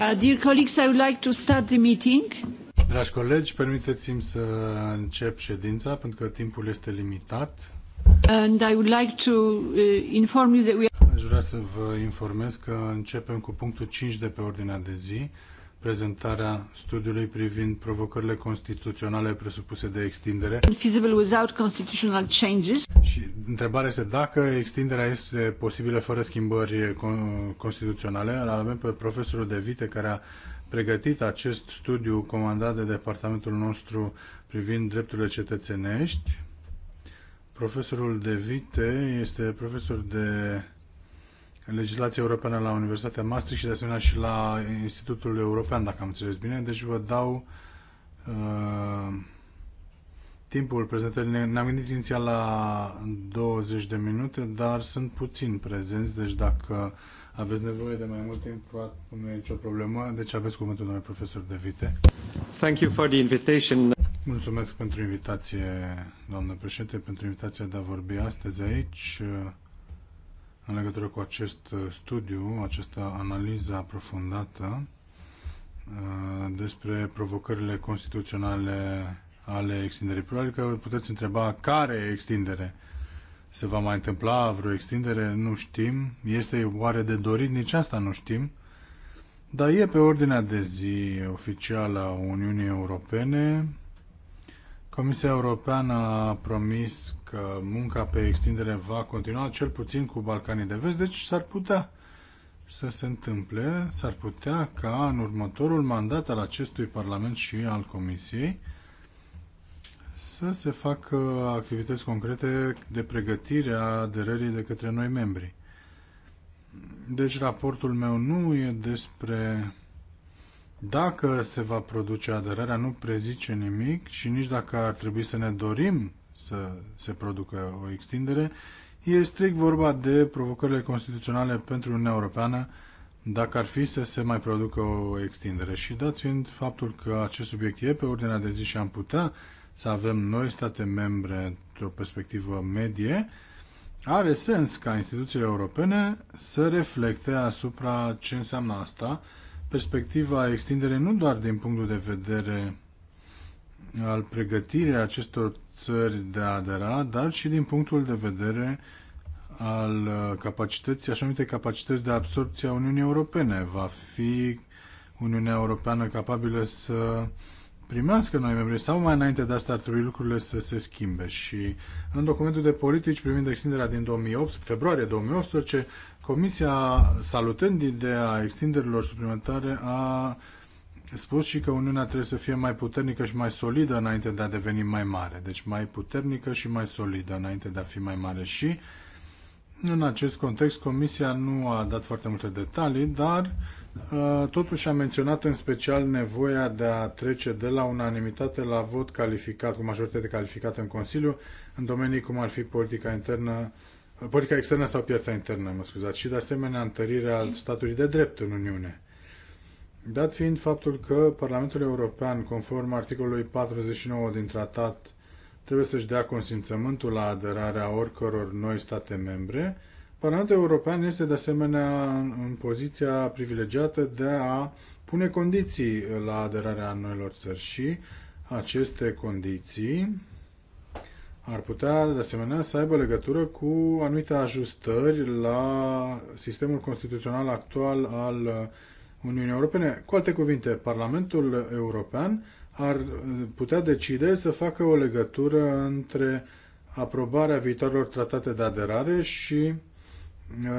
Uh, dear colleagues, I would like to start the meeting. Dragi colegi, permiteți-mi să încep ședința pentru că timpul este limitat. And I would like to uh, inform you that we Aș vrea să vă informez că începem cu punctul 5 de pe ordinea de zi, prezentarea studiului privind provocările constituționale presupuse de extindere. without constitutional changes. Și întrebarea este dacă extinderea este posibilă fără schimbări constituționale. Avem pe profesorul De Vite care a pregătit acest studiu comandat de departamentul nostru privind drepturile cetățenești. Profesorul De Vite este profesor de legislația europeană la Universitatea Maastricht și de asemenea și la Institutul European, dacă am înțeles bine. Deci vă dau uh, timpul prezentării. Ne-am gândit inițial la 20 de minute, dar sunt puțin prezenți, deci dacă aveți nevoie de mai mult timp, nu e nicio problemă. Deci aveți cuvântul, domnule profesor De Vite. Thank you for the invitation. Mulțumesc pentru invitație, doamnă președinte, pentru invitația de a vorbi astăzi aici în legătură cu acest uh, studiu, această analiză aprofundată uh, despre provocările constituționale ale extinderii. Probabil că puteți întreba care extindere se va mai întâmpla, vreo extindere, nu știm. Este oare de dorit? Nici asta nu știm. Dar e pe ordinea de zi oficială a Uniunii Europene Comisia Europeană a promis că munca pe extindere va continua, cel puțin cu Balcanii de Vest, deci s-ar putea să se întâmple, s-ar putea ca în următorul mandat al acestui Parlament și al Comisiei să se facă activități concrete de pregătire a aderării de către noi membri. Deci raportul meu nu e despre dacă se va produce aderarea, nu prezice nimic și nici dacă ar trebui să ne dorim să se producă o extindere, e strict vorba de provocările constituționale pentru Uniunea Europeană dacă ar fi să se mai producă o extindere. Și dat fiind faptul că acest subiect e pe ordinea de zi și am putea să avem noi state membre într-o perspectivă medie, are sens ca instituțiile europene să reflecte asupra ce înseamnă asta perspectiva extinderei nu doar din punctul de vedere al pregătirii acestor țări de a adera, dar și din punctul de vedere al uh, capacității, așa numite capacități de absorpție a Uniunii Europene. Va fi Uniunea Europeană capabilă să primească noi membri sau mai înainte de asta ar trebui lucrurile să se schimbe și în documentul de politici privind extinderea din 2008, februarie 2018 Comisia, salutând ideea extinderilor suplimentare, a spus și că Uniunea trebuie să fie mai puternică și mai solidă înainte de a deveni mai mare. Deci mai puternică și mai solidă înainte de a fi mai mare. Și în acest context Comisia nu a dat foarte multe detalii, dar ă, totuși a menționat în special nevoia de a trece de la unanimitate la vot calificat, cu majoritate calificată în Consiliu, în domenii cum ar fi politica internă, politica externă sau piața internă, mă scuzați, și de asemenea întărirea statului de drept în Uniune. Dat fiind faptul că Parlamentul European, conform articolului 49 din tratat, trebuie să-și dea consimțământul la aderarea oricăror noi state membre, Parlamentul European este de asemenea în poziția privilegiată de a pune condiții la aderarea noilor țări și aceste condiții ar putea, de asemenea, să aibă legătură cu anumite ajustări la sistemul constituțional actual al Uniunii Europene. Cu alte cuvinte, Parlamentul European ar putea decide să facă o legătură între aprobarea viitoarelor tratate de aderare și uh,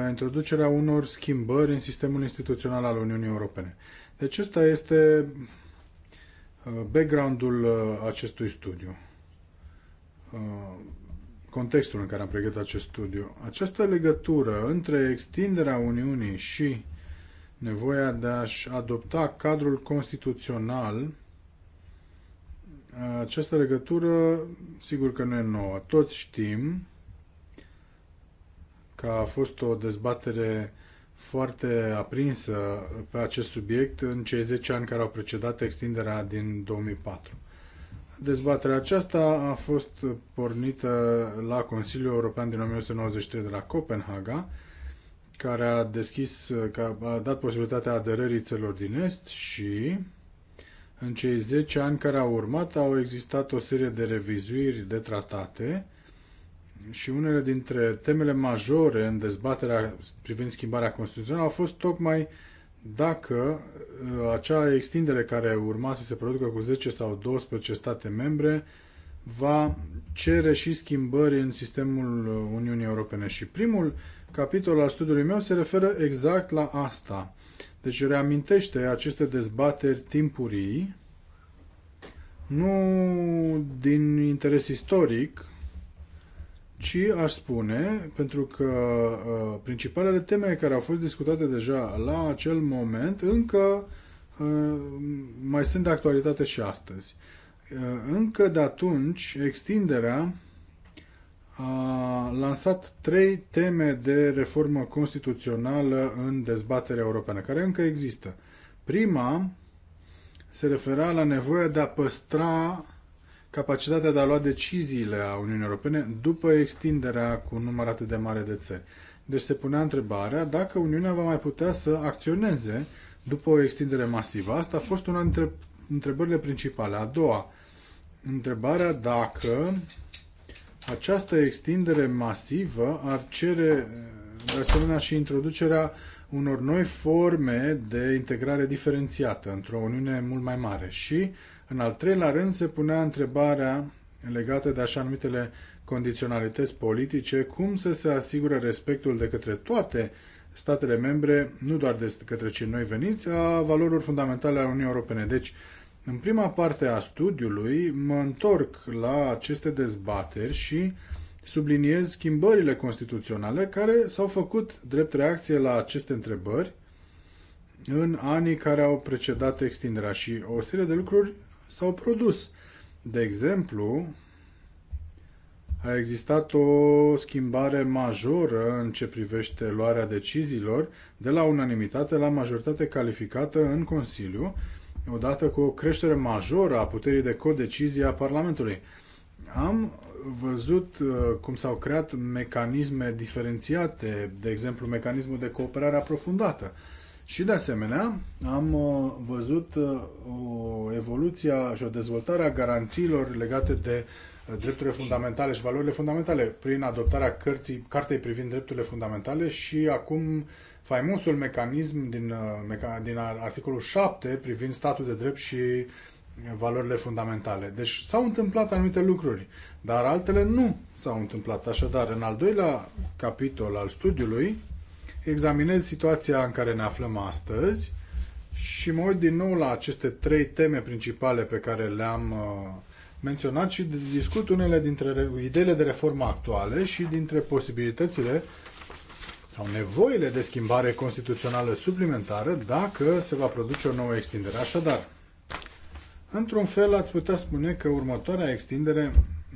introducerea unor schimbări în sistemul instituțional al Uniunii Europene. Deci ăsta este uh, background-ul uh, acestui studiu. Uh, contextul în care am pregătit acest studiu. Această legătură între extinderea Uniunii și nevoia de a-și adopta cadrul constituțional, uh, această legătură, sigur că nu e nouă. Toți știm că a fost o dezbatere foarte aprinsă pe acest subiect în cei 10 ani care au precedat extinderea din 2004. Dezbaterea aceasta a fost pornită la Consiliul European din 1993 de la Copenhaga, care a deschis, că a dat posibilitatea aderării celor din Est și în cei 10 ani care au urmat au existat o serie de revizuiri de tratate și unele dintre temele majore în dezbaterea privind schimbarea constituțională au fost tocmai dacă uh, acea extindere care urma să se producă cu 10 sau 12 state membre va cere și schimbări în sistemul uh, Uniunii Europene. Și primul capitol al studiului meu se referă exact la asta. Deci reamintește aceste dezbateri timpurii, nu din interes istoric, ci aș spune, pentru că uh, principalele teme care au fost discutate deja la acel moment încă uh, mai sunt de actualitate și astăzi. Uh, încă de atunci, extinderea a lansat trei teme de reformă constituțională în dezbaterea europeană, care încă există. Prima se refera la nevoia de a păstra capacitatea de a lua deciziile a Uniunii Europene după extinderea cu un număr atât de mare de țări. Deci se punea întrebarea dacă Uniunea va mai putea să acționeze după o extindere masivă. Asta a fost una dintre întrebările principale. A doua, întrebarea dacă această extindere masivă ar cere de asemenea și introducerea unor noi forme de integrare diferențiată într-o Uniune mult mai mare. Și în al treilea rând se punea întrebarea legată de așa numitele condiționalități politice, cum să se asigure respectul de către toate statele membre, nu doar de către cei noi veniți, a valorilor fundamentale ale Uniunii Europene. Deci, în prima parte a studiului, mă întorc la aceste dezbateri și subliniez schimbările constituționale care s-au făcut drept reacție la aceste întrebări în anii care au precedat extinderea și o serie de lucruri s-au produs. De exemplu, a existat o schimbare majoră în ce privește luarea deciziilor de la unanimitate la majoritate calificată în Consiliu, odată cu o creștere majoră a puterii de codecizie a Parlamentului. Am văzut uh, cum s-au creat mecanisme diferențiate, de exemplu mecanismul de cooperare aprofundată, și de asemenea, am uh, văzut uh, o evoluție și o dezvoltare a garanțiilor legate de uh, drepturile fundamentale și valorile fundamentale prin adoptarea cărții, cartei privind drepturile fundamentale și acum faimosul mecanism din, din articolul 7 privind statul de drept și valorile fundamentale. Deci s-au întâmplat anumite lucruri, dar altele nu s-au întâmplat. Așadar, în al doilea capitol al studiului, examinez situația în care ne aflăm astăzi și mă uit din nou la aceste trei teme principale pe care le-am uh, menționat și discut unele dintre ideile de reformă actuale și dintre posibilitățile sau nevoile de schimbare constituțională suplimentară dacă se va produce o nouă extindere. Așadar, într-un fel ați putea spune că următoarea extindere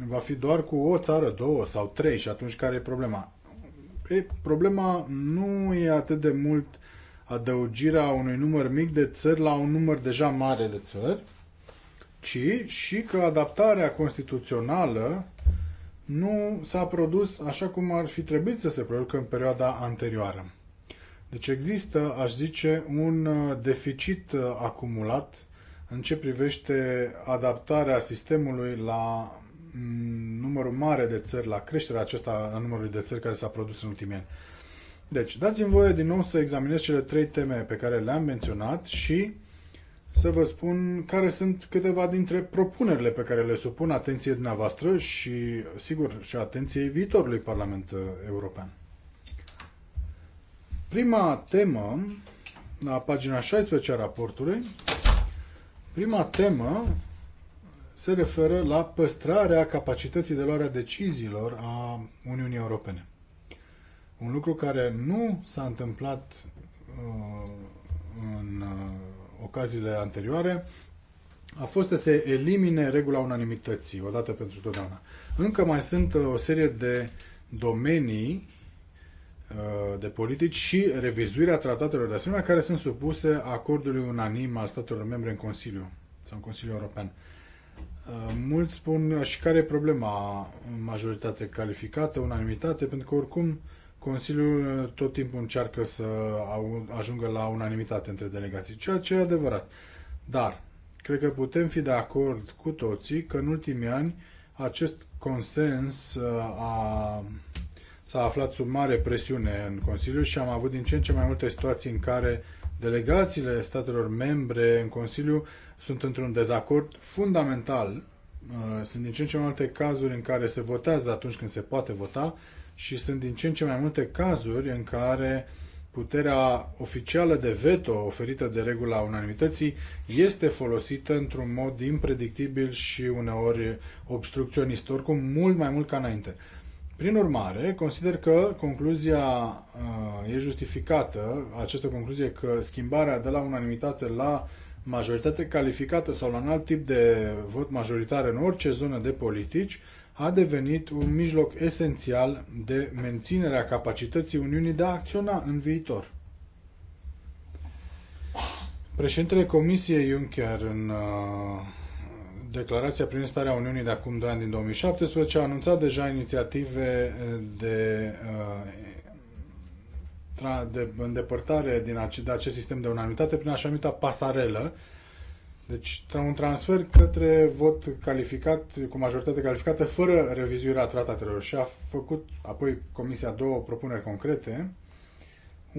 va fi doar cu o țară, două sau trei și atunci care e problema? E, problema nu e atât de mult adăugirea unui număr mic de țări la un număr deja mare de țări, ci și că adaptarea constituțională nu s-a produs așa cum ar fi trebuit să se producă în perioada anterioară. Deci există, aș zice, un uh, deficit uh, acumulat în ce privește adaptarea sistemului la numărul mare de țări, la creșterea acesta a numărului de țări care s-a produs în ultimii ani. Deci, dați-mi voie din nou să examinez cele trei teme pe care le-am menționat și să vă spun care sunt câteva dintre propunerile pe care le supun atenției dumneavoastră și, sigur, și atenției viitorului Parlament uh, European. Prima temă, la pagina 16 a raportului, prima temă se referă la păstrarea capacității de luare a deciziilor a Uniunii Europene. Un lucru care nu s-a întâmplat uh, în uh, ocaziile anterioare a fost să se elimine regula unanimității odată pentru totdeauna. Încă mai sunt uh, o serie de domenii uh, de politici și revizuirea tratatelor de asemenea care sunt supuse acordului unanim al statelor membre în Consiliu sau în Consiliul European. Uh, mulți spun uh, și care e problema majoritate calificată, unanimitate, pentru că oricum Consiliul uh, tot timpul încearcă să ajungă la unanimitate între delegații, ceea ce e adevărat. Dar cred că putem fi de acord cu toții că în ultimii ani acest consens a, s-a aflat sub mare presiune în Consiliu și am avut din ce în ce mai multe situații în care delegațiile statelor membre în Consiliu sunt într-un dezacord fundamental. Uh, sunt din ce în ce mai multe cazuri în care se votează atunci când se poate vota și sunt din ce în ce mai multe cazuri în care puterea oficială de veto oferită de regula unanimității este folosită într-un mod impredictibil și uneori obstrucționist, oricum mult mai mult ca înainte. Prin urmare, consider că concluzia uh, e justificată, această concluzie că schimbarea de la unanimitate la uh, majoritate calificată sau la un alt tip de vot majoritar în orice zonă de politici, a devenit un mijloc esențial de menținere a capacității Uniunii de a acționa în viitor. Președintele Comisiei Juncker în uh, declarația prin starea Uniunii de acum 2 ani din 2017 a anunțat deja inițiative de uh, de îndepărtare din ace- de acest sistem de unanimitate prin așa numită pasarelă. Deci un transfer către vot calificat, cu majoritate calificată, fără revizuirea tratatelor. Și a făcut apoi Comisia două propuneri concrete.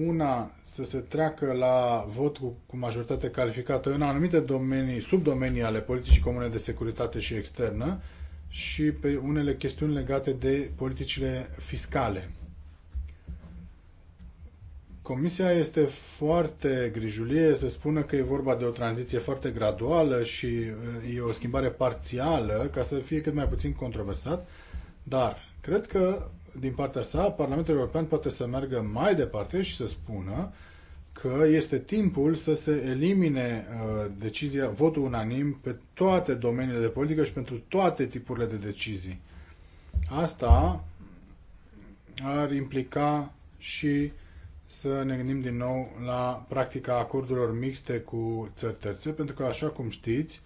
Una, să se treacă la vot cu, cu majoritate calificată în anumite domenii, subdomenii ale politicii comune de securitate și externă și pe unele chestiuni legate de politicile fiscale. Comisia este foarte grijulie să spună că e vorba de o tranziție foarte graduală și uh, e o schimbare parțială ca să fie cât mai puțin controversat, dar cred că din partea sa Parlamentul European poate să meargă mai departe și să spună că este timpul să se elimine uh, decizia, votul unanim pe toate domeniile de politică și pentru toate tipurile de decizii. Asta ar implica și să ne gândim din nou la practica acordurilor mixte cu țări terțe, pentru că, așa cum știți,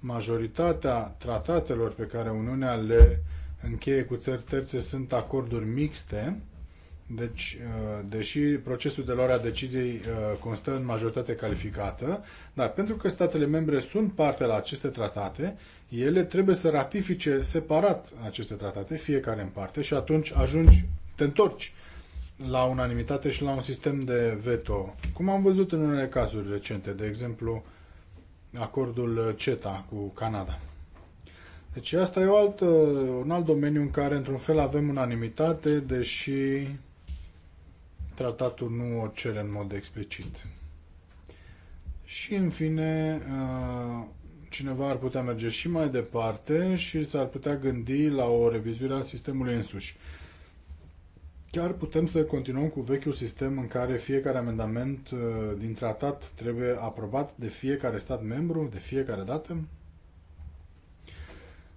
majoritatea tratatelor pe care Uniunea le încheie cu țări terțe sunt acorduri mixte, deci, uh, deși procesul de luare a deciziei uh, constă în majoritate calificată, dar pentru că statele membre sunt parte la aceste tratate, ele trebuie să ratifice separat aceste tratate, fiecare în parte, și atunci ajungi, te întorci la unanimitate și la un sistem de veto, cum am văzut în unele cazuri recente, de exemplu acordul CETA cu Canada. Deci asta e o altă, un alt domeniu în care într-un fel avem unanimitate, deși tratatul nu o cere în mod explicit. Și în fine, uh, cineva ar putea merge și mai departe și s-ar putea gândi la o revizuire a sistemului însuși. Chiar putem să continuăm cu vechiul sistem în care fiecare amendament uh, din tratat trebuie aprobat de fiecare stat membru, de fiecare dată?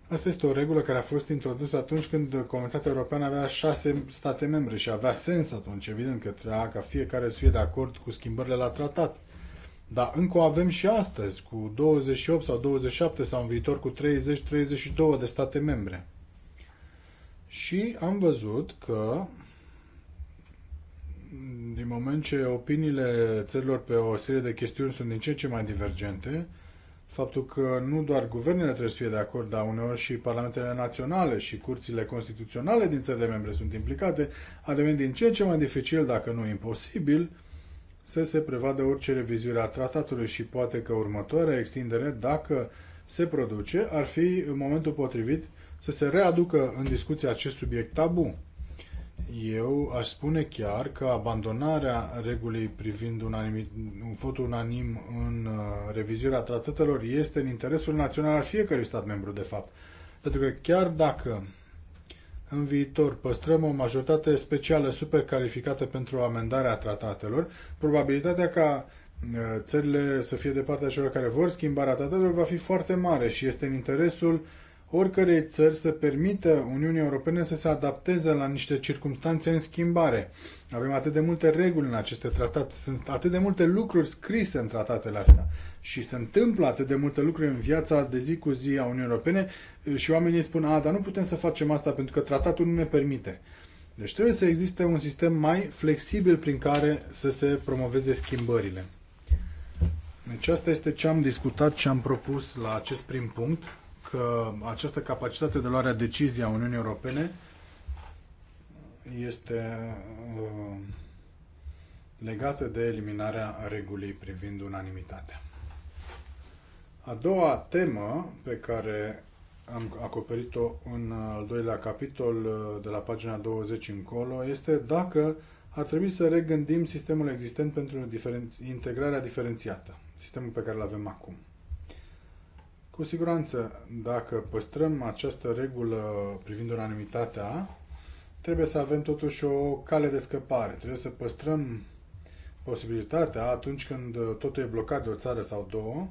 Asta este o regulă care a fost introdusă atunci când Comunitatea Europeană avea șase state membre și avea sens atunci, evident, că trebuia ca fiecare să fie de acord cu schimbările la tratat. Dar încă o avem și astăzi, cu 28 sau 27 sau în viitor cu 30-32 de state membre. Și am văzut că din moment ce opiniile țărilor pe o serie de chestiuni sunt din ce în ce mai divergente, faptul că nu doar guvernele trebuie să fie de acord, dar uneori și parlamentele naționale și curțile constituționale din țările membre sunt implicate, a devenit din ce în ce mai dificil, dacă nu imposibil, să se prevadă orice revizuire a tratatului și poate că următoarea extindere, dacă se produce, ar fi în momentul potrivit să se readucă în discuție acest subiect tabu. Eu aș spune chiar că abandonarea regulii privind un anim un vot unanim în uh, revizuirea tratatelor este în interesul național al fiecărui stat membru, de fapt. Pentru că chiar dacă în viitor păstrăm o majoritate specială super calificată pentru amendarea tratatelor, probabilitatea ca uh, țările să fie de partea celor care vor schimbarea tratatelor va fi foarte mare și este în interesul uh, oricărei țări să permită Uniunii Europene să se adapteze la niște circunstanțe în schimbare. Avem atât de multe reguli în aceste tratate, sunt atât de multe lucruri scrise în tratatele astea și se întâmplă atât de multe lucruri în viața de zi cu zi a Uniunii Europene și oamenii spun, a, dar nu putem să facem asta pentru că tratatul nu ne permite. Deci trebuie să existe un sistem mai flexibil prin care să se promoveze schimbările. Deci asta este ce am discutat ce am propus la acest prim punct că această capacitate de luare a decizii a Uniunii Europene este uh, legată de eliminarea regulii privind unanimitatea. A doua temă pe care am acoperit-o în al doilea capitol uh, de la pagina 20 încolo este dacă ar trebui să regândim sistemul existent pentru diferenț- integrarea diferențiată, sistemul pe care îl avem acum. Cu siguranță, dacă păstrăm această regulă privind unanimitatea, trebuie să avem totuși o cale de scăpare. Trebuie să păstrăm posibilitatea, atunci când totul e blocat de o țară sau două,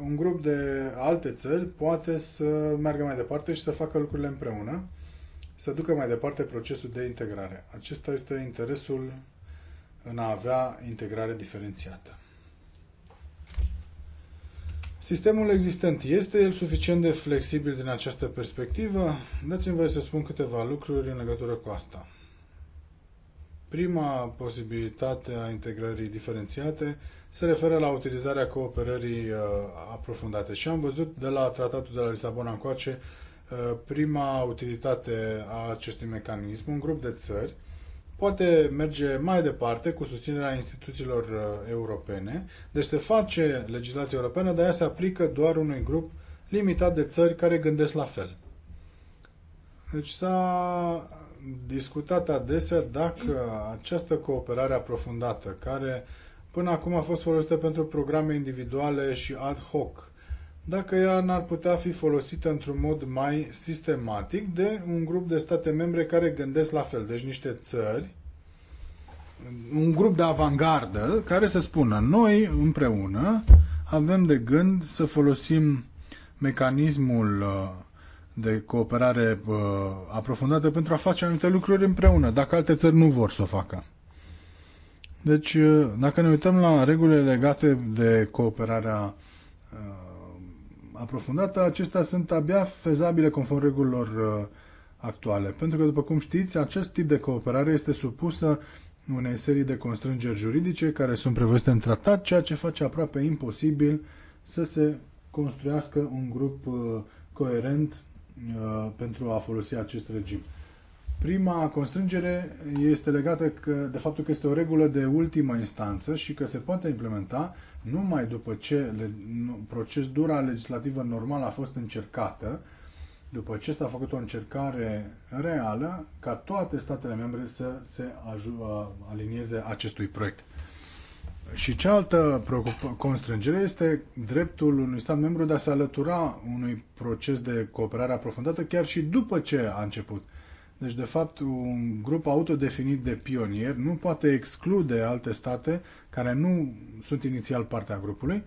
un grup de alte țări poate să meargă mai departe și să facă lucrurile împreună, să ducă mai departe procesul de integrare. Acesta este interesul în a avea integrare diferențiată. Sistemul existent este el suficient de flexibil din această perspectivă? Dați-mi voi să spun câteva lucruri în legătură cu asta. Prima posibilitate a integrării diferențiate se referă la utilizarea cooperării uh, aprofundate și am văzut de la tratatul de la Lisabona încoace uh, prima utilitate a acestui mecanism, un grup de țări poate merge mai departe cu susținerea instituțiilor uh, europene. Deci se face legislația europeană, dar ea se aplică doar unui grup limitat de țări care gândesc la fel. Deci s-a discutat adesea dacă această cooperare aprofundată, care până acum a fost folosită pentru programe individuale și ad hoc, dacă ea n-ar putea fi folosită într-un mod mai sistematic de un grup de state membre care gândesc la fel, deci niște țări, un grup de avangardă care să spună noi împreună avem de gând să folosim mecanismul uh, de cooperare uh, aprofundată pentru a face anumite lucruri împreună, dacă alte țări nu vor să o facă. Deci, uh, dacă ne uităm la regulile legate de cooperarea aprofundată, acestea sunt abia fezabile conform regulilor uh, actuale. Pentru că, după cum știți, acest tip de cooperare este supusă unei serii de constrângeri juridice care sunt prevăzute în tratat, ceea ce face aproape imposibil să se construiască un grup uh, coerent uh, pentru a folosi acest regim. Prima constrângere este legată că, de faptul că este o regulă de ultimă instanță și că se poate implementa numai după ce le, procedura legislativă normală a fost încercată, după ce s-a făcut o încercare reală ca toate statele membre să se alinieze acestui proiect. Și cealaltă constrângere este dreptul unui stat membru de a se alătura unui proces de cooperare aprofundată chiar și după ce a început. Deci, de fapt, un grup autodefinit de pionier nu poate exclude alte state care nu sunt inițial partea grupului.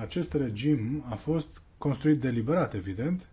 Acest regim a fost construit deliberat, evident,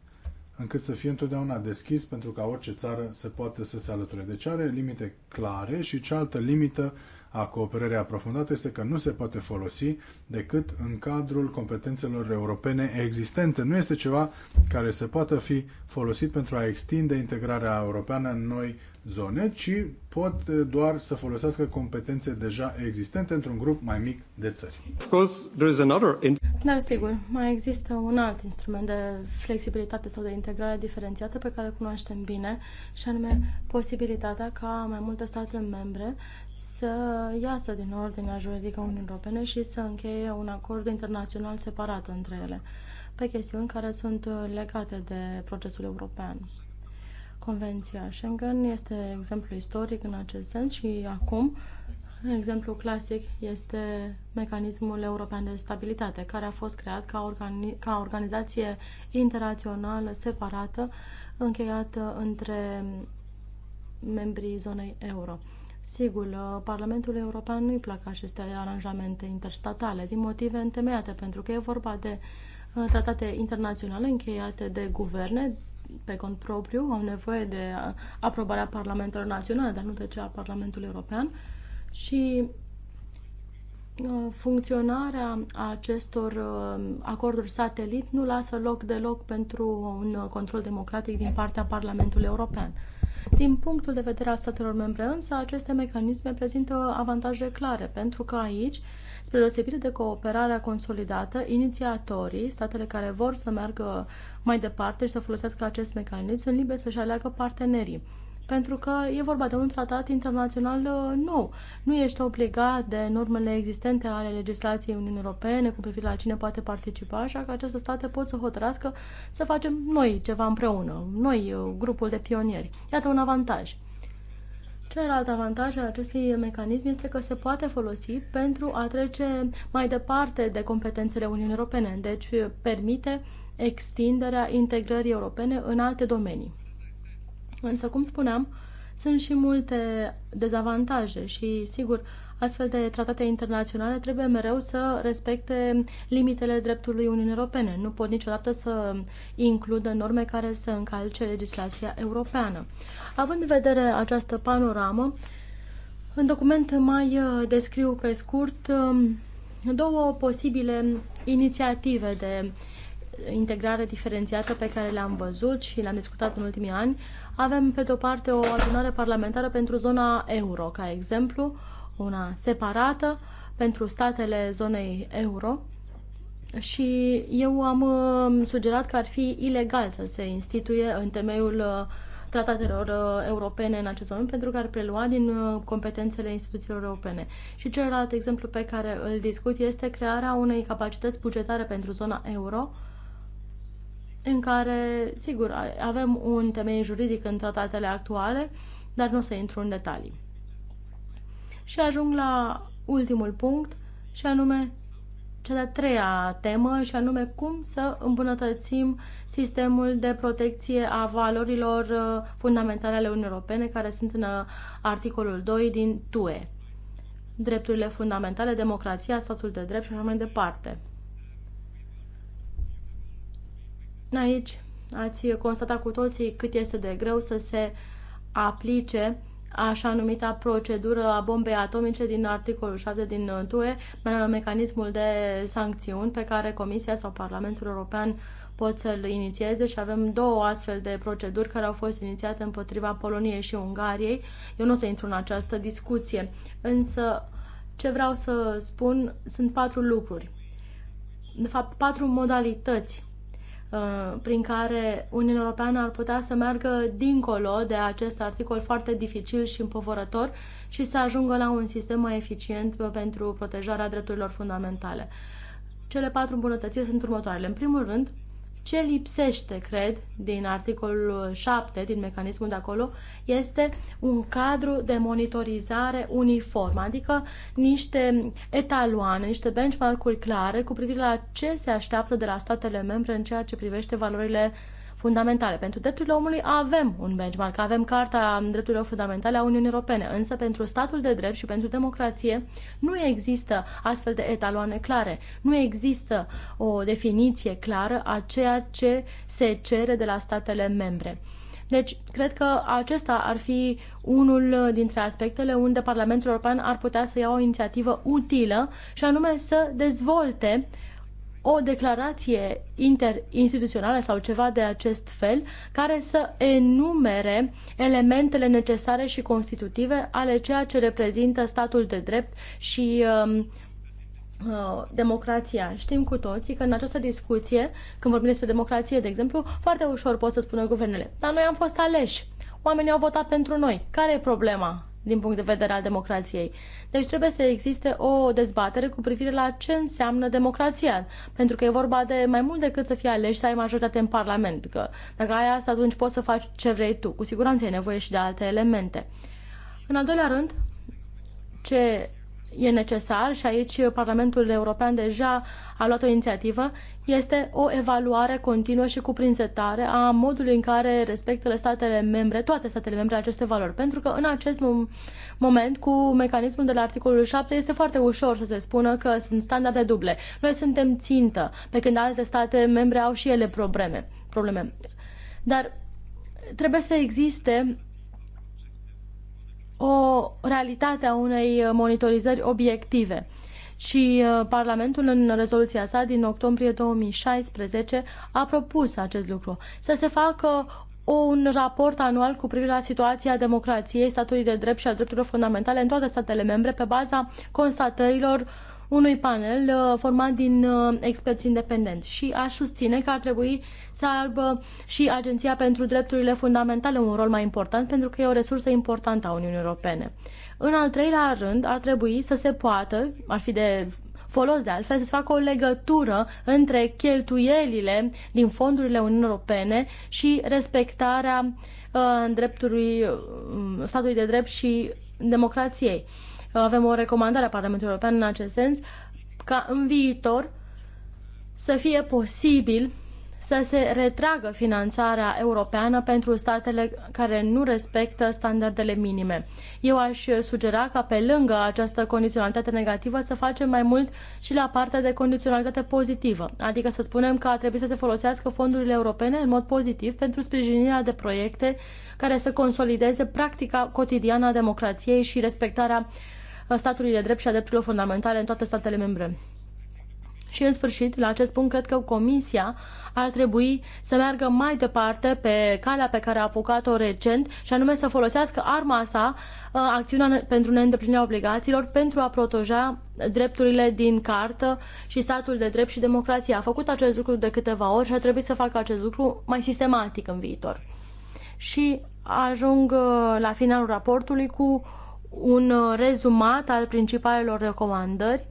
încât să fie întotdeauna deschis pentru ca orice țară să poată să se alăture. Deci are limite clare și cealaltă limită a cooperării aprofundate este că nu se poate folosi decât în cadrul competențelor europene existente. Nu este ceva care se poate fi folosit pentru a extinde integrarea europeană în noi zone, ci pot eh, doar să folosească competențe deja existente într-un grup mai mic de țări. Of course, there is another Dar sigur, mai există un alt instrument de flexibilitate sau de integrare diferențiată pe care îl cunoaștem bine, și anume posibilitatea ca mai multe state membre să iasă din ordinea juridică Uniunii Europene și să încheie un acord internațional separat între ele pe chestiuni care sunt eh, legate de procesul european. Convenția Schengen este exemplu istoric în acest sens și acum exemplu clasic este mecanismul european de stabilitate, care a fost creat ca, organi- ca organizație internațională separată, încheiată între membrii zonei euro. Sigur, Parlamentul European nu-i plac aceste aranjamente interstatale, din motive întemeiate, pentru că e vorba de uh, tratate internaționale încheiate de guverne pe cont propriu, au nevoie de aprobarea parlamentelor naționale, dar nu de cea a Parlamentului European și uh, funcționarea acestor uh, acorduri satelit nu lasă loc deloc pentru un control democratic din partea Parlamentului European. Din punctul de vedere al statelor membre, însă, aceste mecanisme prezintă avantaje clare, pentru că aici, spre deosebire de cooperarea consolidată, inițiatorii, statele care vor să meargă mai departe și să folosească acest mecanism, sunt libere să-și aleagă partenerii pentru că e vorba de un tratat internațional uh, nou. Nu ești obligat de normele existente ale legislației Uniunii Europene cu privire la cine poate participa, așa că aceste state pot să hotărască să facem noi ceva împreună, noi, uh, grupul de pionieri. Iată un avantaj. Celălalt avantaj al acestui mecanism este că se poate folosi pentru a trece mai departe de competențele Uniunii Europene, deci uh, permite extinderea integrării europene în alte domenii. Însă, cum spuneam, sunt și multe dezavantaje și, sigur, astfel de tratate internaționale trebuie mereu să respecte limitele dreptului Uniunii Europene. Nu pot niciodată să includă norme care să încalce legislația europeană. Având în vedere această panoramă, în document mai uh, descriu pe scurt um, două posibile inițiative de uh, integrare diferențiată pe care le-am văzut și le-am discutat în ultimii ani. Avem, pe de-o parte, o adunare parlamentară pentru zona euro, ca exemplu, una separată pentru statele zonei euro. Și eu am um, sugerat că ar fi ilegal să se instituie în temeiul uh, tratatelor uh, europene în acest moment pentru că ar prelua din uh, competențele instituțiilor europene. Și celălalt exemplu pe care îl discut este crearea unei capacități bugetare pentru zona euro în care, sigur, avem un temei juridic în tratatele actuale, dar nu o să intru în detalii. Și ajung la ultimul punct, și anume cea de-a treia temă, și anume cum să îmbunătățim sistemul de protecție a valorilor uh, fundamentale ale Uniunii Europene, care sunt în uh, articolul 2 din TUE. Drepturile fundamentale, democrația, statul de drept și așa mai departe. Aici ați constatat cu toții cât este de greu să se aplice așa numita procedură a bombei atomice din articolul 7 din uh, TUE, mecanismul de sancțiuni pe care Comisia sau Parlamentul European pot să-l inițieze și avem două astfel de proceduri care au fost inițiate împotriva Poloniei și Ungariei. Eu nu o să intru în această discuție, însă ce vreau să spun sunt patru lucruri. De fapt, patru modalități Uh, prin care Uniunea Europeană ar putea să meargă dincolo de acest articol foarte dificil și împovărător și să ajungă la un sistem mai eficient uh, pentru protejarea drepturilor fundamentale. Cele patru îmbunătățiri sunt următoarele. În primul rând, ce lipsește, cred, din articolul 7, din mecanismul de acolo, este un cadru de monitorizare uniform, adică niște etaloane, niște benchmark-uri clare cu privire la ce se așteaptă de la statele membre în ceea ce privește valorile uh, fundamentale. Pentru drepturile omului avem un benchmark, avem Carta Drepturilor Fundamentale a Uniunii Europene, însă pentru statul de drept și pentru democrație nu există astfel de etaloane clare, nu există o definiție clară a ceea ce se cere de la statele membre. Deci, cred că acesta ar fi unul dintre aspectele unde Parlamentul European ar putea să ia o inițiativă utilă și anume să dezvolte uh, o declarație interinstituțională sau ceva de acest fel care să enumere elementele necesare și constitutive ale ceea ce reprezintă statul de drept și um, uh, democrația. Știm cu toții că în această discuție, când vorbim despre democrație, de exemplu, foarte ușor pot să spună guvernele, dar noi am fost aleși, oamenii au votat pentru noi. Care e problema? din punct de vedere al democrației. Deci trebuie să existe o dezbatere cu privire la ce înseamnă democrația, pentru că e vorba de mai mult decât să fii aleși, să ai majoritate în Parlament, că dacă ai asta, atunci poți să faci ce vrei tu. Cu siguranță e nevoie și de alte elemente. În al doilea rând, ce e necesar și aici Parlamentul European deja a luat o inițiativă, este o evaluare continuă și cuprinzătoare a modului în care respectă statele membre, toate statele membre, aceste valori. Pentru că în acest moment, cu mecanismul de la articolul 7, este foarte ușor să se spună că sunt standarde duble. Noi suntem țintă, pe când alte state membre au și ele probleme. probleme. Dar trebuie să existe o realitate a unei monitorizări obiective și uh, Parlamentul în rezoluția sa din octombrie 2016 a propus acest lucru. Să se facă un raport anual cu privire la situația democrației, statului de drept și a drepturilor fundamentale în toate statele membre pe baza constatărilor unui panel uh, format din uh, experți independenți și aș susține că ar trebui să aibă și Agenția pentru Drepturile Fundamentale un rol mai important pentru că e o resursă importantă a Uniunii Europene. În al treilea rând, ar trebui să se poată, ar fi de folos de altfel, să se facă o legătură între cheltuielile din fondurile Uniunii Europene și respectarea uh, dreptului, um, statului de drept și democrației. Avem o recomandare a Parlamentului European în acest sens ca în viitor să fie posibil să se retragă finanțarea europeană pentru statele care nu respectă standardele minime. Eu aș sugera ca pe lângă această condiționalitate negativă să facem mai mult și la partea de condiționalitate pozitivă, adică să spunem că ar trebui să se folosească fondurile europene în mod pozitiv pentru sprijinirea de proiecte care să consolideze practica cotidiană a democrației și respectarea statului de drept și a drepturilor fundamentale în toate statele membre. Și în sfârșit, la acest punct, cred că Comisia ar trebui să meargă mai departe pe calea pe care a apucat-o recent și anume să folosească arma sa, uh, acțiunea pentru neîndeplinirea obligațiilor, pentru a proteja drepturile din cartă și statul de drept și democrația. A făcut acest lucru de câteva ori și ar trebui să facă acest lucru mai sistematic în viitor. Și ajung uh, la finalul raportului cu un uh, rezumat al principalelor recomandări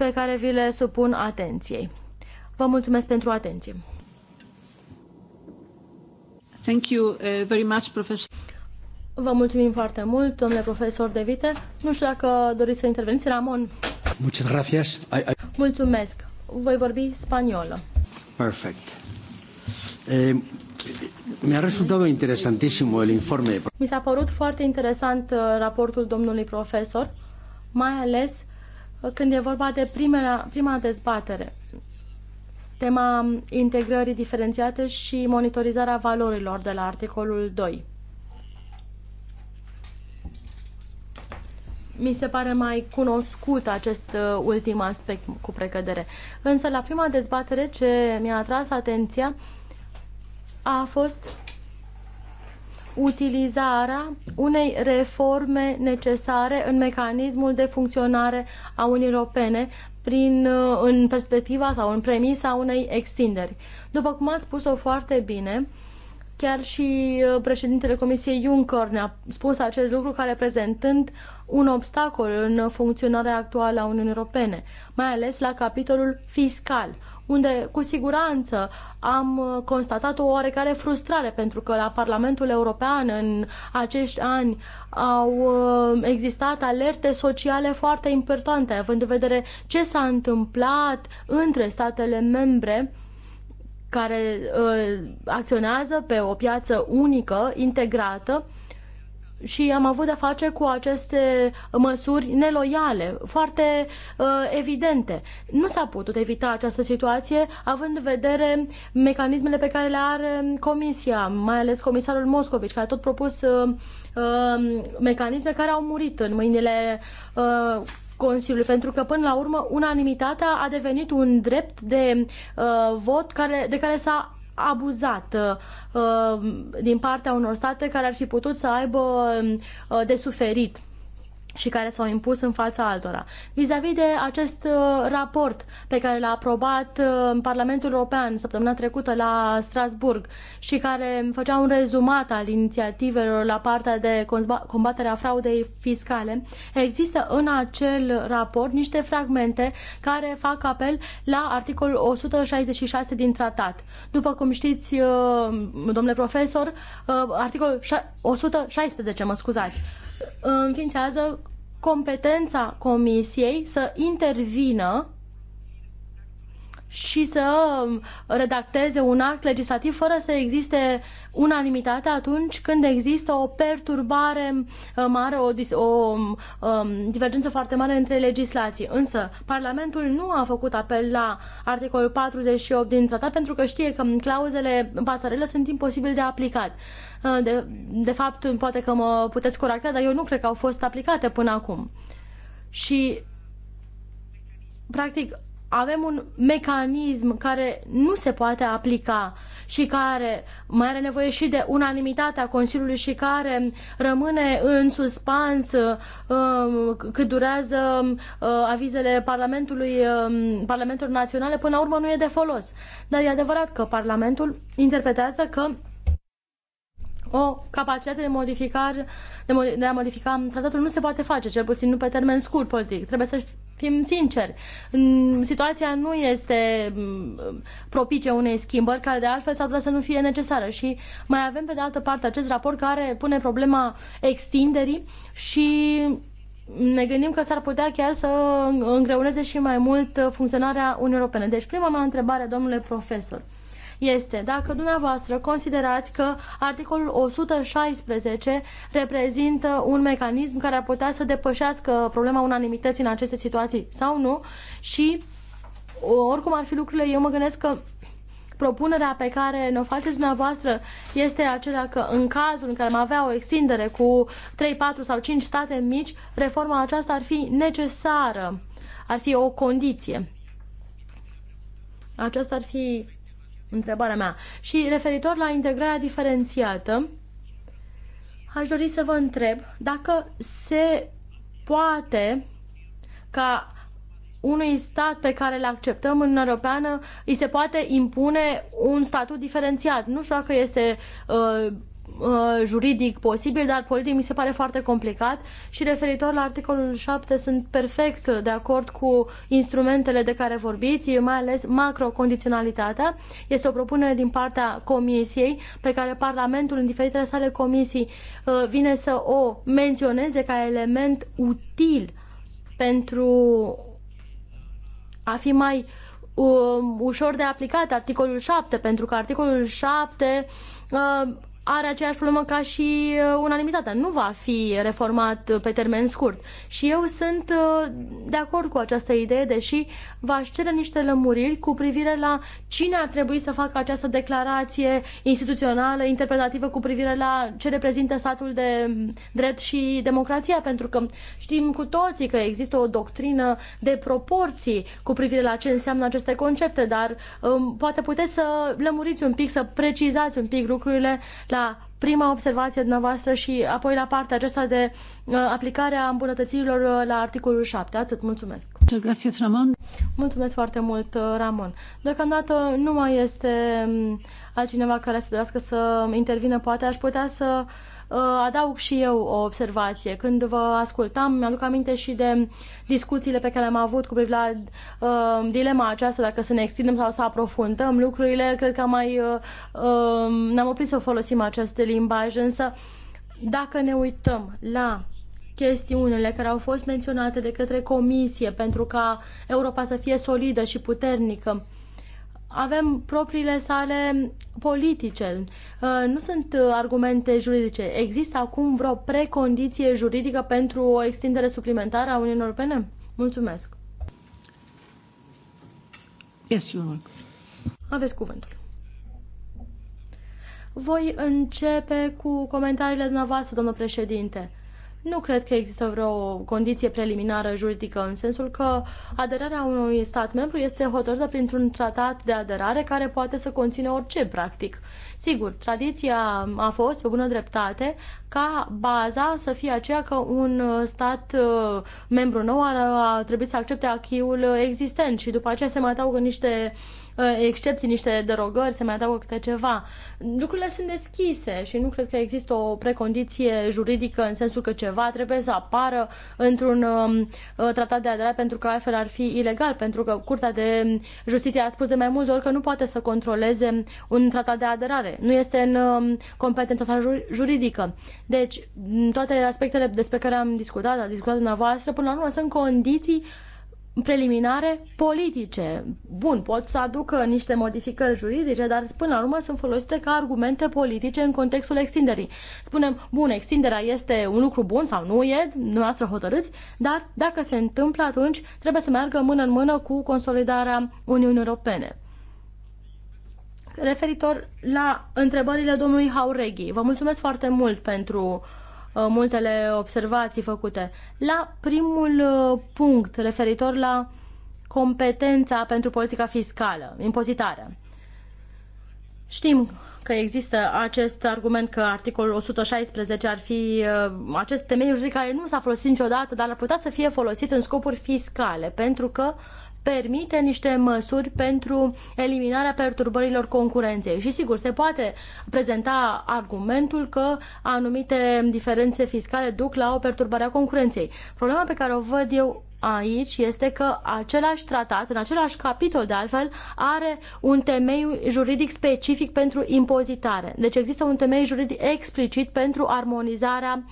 pe care vi le supun atenției. Vă mulțumesc pentru atenție. Thank you uh, very much, professor. Vă mulțumim foarte mult, domnule profesor De Vite. Nu știu dacă doriți să interveniți, Ramon. Muchas gracias. I, I... Mulțumesc. Voi vorbi spaniolă. Perfect. Eh, mi-a rezultat interesantísimo el informe. Mi s-a părut foarte interesant eh, raportul domnului profesor, mai ales când e vorba de primele, prima dezbatere, tema integrării diferențiate și monitorizarea valorilor de la articolul 2. mi se pare mai cunoscut acest uh, ultim aspect cu precădere. Însă la prima dezbatere ce mi-a atras atenția a fost utilizarea unei reforme necesare în mecanismul de funcționare a Uniunii Europene prin, uh, în perspectiva sau în premisa unei extinderi. După cum ați spus-o foarte bine, chiar și uh, președintele Comisiei Juncker ne-a spus acest lucru ca reprezentând un obstacol în funcționarea actuală a Uniunii Europene, mai ales la capitolul fiscal, unde cu siguranță am uh, constatat o oarecare frustrare, pentru că la Parlamentul European în acești ani au uh, existat alerte sociale foarte importante, având în vedere ce s-a întâmplat între statele membre care uh, acționează pe o piață unică, integrată, și am avut de-a face cu aceste măsuri neloiale, foarte uh, evidente. Nu s-a putut evita această situație, având în vedere mecanismele pe care le are um, Comisia, mai ales comisarul Moscovici, care a tot propus uh, uh, mecanisme care au murit în mâinile uh, Consiliului, pentru că până la urmă unanimitatea a devenit un drept de uh, vot care, de care s-a abuzat uh, din partea unor state care ar fi putut să aibă uh, de suferit și care s-au impus în fața altora. Vis-a-vis -vis de acest uh, raport pe care l-a aprobat uh, Parlamentul European săptămâna trecută la Strasburg și care făcea un rezumat al inițiativelor la partea de combaterea fraudei fiscale, există în acel raport niște fragmente care fac apel la articolul 166 din tratat. După cum știți, uh, domnule profesor, articolul 116, mă scuzați, înființează competența Comisiei să intervină și să um, redacteze un act legislativ fără să existe unanimitate atunci când există o perturbare um, mare, o, o o um, divergență foarte mare între legislații. Însă, Parlamentul nu a făcut apel la articolul 48 din tratat pentru că știe că clauzele pasarele sunt imposibil de aplicat. Uh, de, de fapt, poate că mă puteți corecta, dar eu nu cred că au fost aplicate până acum. Și, practic, avem un mecanism care nu se poate aplica și care mai are nevoie și de unanimitatea Consiliului și care rămâne în suspans um, cât durează um, avizele Parlamentului, um, Parlamentului național până la urmă nu e de folos. Dar e adevărat că Parlamentul interpretează că o capacitate de, modificare, de, mod, de a modifica tratatul nu se poate face, cel puțin nu pe termen scurt politic. Trebuie să fim sinceri, situația nu este mm, propice unei schimbări care de altfel s-ar putea să nu fie necesară și mai avem pe de altă parte acest raport care pune problema extinderii și ne gândim că s-ar putea chiar să îngreuneze și mai mult funcționarea Uniunii Europene. Deci prima mea întrebare, domnule profesor, este dacă dumneavoastră considerați că articolul 116 reprezintă un mecanism care ar putea să depășească problema unanimității în aceste situații sau nu și oricum ar fi lucrurile, eu mă gândesc că propunerea pe care ne-o faceți dumneavoastră este acela că în cazul în care am avea o extindere cu 3, 4 sau 5 state mici, reforma aceasta ar fi necesară, ar fi o condiție. Aceasta ar fi întrebarea mea. Și referitor la integrarea diferențiată, aș dori să vă întreb dacă se poate ca unui stat pe care îl acceptăm în Europeană îi se poate impune un statut diferențiat. Nu știu dacă este uh, Uh, juridic posibil, dar politic mi se pare foarte complicat și referitor la articolul 7 sunt perfect de acord cu instrumentele de care vorbiți, mai ales macrocondiționalitatea. Este o propunere din partea Comisiei pe care Parlamentul în diferitele sale comisii uh, vine să o menționeze ca element util pentru a fi mai uh, ușor de aplicat articolul 7, pentru că articolul 7 are aceeași problemă ca și uh, unanimitatea. Nu va fi reformat uh, pe termen scurt. Și eu sunt uh, de acord cu această idee, deși v-aș cere niște lămuriri cu privire la cine ar trebui să facă această declarație instituțională, interpretativă cu privire la ce reprezintă statul de drept și democrația, pentru că știm cu toții că există o doctrină de proporții cu privire la ce înseamnă aceste concepte, dar um, poate puteți să lămuriți un pic, să precizați un pic lucrurile la la prima observație dumneavoastră și apoi la partea aceasta de uh, aplicarea îmbunătățirilor uh, la articolul 7. Atât, mulțumesc. Gracias, Ramon. Mulțumesc foarte mult, uh, Ramon. Deocamdată nu mai este mm, altcineva care să dorească să intervină, poate aș putea să uh, Uh, adaug și eu o observație. Când vă ascultam, mi-aduc aminte și de discuțiile pe care le-am avut cu privire la uh, dilema aceasta, dacă să ne extindem sau să aprofundăm lucrurile. Cred că mai uh, uh, ne-am oprit să folosim acest limbaj, însă dacă ne uităm la chestiunile care au fost menționate de către Comisie pentru ca Europa să fie solidă și puternică, avem propriile sale politice. Uh, nu sunt uh, argumente juridice. Există acum vreo precondiție juridică pentru o extindere suplimentară a Uniunii Europene? Mulțumesc. Yes, you Aveți cuvântul. Voi începe cu comentariile dumneavoastră, domnul președinte. Nu cred că există vreo condiție preliminară juridică în sensul că aderarea unui stat membru este hotărâtă printr-un tratat de aderare care poate să conțină orice practic. Sigur, tradiția a fost pe bună dreptate ca baza să fie aceea că un stat uh, membru nou ar, ar trebui să accepte achiul existent și după aceea se mai adaugă niște uh, Ă, excepții, niște derogări, se mai adaugă câte ceva. Lucrurile sunt deschise și nu cred că există o precondiție juridică în sensul că ceva trebuie să apară într-un um, ă, tratat de aderare pentru că altfel ar fi ilegal, pentru că Curtea de Justiție a spus de mai multe ori că nu poate să controleze un tratat de aderare. Nu este în um, competența sa juridică. Deci, toate aspectele despre care am discutat, a discutat dumneavoastră, până la urmă sunt condiții preliminare politice. Bun, pot să aducă niște modificări juridice, dar până la urmă sunt folosite ca argumente politice în contextul extinderii. Spunem, bun, extinderea este un lucru bun sau nu e, dumneavoastră hotărâți, dar dacă se întâmplă atunci trebuie să meargă mână în mână cu consolidarea Uniunii Europene. Referitor la întrebările domnului Haureghi, vă mulțumesc foarte mult pentru uh, Uh, multele observații făcute. La primul uh, punct referitor la competența pentru politica fiscală, impozitarea. Știm că există acest argument că articolul 116 ar fi uh, acest temei juridic care nu s-a folosit niciodată, dar ar putea să fie folosit în scopuri fiscale, pentru că uh, permite niște măsuri pentru eliminarea perturbărilor concurenței. Și sigur, se poate prezenta argumentul că anumite diferențe fiscale duc la o perturbare a concurenței. Problema pe care o văd eu aici este că același tratat, în același capitol de altfel, are un temei juridic specific pentru impozitare. Deci există un temei juridic explicit pentru armonizarea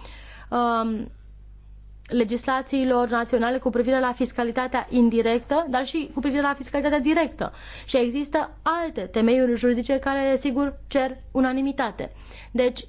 um, legislațiilor naționale cu privire la fiscalitatea indirectă, dar și cu privire la fiscalitatea directă. Și există alte temeiuri juridice care, sigur, cer unanimitate. Deci,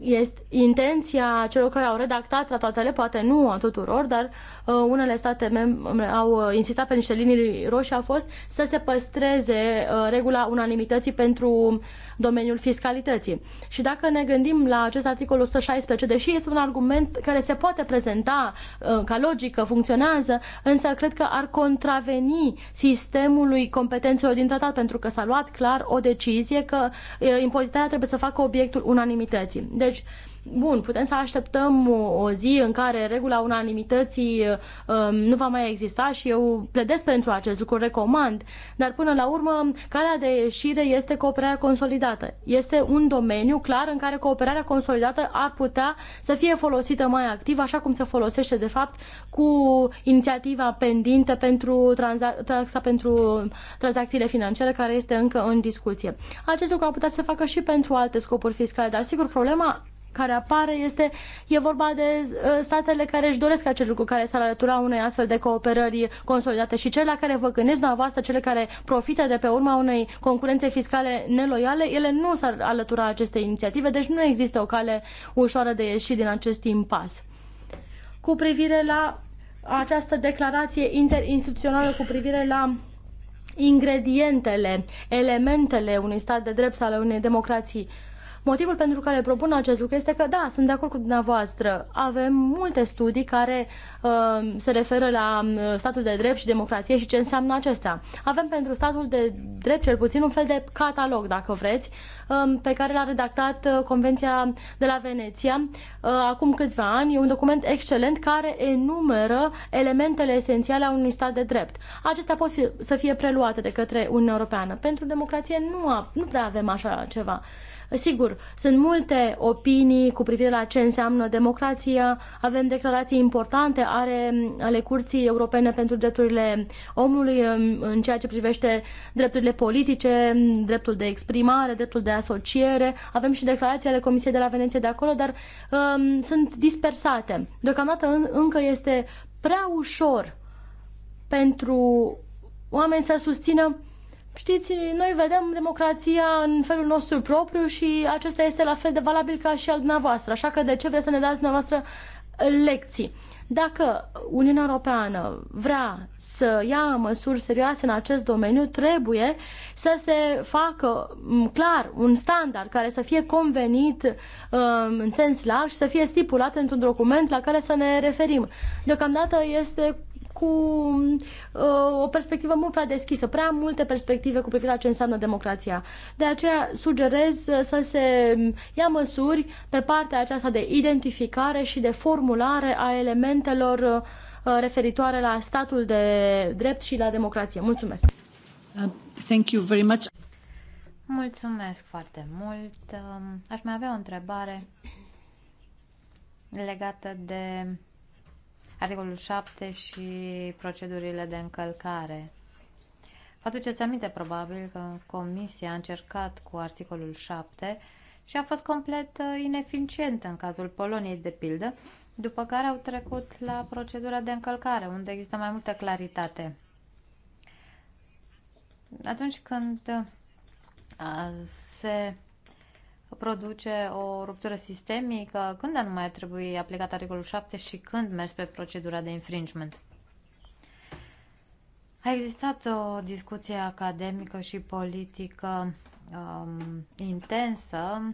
este intenția celor care au redactat tratatele, poate nu a tuturor, dar uh, unele state membre au uh, insistat pe niște linii roșii, a fost să se păstreze uh, regula unanimității pentru domeniul fiscalității. Și dacă ne gândim la acest articol 116, deși este un argument care se poate prezenta uh, ca logică, funcționează, însă cred că ar contraveni sistemului competențelor din tratat, pentru că s-a luat clar o decizie că uh, impozitarea trebuie să facă obiectul unanimității. Deci, Bun, putem să așteptăm o, o zi în care regula unanimității um, nu va mai exista și eu pledez pentru acest lucru, recomand, dar până la urmă, calea de ieșire este cooperarea consolidată. Este un domeniu clar în care cooperarea consolidată ar putea să fie folosită mai activ, așa cum se folosește, de fapt, cu inițiativa pendinte pentru tranza- pentru tranzacțiile financiare, care este încă în discuție. Acest lucru ar putea să se facă și pentru alte scopuri fiscale, dar sigur, problema care apare este, e vorba de ă, statele care își doresc acel lucru, care s-ar alătura unei astfel de cooperări consolidate și cele la care vă gândesc dumneavoastră, cele care profită de pe urma unei concurențe fiscale neloiale, ele nu s-ar alătura acestei inițiative, deci nu există o cale ușoară de ieși din acest impas. Cu privire la această declarație interinstituțională cu privire la ingredientele, elementele unui stat de drept sau ale unei democrații. Uh, Motivul pentru care propun acest lucru este că, da, sunt de acord cu dumneavoastră. Avem multe studii care uh, se referă la uh, statul de drept și democrație și ce înseamnă acestea. Avem pentru statul de drept cel puțin un fel de catalog, dacă vreți, uh, pe care l-a redactat uh, Convenția de la Veneția uh, acum câțiva ani. E un document excelent care enumeră elementele esențiale a unui stat de drept. Acestea pot fi, să fie preluate de către Uniunea Europeană. Pentru democrație nu, a, nu prea avem așa ceva. Sigur, sunt multe opinii cu privire la ce înseamnă democrația. Avem declarații importante are ale Curții Europene pentru Drepturile Omului în ceea ce privește drepturile politice, dreptul de exprimare, dreptul de asociere. Avem și declarații ale Comisiei de la Veneție de acolo, dar um, sunt dispersate. Deocamdată în, încă este prea ușor pentru oameni să susțină Știți, noi vedem democrația în felul nostru propriu și acesta este la fel de valabil ca și al dumneavoastră. Așa că de ce vreți să ne dați dumneavoastră lecții? Dacă Uniunea Europeană vrea să ia măsuri serioase în acest domeniu, trebuie să se facă clar un standard care să fie convenit um, în sens larg și să fie stipulat într-un document la care să ne referim. Deocamdată este cu uh, o perspectivă mult prea deschisă, prea multe perspective cu privire la ce înseamnă democrația. De aceea sugerez uh, să se ia măsuri pe partea aceasta de identificare și de formulare a elementelor uh, referitoare la statul de drept și la democrație. Mulțumesc! Uh, thank you very much. Mulțumesc foarte mult. Um, aș mai avea o întrebare legată de articolul 7 și procedurile de încălcare. Vă aduceți aminte probabil că Comisia a încercat cu articolul 7 și a fost complet uh, ineficientă în cazul Poloniei, de pildă, după care au trecut la procedura de încălcare, unde există mai multă claritate. Atunci când uh, se produce o ruptură sistemică, când anume ar trebui aplicat articolul 7 și când mers pe procedura de infringement? A existat o discuție academică și politică um, intensă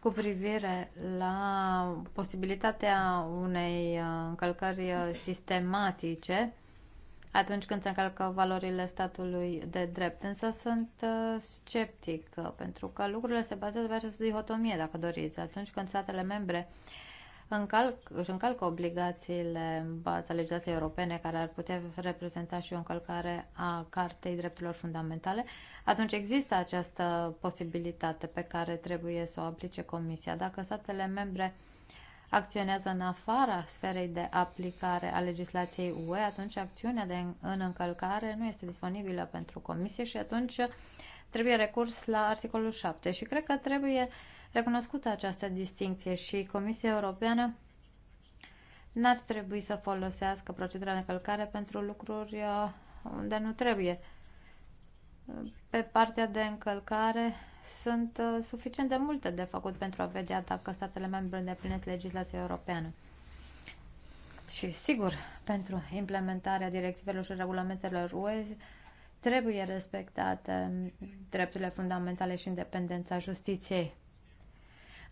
cu privire la posibilitatea unei uh, încălcări uh, sistematice atunci când se încalcă valorile statului de drept. Însă sunt uh, sceptic, uh, pentru că lucrurile se bazează pe această dihotomie, dacă doriți. Atunci când statele membre încalc, își încalcă obligațiile în baza legislației europene, care ar putea reprezenta și o încălcare a Cartei Drepturilor Fundamentale, atunci există această posibilitate pe care trebuie să o aplice Comisia. Dacă statele membre uh, acționează în afara sferei de aplicare a legislației UE, atunci acțiunea de în încălcare nu este disponibilă pentru comisie și atunci trebuie recurs la articolul 7. Și cred că trebuie recunoscută această distinție și Comisia Europeană n-ar trebui să folosească procedura de încălcare pentru lucruri uh, unde nu trebuie. Pe partea de încălcare sunt uh, suficient de multe de făcut pentru a vedea dacă statele membre îndeplinesc legislația europeană. Și sigur, pentru implementarea directivelor și regulamentelor UE trebuie respectate um, drepturile fundamentale și independența justiției.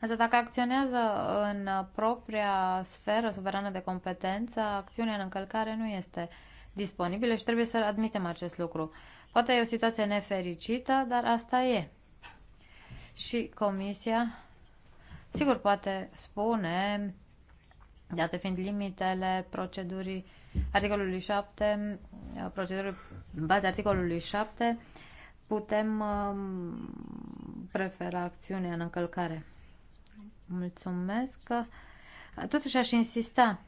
Însă dacă acționează în propria sferă suverană de competență, acțiunea în încălcare nu este disponibilă și trebuie să admitem acest lucru. Poate e o situație nefericită, dar asta e și Comisia, sigur, poate spune, date fiind limitele procedurii articolului 7, procedurii în baza articolului 7, putem um, prefera acțiunea în încălcare. Mulțumesc. Totuși aș insista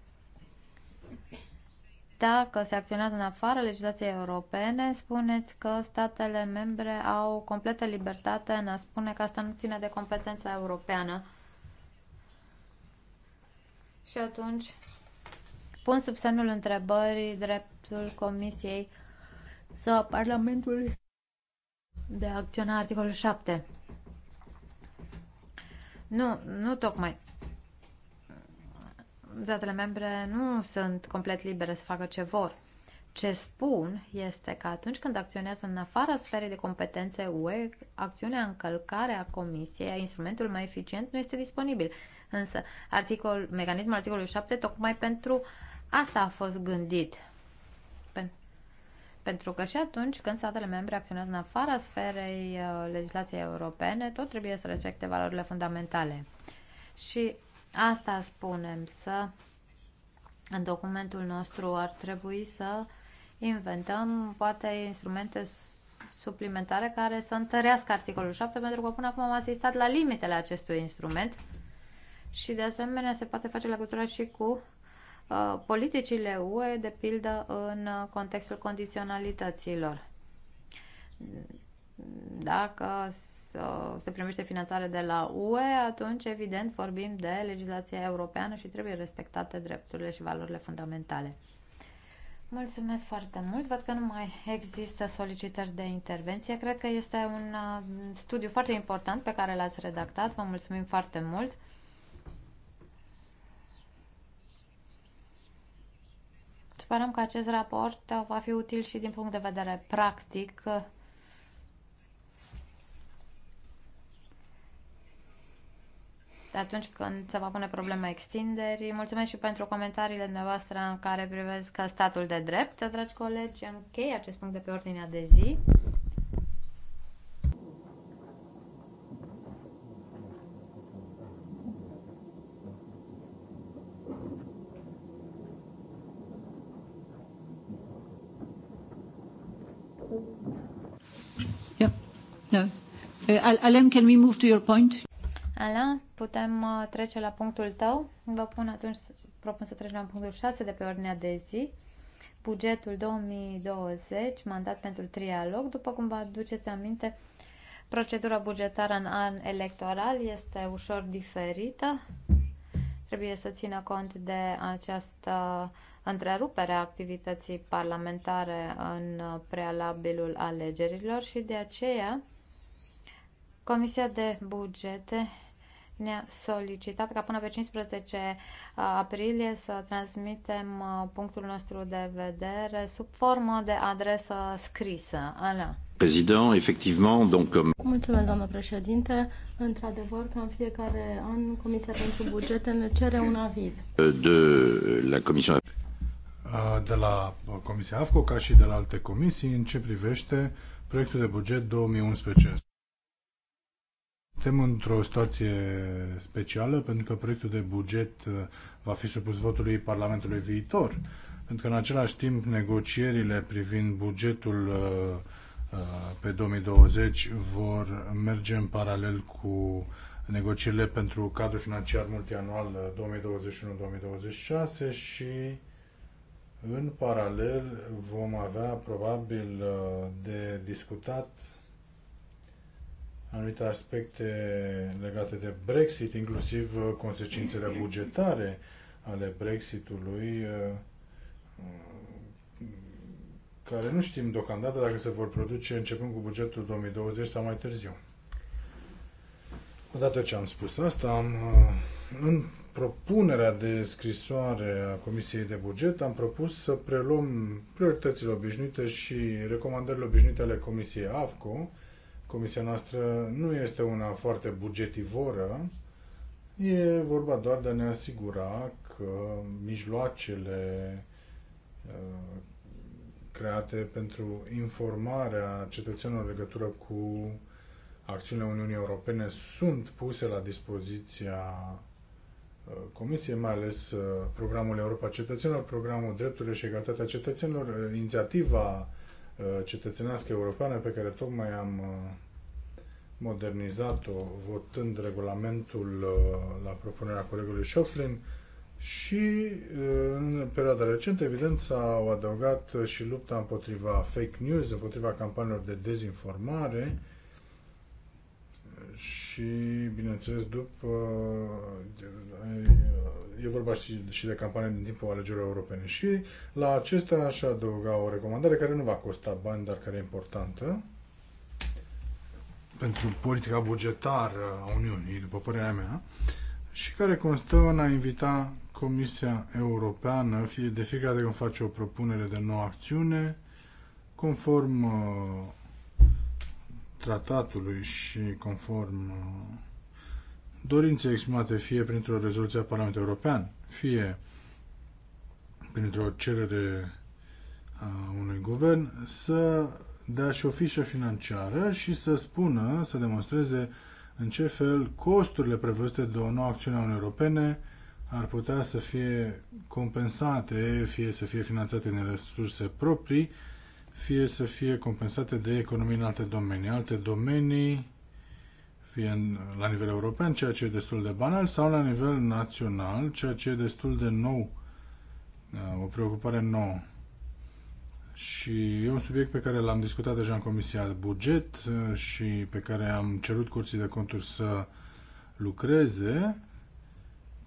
dacă se acționează în afara legislației europene, spuneți că statele membre au completă libertate în a spune că asta nu ține de competența europeană. Și atunci pun sub semnul întrebării dreptul Comisiei sau Parlamentului de a acționa articolul 7. Nu, nu tocmai statele membre nu sunt complet libere să facă ce vor. Ce spun este că atunci când acționează în afara sferei de competențe UE, acțiunea încălcare a Comisiei, a instrumentul mai eficient, nu este disponibil. Însă, articol, mecanismul articolului 7 tocmai pentru asta a fost gândit. Pen, pentru că și atunci când statele membre acționează în afara sferei uh, legislației europene, tot trebuie să respecte valorile fundamentale. Și Asta spunem, să în documentul nostru ar trebui să inventăm poate instrumente suplimentare care să întărească articolul 7, pentru că până acum am asistat la limitele acestui instrument și de asemenea se poate face legătura și cu uh, politicile UE, de pildă în contextul condiționalităților. Dacă se primește finanțare de la UE, atunci evident vorbim de legislația europeană și trebuie respectate drepturile și valorile fundamentale. Mulțumesc foarte mult. Văd că nu mai există solicitări de intervenție. Cred că este un uh, studiu foarte important pe care l-ați redactat. Vă mulțumim foarte mult. Sperăm că acest raport va fi util și din punct de vedere practic uh, atunci când se va pune problema extinderii. Mulțumesc și pentru comentariile dumneavoastră în care privesc statul de drept. Dragi colegi, închei acest punct de pe ordinea de zi. Yeah. Yeah. Uh, Alain, can we move to your point? Ala, putem uh, trece la punctul tău. Vă pun atunci, propun să trecem la punctul 6 de pe ordinea de zi. Bugetul 2020, mandat pentru trialog. După cum vă aduceți aminte, procedura bugetară în an electoral este ușor diferită. Trebuie să țină cont de această întrerupere a activității parlamentare în prealabilul alegerilor și de aceea Comisia de bugete ne-a solicitat ca până pe 15 uh, aprilie să transmitem uh, punctul nostru de vedere sub formă de adresă scrisă. Alain. Président, effectivement, donc Mulțumesc, doamnă președinte. Într-adevăr, ca în fiecare an, Comisia pentru Bugete ne cere un aviz. De la Comisia... Uh, de la Comisia AFCO, ca și de la alte comisii, în ce privește proiectul de buget 2011 suntem într-o situație specială pentru că proiectul de buget uh, va fi supus votului Parlamentului viitor, pentru că în același timp negocierile privind bugetul uh, uh, pe 2020 vor merge în paralel cu negocierile pentru cadrul financiar multianual 2021-2026 și în paralel vom avea probabil de discutat anumite aspecte legate de Brexit, inclusiv uh, consecințele bugetare ale Brexitului, uh, care nu știm deocamdată dacă se vor produce începând cu bugetul 2020 sau mai târziu. Odată ce am spus asta, am, uh, în propunerea de scrisoare a Comisiei de Buget am propus să preluăm prioritățile obișnuite și recomandările obișnuite ale Comisiei AFCO, Comisia noastră nu este una foarte bugetivoră, e vorba doar de a ne asigura că mijloacele uh, create pentru informarea cetățenilor în legătură cu acțiunile Uniunii Europene sunt puse la dispoziția uh, Comisiei, mai ales uh, programul Europa Cetățenilor, programul Drepturile și Egalitatea Cetățenilor, inițiativa Uh, cetățenească europeană pe care tocmai am uh, modernizat-o votând regulamentul uh, la propunerea colegului Șoflin și în perioada recentă, evident, s-au adăugat și lupta împotriva fake news, împotriva campaniilor de dezinformare și, bineînțeles, după e vorba și, și de campanie din timpul alegerilor europene. Și la acestea aș adăuga o recomandare care nu va costa bani, dar care e importantă pentru politica bugetară a Uniunii, după părerea mea, și care constă în a invita Comisia Europeană, fie de fiecare dată când face o propunere de nouă acțiune, conform uh, tratatului și conform uh, dorințe exprimate fie printr-o rezoluție a Parlamentului European, fie printr-o cerere a unui guvern, să dea și o fișă financiară și să spună, să demonstreze în ce fel costurile prevăzute de o nouă acțiune a Uniunii Europene ar putea să fie compensate, fie să fie finanțate din resurse proprii, fie să fie compensate de economii în alte domenii. Alte domenii fie în, la nivel european, ceea ce e destul de banal, sau la nivel național, ceea ce e destul de nou, uh, o preocupare nouă. Și e un subiect pe care l-am discutat deja în Comisia de Buget uh, și pe care am cerut curții de conturi să lucreze.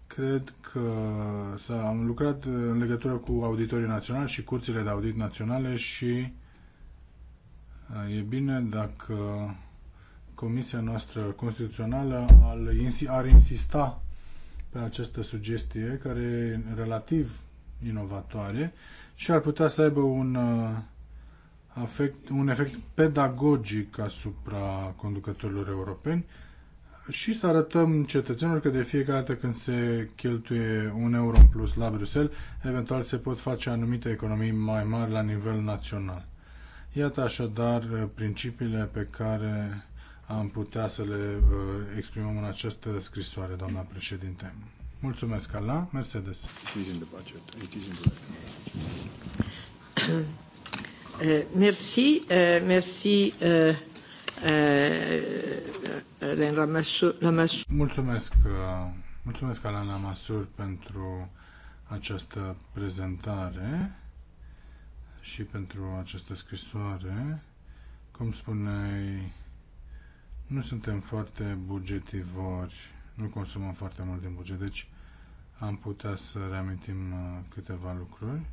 Cred că s-a, am lucrat uh, în legătură cu auditorii naționali și curțile de audit naționale și e bine dacă Comisia noastră constituțională ar insista pe această sugestie care e relativ inovatoare și ar putea să aibă un, efect, uh, un efect pedagogic asupra conducătorilor europeni și să arătăm cetățenilor că de fiecare dată când se cheltuie un euro în plus la Bruxelles, eventual se pot face anumite economii mai mari la nivel național. Iată așadar uh, principiile pe care am putea să le uh, exprimăm în această scrisoare, doamna președinte. Mulțumesc, Ala. Mercedes. It is in the budget. It is in the budget. Uh, merci, uh, merci, uh, Len Ramasur. Mulțumesc, eh, mulțumesc Alain Ramasur pentru această prezentare și pentru această scrisoare. Cum spuneai, nu suntem foarte bugetivori, nu consumăm foarte mult din buget, deci am putea să reamintim uh, câteva lucruri.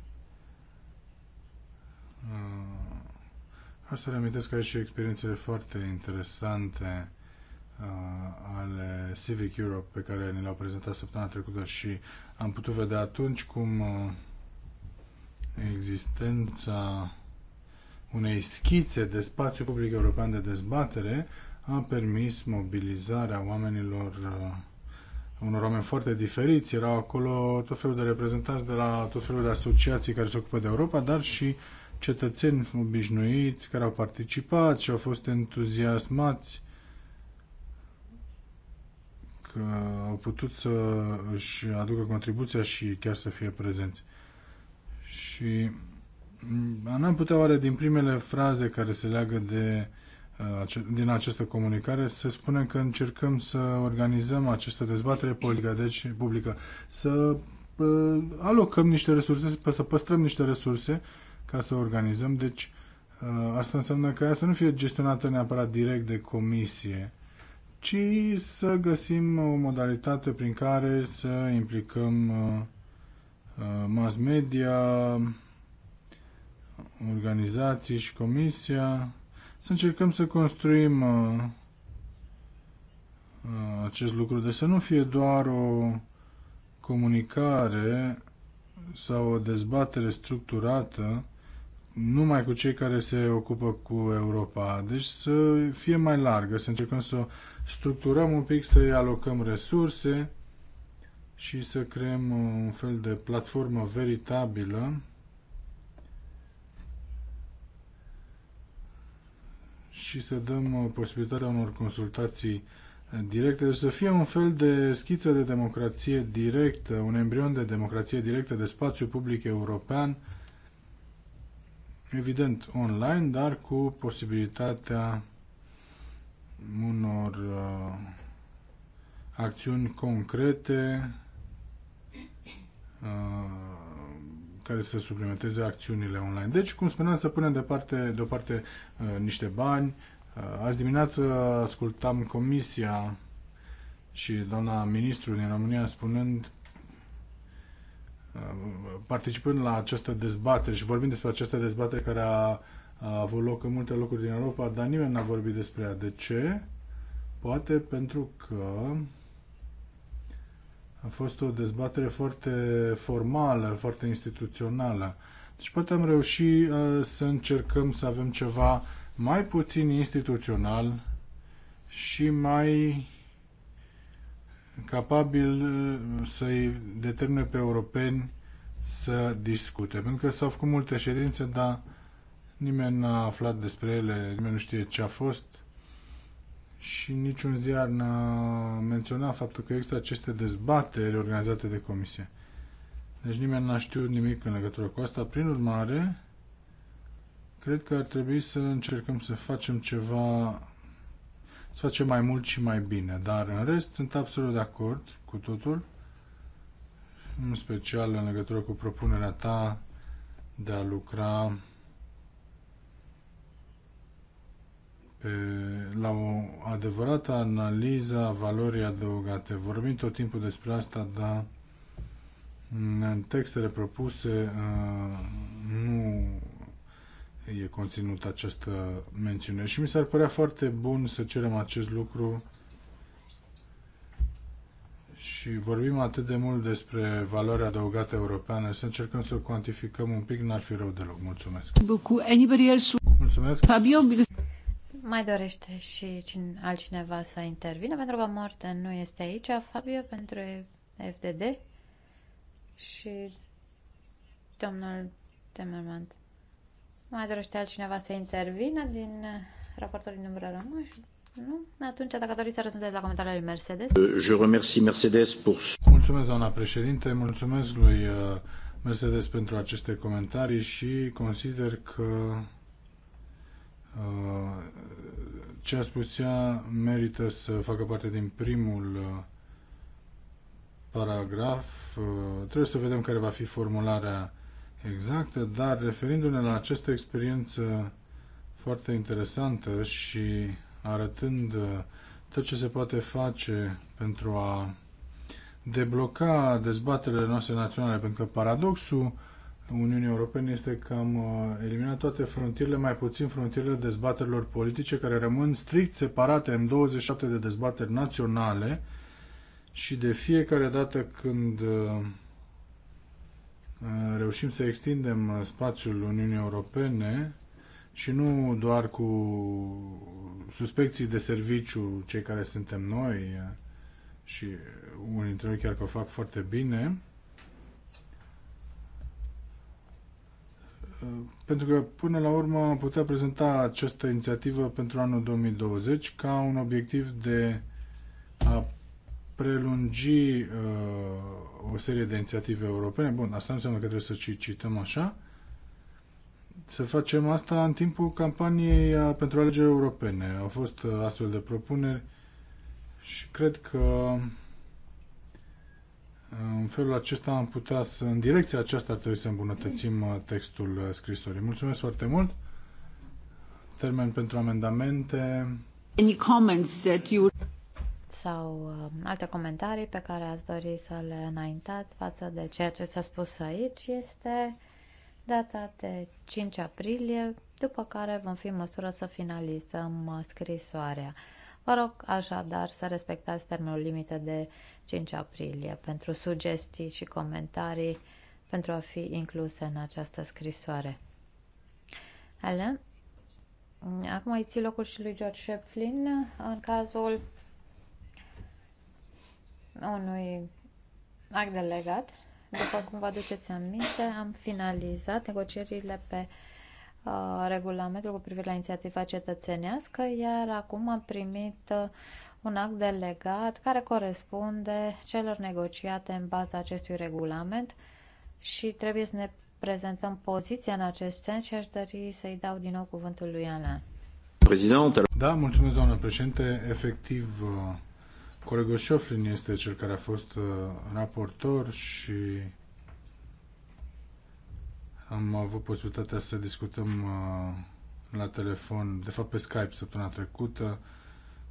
Uh, Ar să reamintesc aici și experiențele foarte interesante uh, ale Civic Europe pe care ni le-au prezentat săptămâna trecută și am putut vedea atunci cum existența unei schițe de spațiu public european de dezbatere a permis mobilizarea oamenilor, uh, unor oameni foarte diferiți. Erau acolo tot felul de reprezentanți de la tot felul de asociații care se ocupă de Europa, dar și cetățeni obișnuiți care au participat și au fost entuziasmați că au putut să își aducă contribuția și chiar să fie prezenți. Și mm, n-am putea oare din primele fraze care se leagă de din această comunicare se spune că încercăm să organizăm această dezbatere politică, deci publică, să alocăm niște resurse, să păstrăm niște resurse ca să organizăm. Deci ă, asta înseamnă că ea să nu fie gestionată neapărat direct de comisie, ci să găsim o modalitate prin care să implicăm ă, ă, mass media, organizații și comisia să încercăm să construim uh, uh, acest lucru, de deci să nu fie doar o comunicare sau o dezbatere structurată numai cu cei care se ocupă cu Europa. Deci să fie mai largă, să încercăm să structurăm un pic, să-i alocăm resurse și să creăm uh, un fel de platformă veritabilă și să dăm uh, posibilitatea unor consultații uh, directe, deci să fie un fel de schiță de democrație directă, un embrion de democrație directă de spațiu public european, evident online, dar cu posibilitatea unor uh, acțiuni concrete uh, care să suplimenteze acțiunile online. Deci, cum spuneam, să punem departe, deoparte uh, niște bani. Uh, azi dimineață ascultam comisia și doamna ministru din România spunând uh, participând la această dezbatere și vorbind despre această dezbatere care a, a avut loc în multe locuri din Europa, dar nimeni n-a vorbit despre ea. De ce? Poate pentru că a fost o dezbatere foarte formală, foarte instituțională. Deci poate am reușit uh, să încercăm să avem ceva mai puțin instituțional și mai capabil uh, să-i determine pe europeni să discute. Pentru că s-au făcut multe ședințe, dar nimeni n-a aflat despre ele, nimeni nu știe ce a fost și niciun ziar n-a menționat faptul că există aceste dezbateri organizate de comisie. Deci nimeni n-a știut nimic în legătură cu asta. Prin urmare, cred că ar trebui să încercăm să facem ceva, să facem mai mult și mai bine. Dar în rest sunt absolut de acord cu totul, în special în legătură cu propunerea ta de a lucra pe, la o adevărată analiză a valorii adăugate. Vorbim tot timpul despre asta, dar în textele propuse uh, nu e conținut această mențiune și mi s-ar părea foarte bun să cerem acest lucru și vorbim atât de mult despre valoarea adăugată europeană, să încercăm să o cuantificăm un pic, n-ar fi rău deloc. Mulțumesc. Mulțumesc. Fabio, mai dorește și cine, altcineva să intervină, pentru că moarte nu este aici, Fabio pentru FDD și domnul Temerman. Mai dorește altcineva să intervină din raportul din numărul Nu? Atunci, dacă doriți să răspundeți la comentariile lui Mercedes. Uh, je remercie Mercedes pour... Mulțumesc, doamna președinte, mulțumesc lui uh, Mercedes pentru aceste comentarii și consider că Uh, ce a spus ea merită să facă parte din primul uh, paragraf. Uh, trebuie să vedem care va fi formularea exactă, dar referindu-ne la această experiență foarte interesantă și arătând tot ce se poate face pentru a debloca dezbaterile noastre naționale, pentru că paradoxul Uniunii Europene este că am uh, eliminat toate frontierele, mai puțin frontierele dezbaterilor politice, care rămân strict separate în 27 de dezbateri naționale și de fiecare dată când uh, uh, reușim să extindem spațiul Uniunii Europene și nu doar cu suspecții de serviciu, cei care suntem noi și unii dintre noi chiar că o fac foarte bine, pentru că până la urmă am putea prezenta această inițiativă pentru anul 2020 ca un obiectiv de a prelungi uh, o serie de inițiative europene. Bun, asta înseamnă că trebuie să cităm așa. Să facem asta în timpul campaniei uh, pentru alegeri europene. Au fost uh, astfel de propuneri și cred că în felul acesta am putea să, în direcția aceasta ar trebui să îmbunătățim uh, textul scrisorii. Mulțumesc foarte mult. Termen pentru amendamente. Any comments that you sau uh, alte comentarii pe care ați dori să le înaintați față de ceea ce s-a spus aici este data de 5 aprilie, după care vom fi în măsură să finalizăm uh, scrisoarea. Vă rog așadar să respectați termenul limită de 5 aprilie pentru sugestii și comentarii pentru a fi incluse în această scrisoare. Ale? Acum îi ții locul și lui George Shepflin în cazul unui act delegat. După cum vă aduceți aminte, am finalizat negocierile pe Uh, regulamentul cu privire la inițiativa cetățenească, iar acum am primit uh, un act delegat care corespunde celor negociate în baza acestui regulament și trebuie să ne prezentăm poziția în acest sens și aș dori să-i dau din nou cuvântul lui Alain. Președinte. Da, mulțumesc, doamnă președinte. Efectiv, uh, colegul Șoflin este cel care a fost raportor și am avut posibilitatea să discutăm uh, la telefon, de fapt pe Skype săptămâna trecută,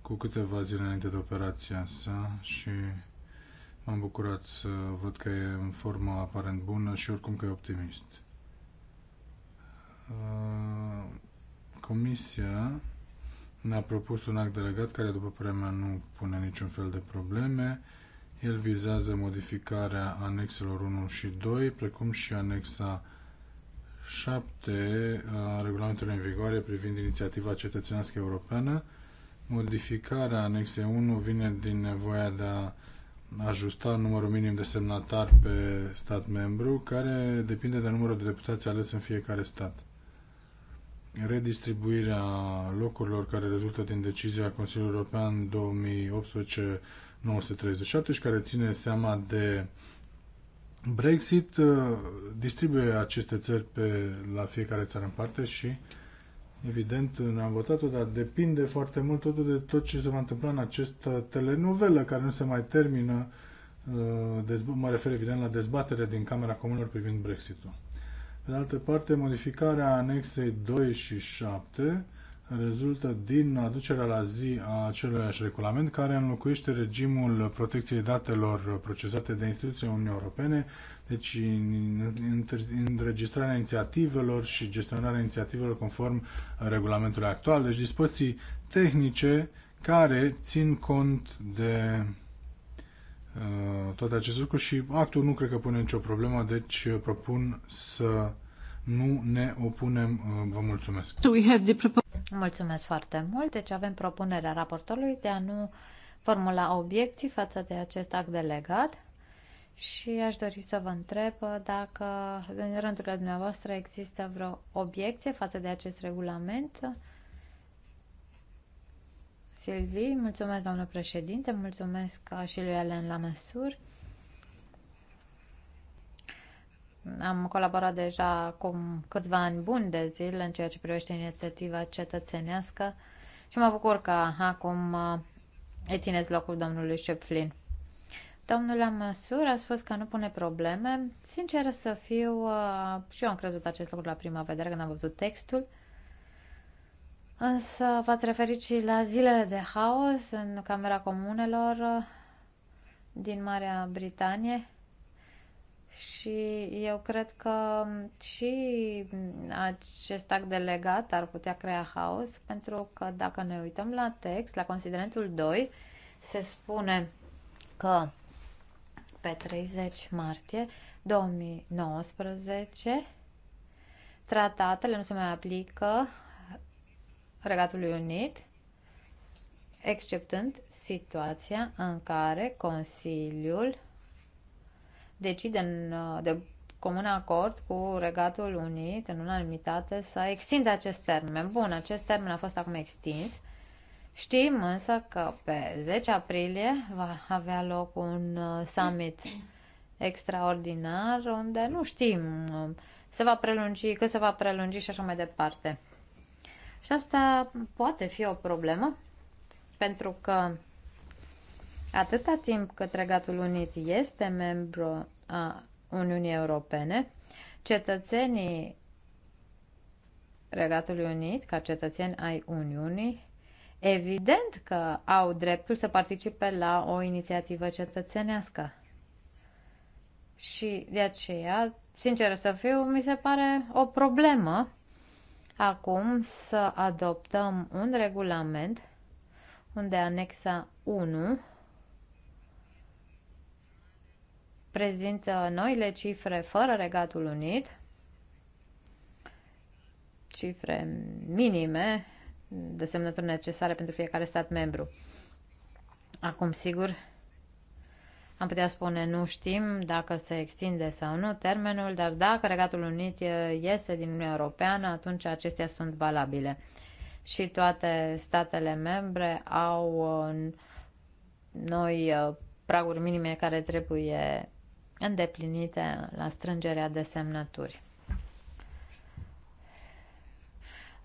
cu câteva zile înainte de operația sa și m-am bucurat să văd că e în formă aparent bună și oricum că e optimist. Uh, comisia ne-a propus un act delegat care, după părerea mea, nu pune niciun fel de probleme. El vizează modificarea anexelor 1 și 2, precum și anexa 7 a uh, regulamentului în vigoare privind inițiativa cetățenească europeană. Modificarea anexei 1 vine din nevoia de a ajusta numărul minim de semnatari pe stat membru, care depinde de numărul de deputați ales în fiecare stat. Redistribuirea locurilor care rezultă din decizia Consiliului European 2018-937 și care ține seama de Brexit uh, distribuie aceste țări pe, la fiecare țară în parte și evident uh, ne-am votat-o, dar depinde foarte mult totul de tot ce se va întâmpla în această telenovelă care nu se mai termină uh, mă refer evident la dezbaterea din Camera Comunilor privind Brexitul. Pe de altă parte, modificarea anexei 2 și 7 rezultă din aducerea la zi a aceluiași regulament care înlocuiește regimul protecției datelor procesate de instituții Uniunii Europene, deci înregistrarea inițiativelor și gestionarea inițiativelor conform regulamentului actual, deci dispoziții tehnice care țin cont de uh, toate aceste lucruri și actul nu cred că pune nicio problemă, deci propun să nu ne opunem. Uh, vă mulțumesc. So we have the Mulțumesc foarte mult. Deci avem propunerea raportorului de a nu formula obiecții față de acest act delegat și aș dori să vă întreb dacă în rândurile dumneavoastră există vreo obiecție față de acest regulament. Silvi, mulțumesc, doamnă președinte, mulțumesc și lui Alen la măsuri. Am colaborat deja acum câțiva ani buni de zile în ceea ce privește inițiativa cetățenească și mă bucur că acum uh, îi țineți locul domnului Șeplin. Domnul Lamasur a spus că nu pune probleme. Sincer să fiu, uh, și eu am crezut acest lucru la prima vedere când am văzut textul, însă v-ați referit și la zilele de haos în Camera Comunelor uh, din Marea Britanie și eu cred că și acest act delegat ar putea crea haos, pentru că dacă ne uităm la text, la considerentul 2, se spune că pe 30 martie 2019 tratatele nu se mai aplică Regatului Unit, exceptând situația în care Consiliul decide în, uh, de comun acord cu Regatul Unit în unanimitate să extindă acest termen. Bun, acest termen a fost acum extins. Știm însă că pe 10 aprilie va avea loc un uh, summit extraordinar unde nu știm uh, se va prelungi, cât se va prelungi și așa mai departe. Și asta poate fi o problemă pentru că Atâta timp cât Regatul Unit este membru a Uniunii Europene, cetățenii Regatului Unit, ca cetățeni ai Uniunii, evident că au dreptul să participe la o inițiativă cetățenească. Și de aceea, sincer să fiu, mi se pare o problemă acum să adoptăm un regulament unde anexa 1 prezintă noile cifre fără Regatul Unit, cifre minime de semnături necesare pentru fiecare stat membru. Acum, sigur, am putea spune nu știm dacă se extinde sau nu termenul, dar dacă Regatul Unit iese din Uniunea Europeană, atunci acestea sunt valabile. Și toate statele membre au uh, noi uh, praguri minime care trebuie îndeplinite la strângerea de semnături.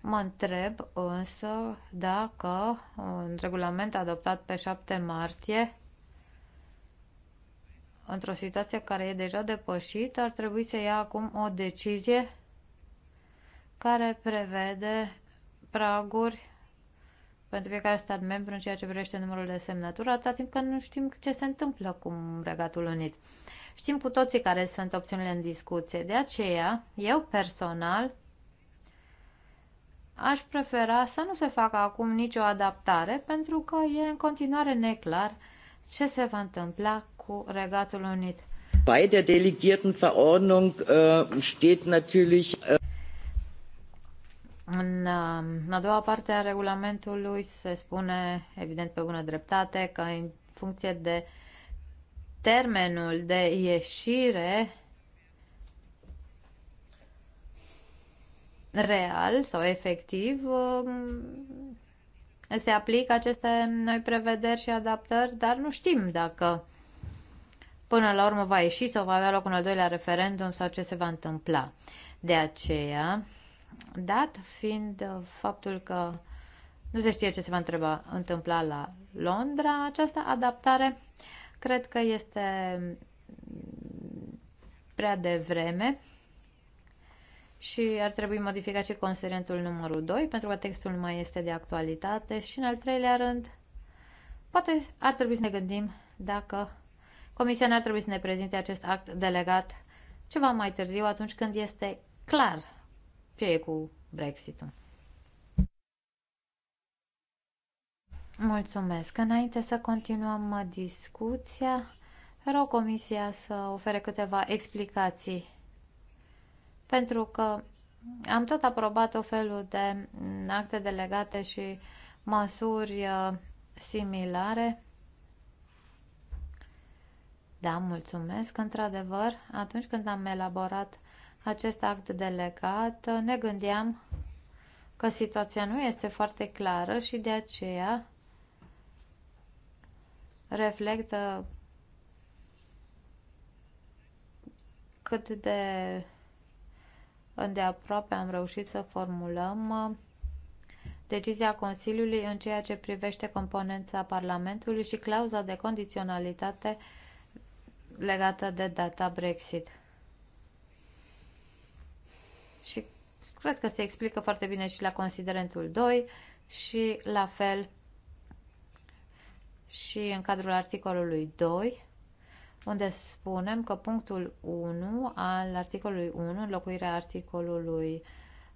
Mă întreb însă dacă un regulament adoptat pe 7 martie, într-o situație care e deja depășită, ar trebui să ia acum o decizie care prevede praguri pentru fiecare stat membru în ceea ce privește numărul de semnături, atâta timp că nu știm ce se întâmplă cu Regatul Unit. Știm cu toții care sunt opțiunile în discuție. De aceea, eu personal aș prefera să nu se facă acum nicio adaptare pentru că e în continuare neclar ce se va întâmpla cu Regatul Unit. Bei der delegierten Verordnung uh, steht natürlich äh, uh... În a doua parte a regulamentului se spune, evident pe bună dreptate, că în funcție de uh, termenul de ieșire real sau efectiv um, se aplică aceste noi prevederi și adaptări, dar nu știm dacă până la urmă va ieși sau va avea loc un al doilea referendum sau ce se va întâmpla. De aceea, dat fiind faptul că nu se știe ce se va întreba, întâmpla la Londra, această adaptare Cred că este prea devreme și ar trebui modificat și considerentul numărul 2 pentru că textul nu mai este de actualitate și în al treilea rând poate ar trebui să ne gândim dacă Comisia ar trebui să ne prezinte acest act delegat ceva mai târziu atunci când este clar ce e cu Brexit-ul. Mulțumesc. Înainte să continuăm discuția, rog Comisia să ofere câteva explicații. Pentru că am tot aprobat o felul de acte delegate și măsuri uh, similare. Da, mulțumesc. Într-adevăr, atunci când am elaborat acest act delegat, ne gândeam că situația nu este foarte clară și de aceea reflectă cât de îndeaproape am reușit să formulăm uh, decizia Consiliului în ceea ce privește componența Parlamentului și clauza de condiționalitate legată de data Brexit. Și cred că se explică foarte bine și la considerentul 2 și la fel și în cadrul articolului 2, unde spunem că punctul 1 al articolului 1, înlocuirea articolului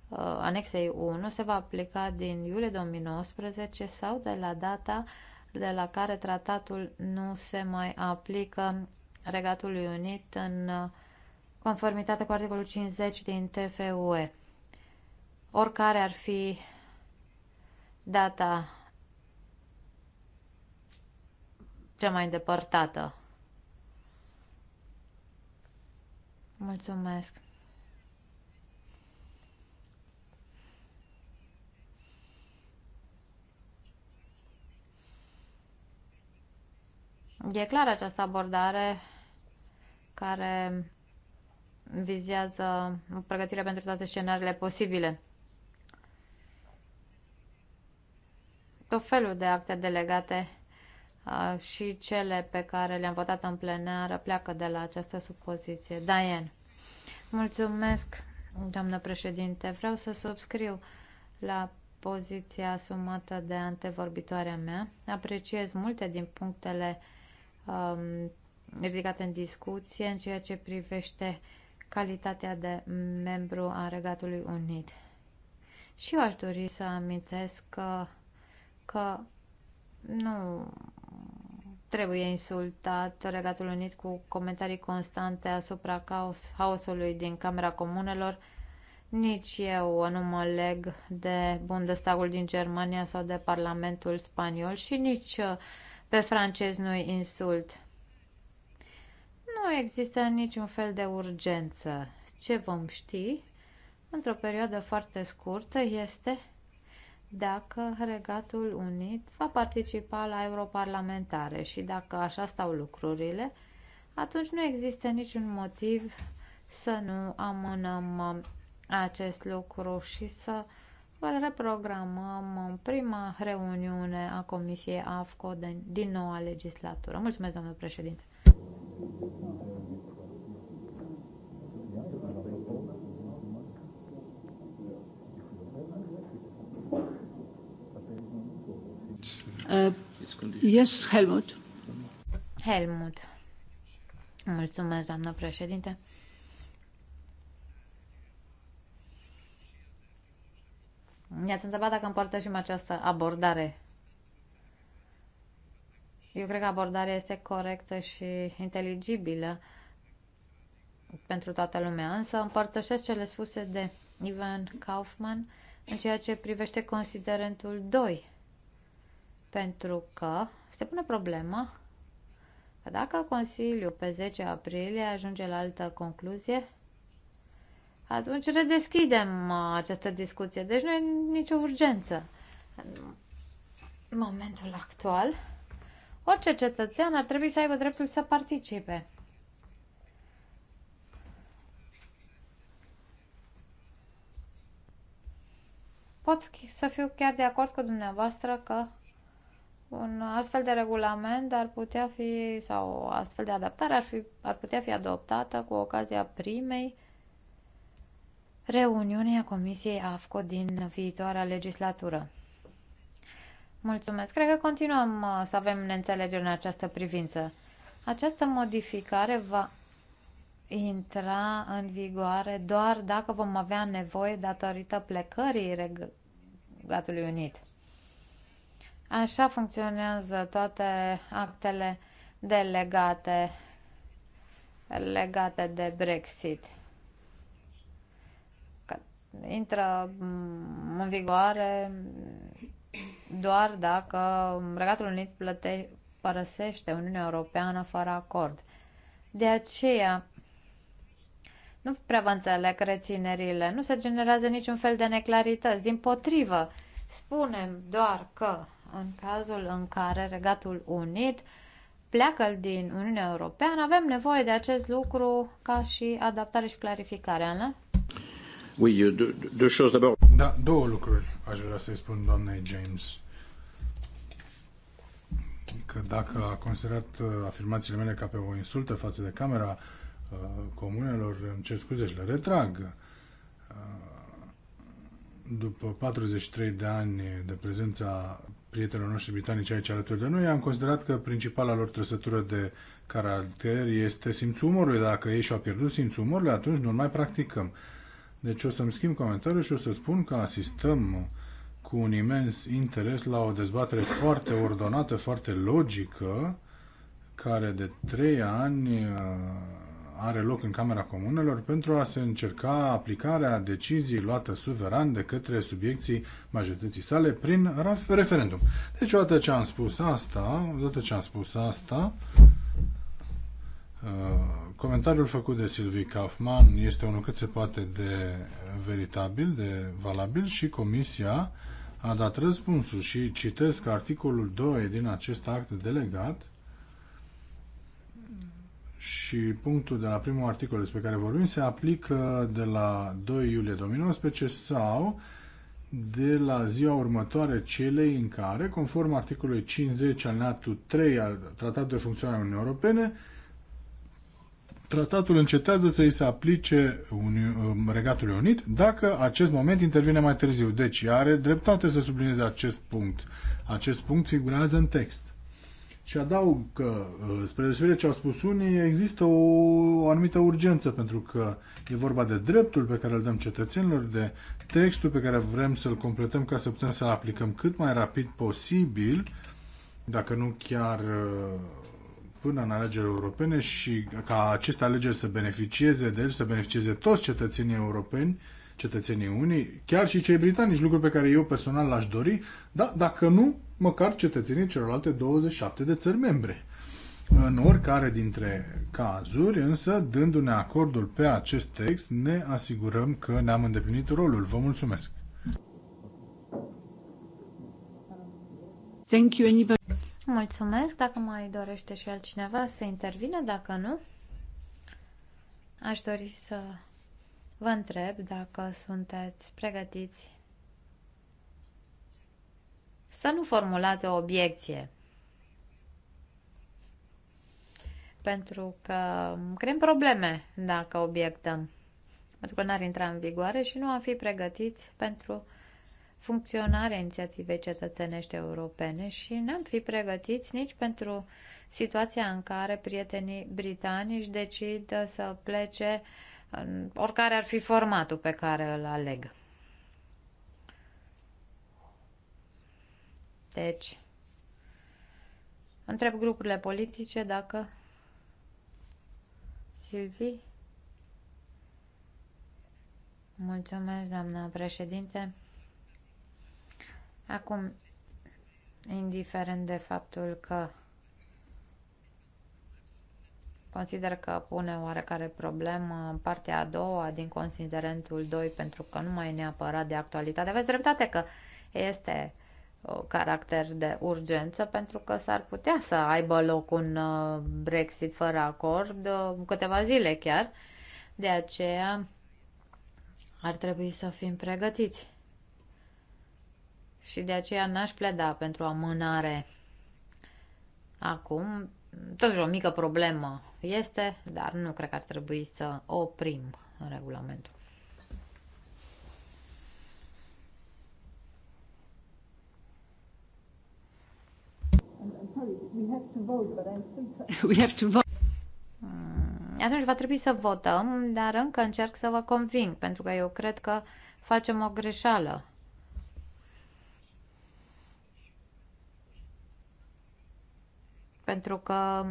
uh, anexei 1, se va aplica din iulie 2019 sau de la data de la care tratatul nu se mai aplică Regatului Unit în uh, conformitate cu articolul 50 din TFUE. Oricare ar fi data cea mai îndepărtată. Mulțumesc! E clar această abordare care vizează o pregătire pentru toate scenariile posibile. Tot felul de acte delegate și cele pe care le-am votat în plenară pleacă de la această supoziție. Diane, mulțumesc, doamnă președinte. Vreau să subscriu la poziția asumată de antevorbitoarea mea. Apreciez multe din punctele um, ridicate în discuție în ceea ce privește calitatea de membru a Regatului Unit. Și eu aș dori să amintesc că, că nu trebuie insultat Regatul Unit cu comentarii constante asupra haosului din Camera Comunelor. Nici eu nu mă leg de Bundestagul din Germania sau de Parlamentul spaniol și nici uh, pe francez nu-i insult. Nu există niciun fel de urgență. Ce vom ști într-o perioadă foarte scurtă este dacă Regatul Unit va participa la europarlamentare și dacă așa stau lucrurile, atunci nu există niciun motiv să nu amânăm acest lucru și să reprogramăm prima reuniune a Comisiei AFCO din noua legislatură. Mulțumesc, domnule președinte! Uh, yes, Helmut. Helmut. Mulțumesc, doamnă președinte. Mi-ați întrebat dacă împărtășim această abordare. Eu cred că abordarea este corectă și inteligibilă pentru toată lumea, însă împărtășesc cele spuse de Ivan Kaufman în ceea ce privește considerentul 2. Pentru că se pune problema că dacă Consiliul pe 10 aprilie ajunge la altă concluzie, atunci redeschidem uh, această discuție. Deci nu e nicio urgență. În momentul actual, orice cetățean ar trebui să aibă dreptul să participe. Pot să fiu chiar de acord cu dumneavoastră că un astfel de regulament ar putea fi, sau o astfel de adaptare ar, fi, ar putea fi adoptată cu ocazia primei reuniuni a Comisiei AFCO din viitoarea legislatură. Mulțumesc. Cred că continuăm uh, să avem neînțelegeri în această privință. Această modificare va intra în vigoare doar dacă vom avea nevoie datorită plecării Regatului Unit. Așa funcționează toate actele delegate legate de Brexit. Că intră în vigoare doar dacă Regatul Unit plăte, părăsește Uniunea Europeană fără acord. De aceea, nu prea vă înțeleg reținerile, nu se generează niciun fel de neclarități. Din potrivă, spunem doar că în cazul în care Regatul Unit pleacă din Uniunea Europeană, avem nevoie de acest lucru ca și adaptare și clarificare, Ana? Oui, euh, deux, deux choses d'abord. Da, două lucruri aș vrea să-i spun doamnei James. Că dacă a considerat uh, afirmațiile mele ca pe o insultă față de Camera uh, Comunelor, îmi cer scuze și le retrag. Uh, după 43 de ani de prezența prietenilor noștri britanici aici alături de noi, am considerat că principala lor trăsătură de caracter este simțul umorului. Dacă ei și-au pierdut simțul umorului, atunci nu mai practicăm. Deci o să-mi schimb comentariul și o să spun că asistăm cu un imens interes la o dezbatere foarte ordonată, foarte logică, care de trei ani uh, are loc în Camera Comunelor pentru a se încerca aplicarea decizii luată suveran de către subiecții majorității sale prin referendum. Deci, odată ce am spus asta, odată ce am spus asta, uh, comentariul făcut de Silvi Kaufman este unul cât se poate de veritabil, de valabil și Comisia a dat răspunsul și citesc articolul 2 din acest act delegat și punctul de la primul articol despre care vorbim se aplică de la 2 iulie 2019 sau de la ziua următoare celei în care, conform articolului 50 al NATO 3 al Tratatului de Funcționare a Uniunii Europene, tratatul încetează să îi se aplice Uni- um, Regatului Unit dacă acest moment intervine mai târziu. Deci are dreptate să sublinieze acest punct. Acest punct figurează în text. Și adaug că, uh, spre deosebire ce au spus unii, există o, o anumită urgență, pentru că e vorba de dreptul pe care îl dăm cetățenilor, de textul pe care vrem să-l completăm ca să putem să-l aplicăm cât mai rapid posibil, dacă nu chiar uh, până în alegerile europene și ca aceste alegeri să beneficieze de el, să beneficieze toți cetățenii europeni, cetățenii unii, chiar și cei britanici, lucruri pe care eu personal l-aș dori, dar dacă nu, măcar cetățenii celorlalte 27 de țări membre. În oricare dintre cazuri, însă, dându-ne acordul pe acest text, ne asigurăm că ne-am îndeplinit rolul. Vă mulțumesc! Thank you, anybody. Mulțumesc. Dacă mai dorește și altcineva să intervină, dacă nu, aș dori să vă întreb dacă sunteți pregătiți să nu formulați o obiecție. Pentru că creăm probleme dacă obiectăm. Pentru că n-ar intra în vigoare și nu am fi pregătiți pentru funcționarea inițiativei cetățenești europene și n-am fi pregătiți nici pentru situația în care prietenii britanici decid să plece în oricare ar fi formatul pe care îl aleg. Deci, întreb grupurile politice dacă Silvi. Mulțumesc, doamna președinte. Acum, indiferent de faptul că consider că pune oarecare problemă partea a doua din considerentul 2 pentru că nu mai e neapărat de actualitate. Aveți dreptate că este caracter de urgență pentru că s-ar putea să aibă loc un uh, Brexit fără acord uh, câteva zile chiar. De aceea ar trebui să fim pregătiți. Și de aceea n-aș pleda pentru amânare acum. Totuși o mică problemă este, dar nu cred că ar trebui să oprim regulamentul. We have to vote. Mm, atunci va trebui să votăm, dar încă încerc să vă conving, pentru că eu cred că facem o greșeală. Pentru că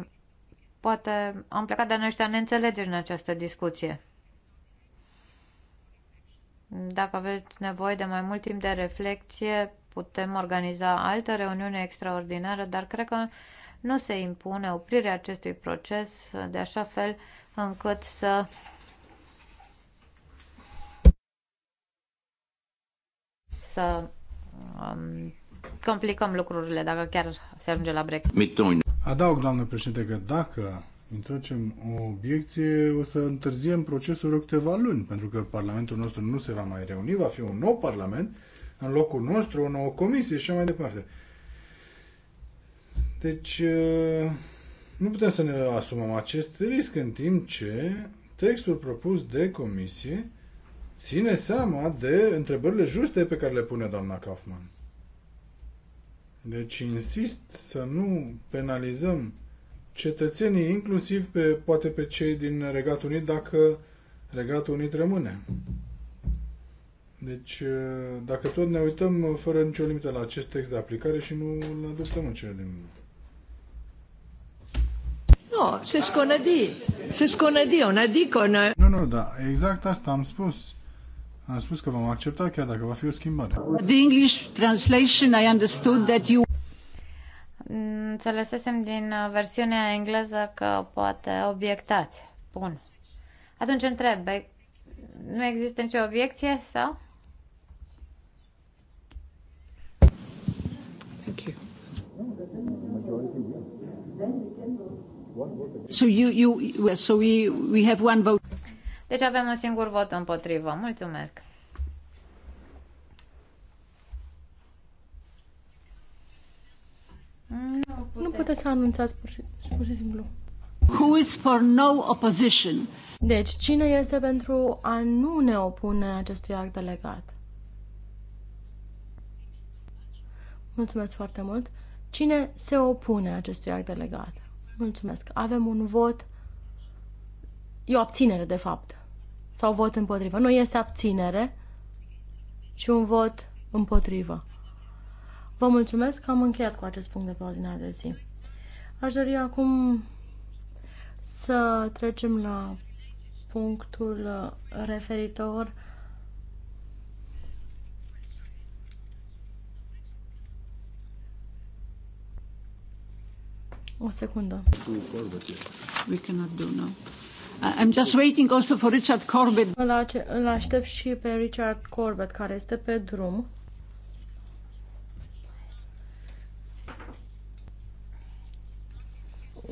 poate am plecat de niște neînțelegeri în această discuție. Dacă aveți nevoie de mai mult timp de reflexie, putem organiza altă reuniune extraordinară, dar cred că nu se impune oprirea acestui proces de așa fel încât să să um, complicăm lucrurile dacă chiar se ajunge la Brexit. Adaug, doamnă președinte, că dacă introducem o obiecție, o să întârziem procesul o câteva luni, pentru că Parlamentul nostru nu se va mai reuni, va fi un nou Parlament, în locul nostru, o nouă comisie și mai departe. Deci, uh, nu putem să ne asumăm acest risc în timp ce textul propus de comisie ține seama de întrebările juste pe care le pune doamna Kaufman. Deci insist să nu penalizăm cetățenii, inclusiv pe, poate pe cei din Regatul Unit, dacă Regatul Unit rămâne. Deci, uh, dacă tot ne uităm fără nicio limită la acest text de aplicare și nu-l adoptăm în cele din urmă. No, se sconădi. Se sconădi, una diconă. Nu, nu, da, exact asta am spus. Am spus că vom accepta chiar dacă va fi o schimbare. The English translation, I understood that you... Înțelesesem din uh, versiunea engleză că poate obiectați. Bun. Atunci întreb, nu există nicio obiecție sau? So you, you, so we, we have one vote. Deci avem un singur vot împotrivă. Mulțumesc. Nu, nu puteți să anunțați pur și, pur și simplu. Who is for no opposition? Deci, cine este pentru a nu ne opune acestui act delegat? Mulțumesc foarte mult. Cine se opune acestui act delegat? Mulțumesc. Avem un vot. E o abținere, de fapt. Sau vot împotrivă. Nu este abținere, și un vot împotrivă. Vă mulțumesc că am încheiat cu acest punct de pe ordinea de zi. Aș dori acum să trecem la punctul referitor O secundă. We cannot do now. I'm just waiting also for Richard Corbett. Îl, îl aștept și pe Richard Corbett, care este pe drum.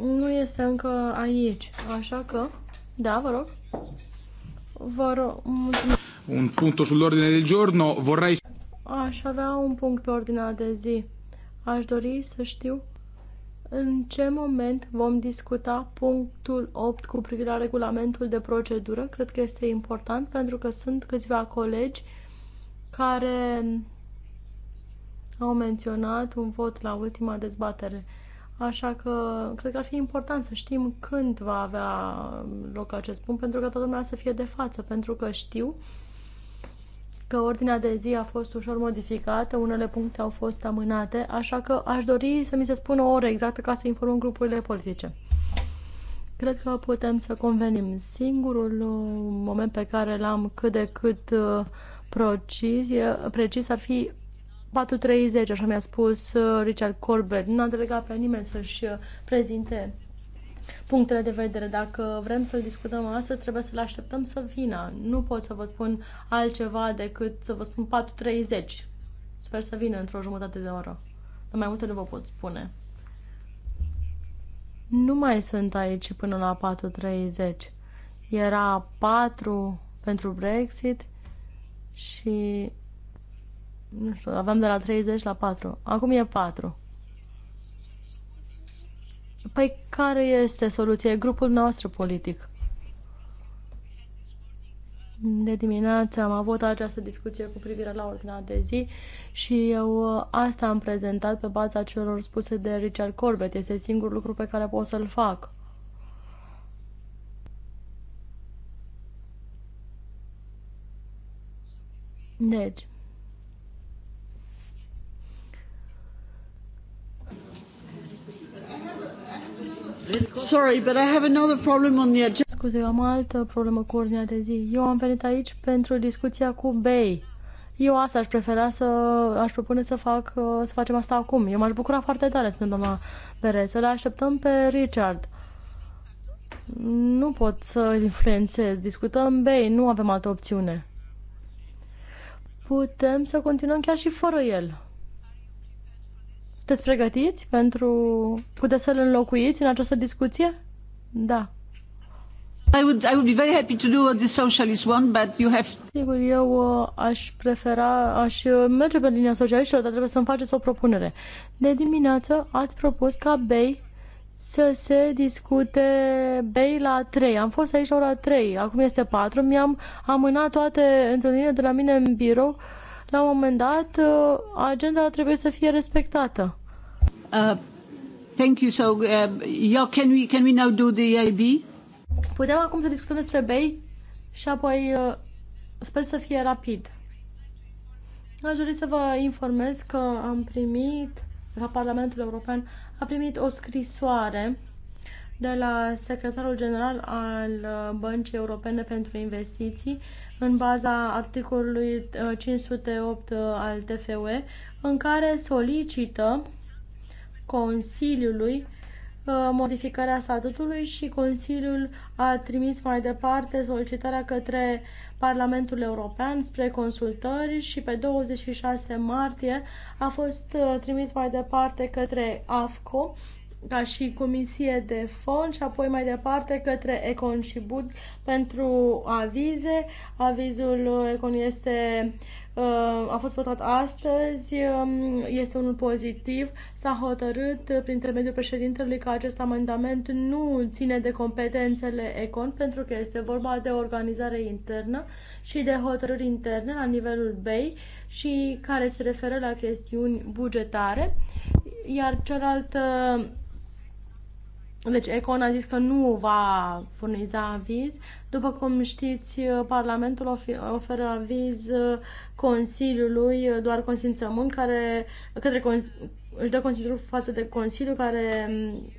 Nu este încă aici, așa că... Da, vă rog. Vă rog, mulțumesc. Un punct sull'ordine del giorno, vorrei... Aș avea un punct pe ordinea de zi. Aș dori să știu în ce moment vom discuta punctul 8 cu privire la regulamentul de procedură. Cred că este important pentru că sunt câțiva colegi care au menționat un vot la ultima dezbatere. Așa că cred că ar fi important să știm când va avea loc acest punct pentru că toată lumea să fie de față, pentru că știu că ordinea de zi a fost ușor modificată, unele puncte au fost amânate, așa că aș dori să mi se spună o oră exactă ca să informăm grupurile politice. Cred că putem să convenim. Singurul uh, moment pe care l-am cât de cât uh, precis, precis ar fi 4.30, așa mi-a spus uh, Richard Corbett. Nu a delegat pe nimeni să-și prezinte punctele de vedere. Dacă vrem să-l discutăm astăzi, trebuie să-l așteptăm să vină. Nu pot să vă spun altceva decât să vă spun 4.30. Sper să vină într-o jumătate de oră. Dar mai multe nu vă pot spune. Nu mai sunt aici până la 4.30. Era 4 pentru Brexit și nu știu, aveam de la 30 la 4. Acum e 4. Păi care este soluția? Grupul nostru politic. De dimineață am avut această discuție cu privire la ordinea de zi și eu uh, asta am prezentat pe baza celor spuse de Richard Corbett. Este singurul lucru pe care pot să-l fac. Deci, Sorry, but I have another problem on the agenda. Scuze, am altă problemă cu ordinea de zi. Eu am venit aici pentru discuția cu Bay. Eu asta aș prefera să aș propune să fac să facem asta acum. Eu m-aș bucura foarte tare, spune doamna Bere, să le așteptăm pe Richard. Nu pot să influențez. Discutăm Bay, nu avem altă opțiune. Putem să continuăm chiar și fără el. Sunteți pregătiți pentru... Puteți să-l înlocuiți în această discuție? Da. I would, I would be very happy to do what the socialists want, but you have... Sigur, eu uh, aș prefera, aș uh, merge pe linia socialistilor, dar trebuie să-mi faceți o propunere. De dimineață ați propus ca Bay să se discute Bay la 3. Am fost aici la ora 3, acum este 4. Mi-am amânat toate întâlnirile de la mine în birou. La un moment dat, uh, agenda trebuie să fie respectată. Uh, thank you. So, uh, yo, can we can we now do the IB? Putem acum să discutăm despre BEI și apoi uh, sper să fie rapid. Aș dori să vă informez că am primit, la Parlamentul European, a primit o scrisoare de la secretarul general al uh, Băncii Europene pentru Investiții în baza articolului 508 uh, al TFUE, în care solicită Consiliului uh, modificarea statutului și Consiliul a trimis mai departe solicitarea către Parlamentul European spre consultări și pe 26 martie a fost uh, trimis mai departe către AFCO ca și comisie de fond și apoi mai departe către Econ și Bud pentru avize. Avizul uh, Econ este uh, Uh, a fost votat astăzi, um, este unul pozitiv. S-a hotărât uh, prin intermediul președintelui că acest amendament nu ține de competențele ECON pentru că este vorba de organizare internă și de hotărâri interne la nivelul BEI și care se referă la chestiuni bugetare. Iar cealaltă deci Econ a zis că nu va furniza aviz. După cum știți, uh, Parlamentul oferă aviz Consiliului uh, doar consimțământ care către, își dă consimțământ față de Consiliu care mm,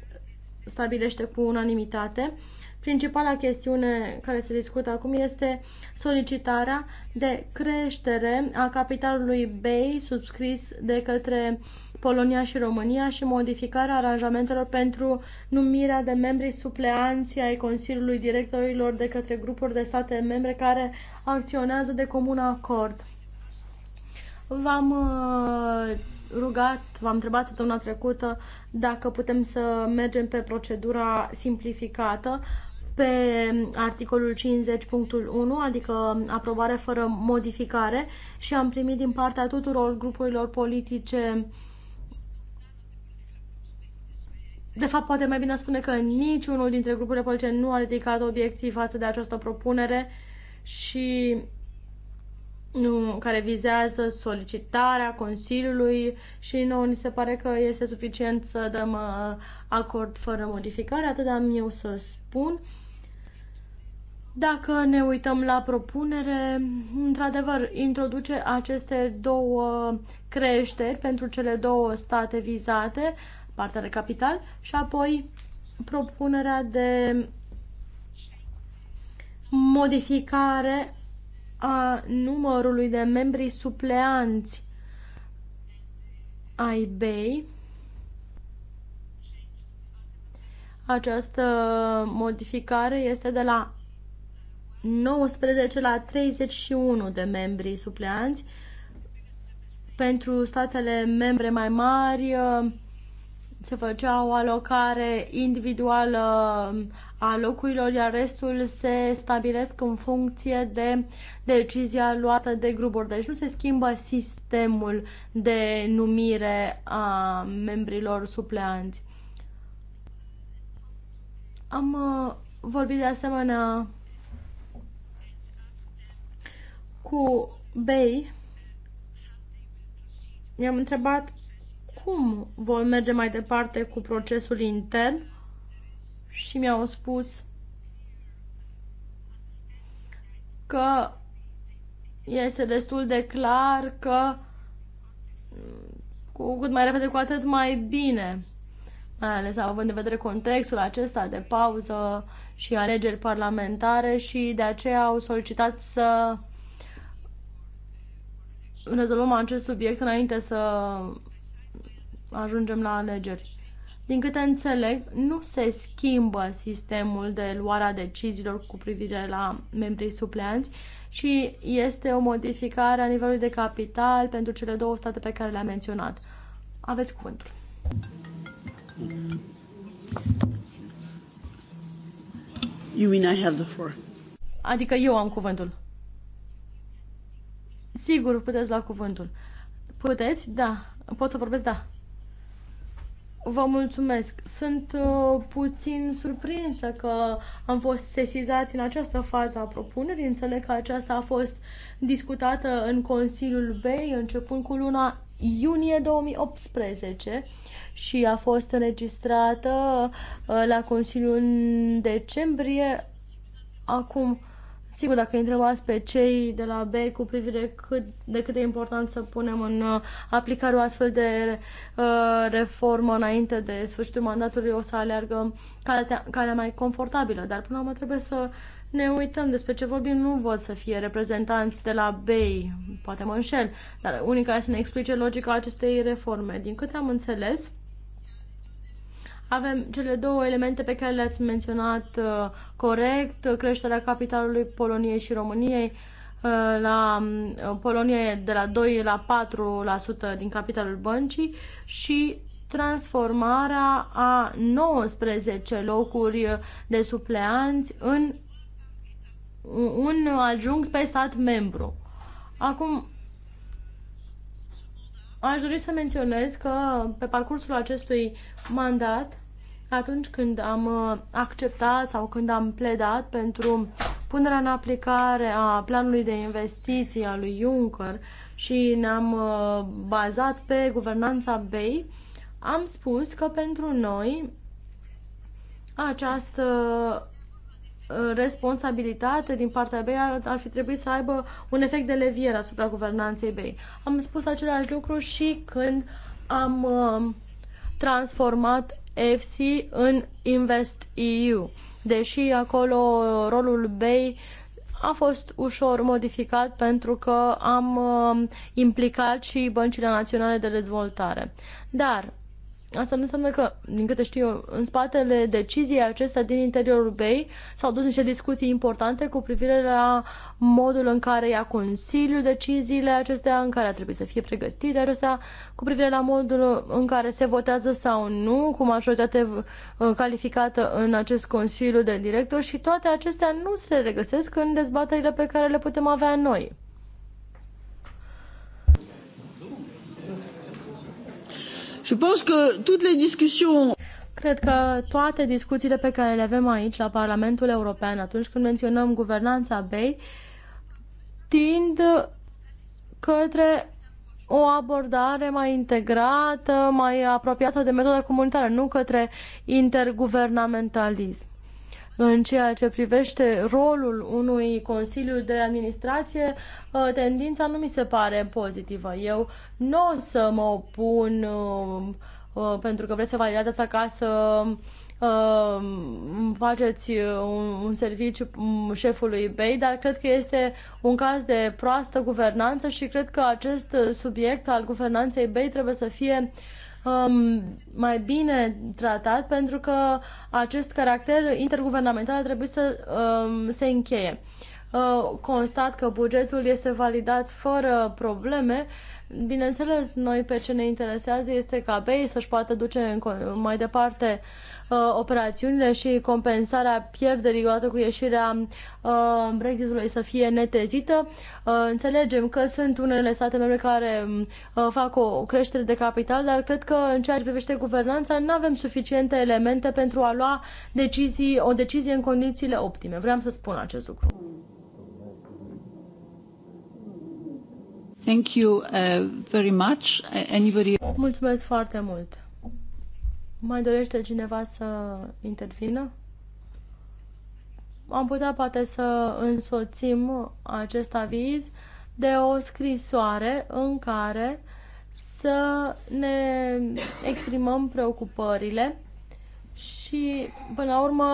stabilește cu unanimitate. Principala chestiune care se discută acum este solicitarea de creștere a capitalului BEI subscris de către Polonia și România și modificarea aranjamentelor pentru numirea de membri supleanți ai Consiliului Directorilor de către grupuri de state membre care acționează de comun acord. V-am uh, rugat, v-am întrebat săptămâna trecută dacă putem să mergem pe procedura simplificată pe articolul 50.1, adică aprobare fără modificare și am primit din partea tuturor grupurilor politice de fapt, poate mai bine spune că niciunul dintre grupurile politice nu a ridicat obiecții față de această propunere și nu, care vizează solicitarea Consiliului și nouă ni se pare că este suficient să dăm uh, acord fără modificare, atât am eu să spun. Dacă ne uităm la propunere, într-adevăr, introduce aceste două creșteri pentru cele două state vizate, partea de capital, și apoi propunerea de modificare a numărului de membri supleanți ai BEI. Această modificare este de la 19 la 31 de membri supleanți. Pentru statele membre mai mari, se făcea o alocare individuală a locurilor, iar restul se stabilesc în funcție de decizia luată de grupuri. Deci nu se schimbă sistemul de numire a membrilor supleanți. Am uh, vorbit de asemenea cu Bay. I-am întrebat cum voi merge mai departe cu procesul intern și mi-au spus că este destul de clar că cu cât mai repede, cu atât mai bine. Mai ales având în vedere contextul acesta de pauză și alegeri parlamentare și de aceea au solicitat să rezolvăm acest subiect înainte să ajungem la alegeri. Din câte înțeleg, nu se schimbă sistemul de luare a deciziilor cu privire la membrii supleanți, ci este o modificare a nivelului de capital pentru cele două state pe care le-am menționat. Aveți cuvântul. You mean I have the floor? Adică eu am cuvântul. Sigur, puteți la cuvântul. Puteți? Da. Pot să vorbesc? Da. Vă mulțumesc. Sunt uh, puțin surprinsă că am fost sesizați în această fază a propunerii. Înțeleg că aceasta a fost discutată în Consiliul BEI începând cu luna iunie 2018 și a fost înregistrată uh, la Consiliul în decembrie acum Sigur, dacă întrebați pe cei de la B cu privire cât, de cât de important să punem în uh, aplicare o astfel de uh, reformă înainte de sfârșitul mandatului, o să aleargă calea, mai confortabilă. Dar până la urmă trebuie să ne uităm despre ce vorbim. Nu văd să fie reprezentanți de la BEI, poate mă înșel, dar unii care să ne explice logica acestei reforme. Din câte am înțeles, avem cele două elemente pe care le-ați menționat uh, corect, uh, creșterea capitalului Poloniei și României. Uh, la um, Polonia e de la 2 la 4% din capitalul băncii și transformarea a 19 locuri de supleanți în un adjunct pe stat membru. Acum, Aș dori să menționez că pe parcursul acestui mandat, atunci când am uh, acceptat sau când am pledat pentru punerea în aplicare a planului de investiții al lui Juncker și ne-am uh, bazat pe guvernanța BEI, am spus că pentru noi această Uh, responsabilitate din partea BEI ar, ar fi trebuit să aibă un efect de levier asupra guvernanței BEI. Am spus același lucru și când am uh, transformat EFSI în Invest EU, deși acolo rolul BEI a fost ușor modificat pentru că am uh, implicat și băncile naționale de dezvoltare. Dar Asta nu înseamnă că, din câte știu eu, în spatele deciziei acestea din interiorul BEI s-au dus niște discuții importante cu privire la modul în care ia Consiliul deciziile acestea, în care ar trebui să fie pregătite acestea, cu privire la modul în care se votează sau nu, cu majoritate uh, calificată în acest Consiliu de Director și toate acestea nu se regăsesc în dezbaterile pe care le putem avea noi. Je pense que toutes les discussions Cred că toate discuțiile pe care le avem aici la Parlamentul European atunci când menționăm guvernanța BEI tind către o abordare mai integrată, mai apropiată de metoda comunitară, nu către interguvernamentalism. În ceea ce privește rolul unui Consiliu de Administrație, uh, tendința nu mi se pare pozitivă. Eu nu o să mă opun um, uh, pentru că vreți să validați asta ca să um, faceți uh, un, serviciu um, șefului Bay, dar cred că este un caz de proastă guvernanță și cred că acest subiect al guvernanței Bay trebuie să fie uh, um, mai bine tratat pentru că acest caracter interguvernamental trebuie să um, se încheie. Uh, constat că bugetul este validat fără probleme. Bineînțeles, noi pe ce ne interesează este ca BEI să-și poată duce în, mai departe uh, Uh, operațiunile și compensarea pierderii odată cu ieșirea uh, Brexitului să fie netezită. Uh, înțelegem că sunt unele state membre care um, fac o creștere de capital, dar cred că în ceea ce privește guvernanța nu avem suficiente elemente pentru a lua decizii, o decizie în condițiile optime. Vreau să spun acest lucru. Thank you uh, very much. Anybody... Mulțumesc foarte mult. Mai dorește cineva să intervină? Am putea poate să însoțim acest aviz de o scrisoare în care să ne exprimăm preocupările și, până la urmă,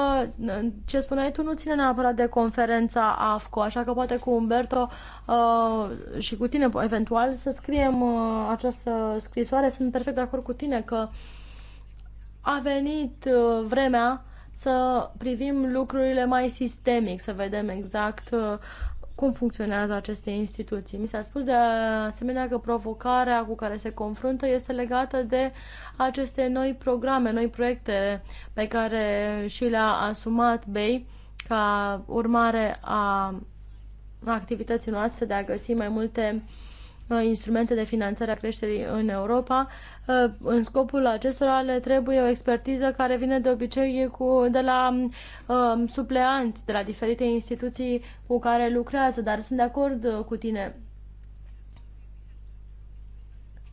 ce spuneai tu nu ține neapărat de conferința AFCO, așa că poate cu Umberto uh, și cu tine, eventual, să scriem uh, această scrisoare. Sunt perfect de acord cu tine că uh, a venit uh, vremea să privim lucrurile mai sistemic, să vedem exact uh, cum funcționează aceste instituții. Mi s-a spus de asemenea că provocarea cu care se confruntă este legată de aceste noi programe, noi proiecte pe care și le-a asumat BEI ca urmare a activității noastre de a găsi mai multe uh, Uh, instrumente de finanțare a creșterii în Europa. Uh, în scopul acestora le trebuie o expertiză care vine de obicei cu, de la um, supleanți, de la diferite instituții cu care lucrează, dar sunt de acord uh, cu tine.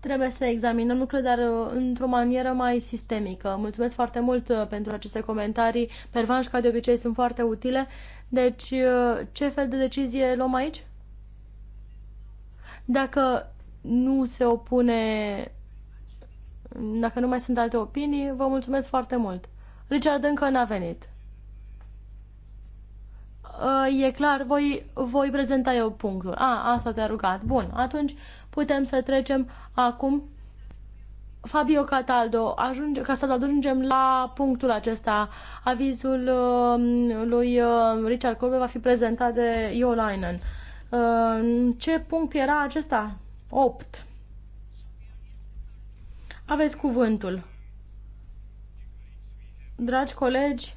Trebuie să examinăm lucrurile, dar într-o manieră mai sistemică. Mulțumesc foarte mult pentru aceste comentarii. Pervanș, ca de obicei, sunt foarte utile. Deci, ce fel de decizie luăm aici? Dacă nu se opune, dacă nu mai sunt alte opinii, vă mulțumesc foarte mult. Richard încă n-a venit. Uh, e clar, voi, voi prezenta eu punctul. A, ah, asta te-a rugat. Bun, atunci putem să trecem acum Fabio Cataldo, ajunge, ca să ajungem la punctul acesta, avizul um, lui um, Richard Colbe va fi prezentat de Iolainen. În ce punct era acesta? 8. Aveți cuvântul. Dragi colegi,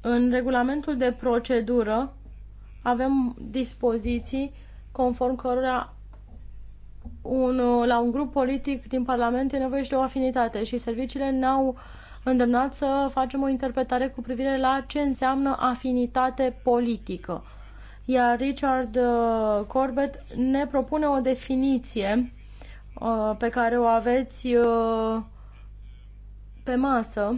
în regulamentul de procedură avem dispoziții conform cărora un, la un grup politic din Parlament e nevoie și de o afinitate și serviciile ne-au îndemnat să facem o interpretare cu privire la ce înseamnă afinitate politică iar Richard uh, Corbett ne propune o definiție uh, pe care o aveți uh, pe masă.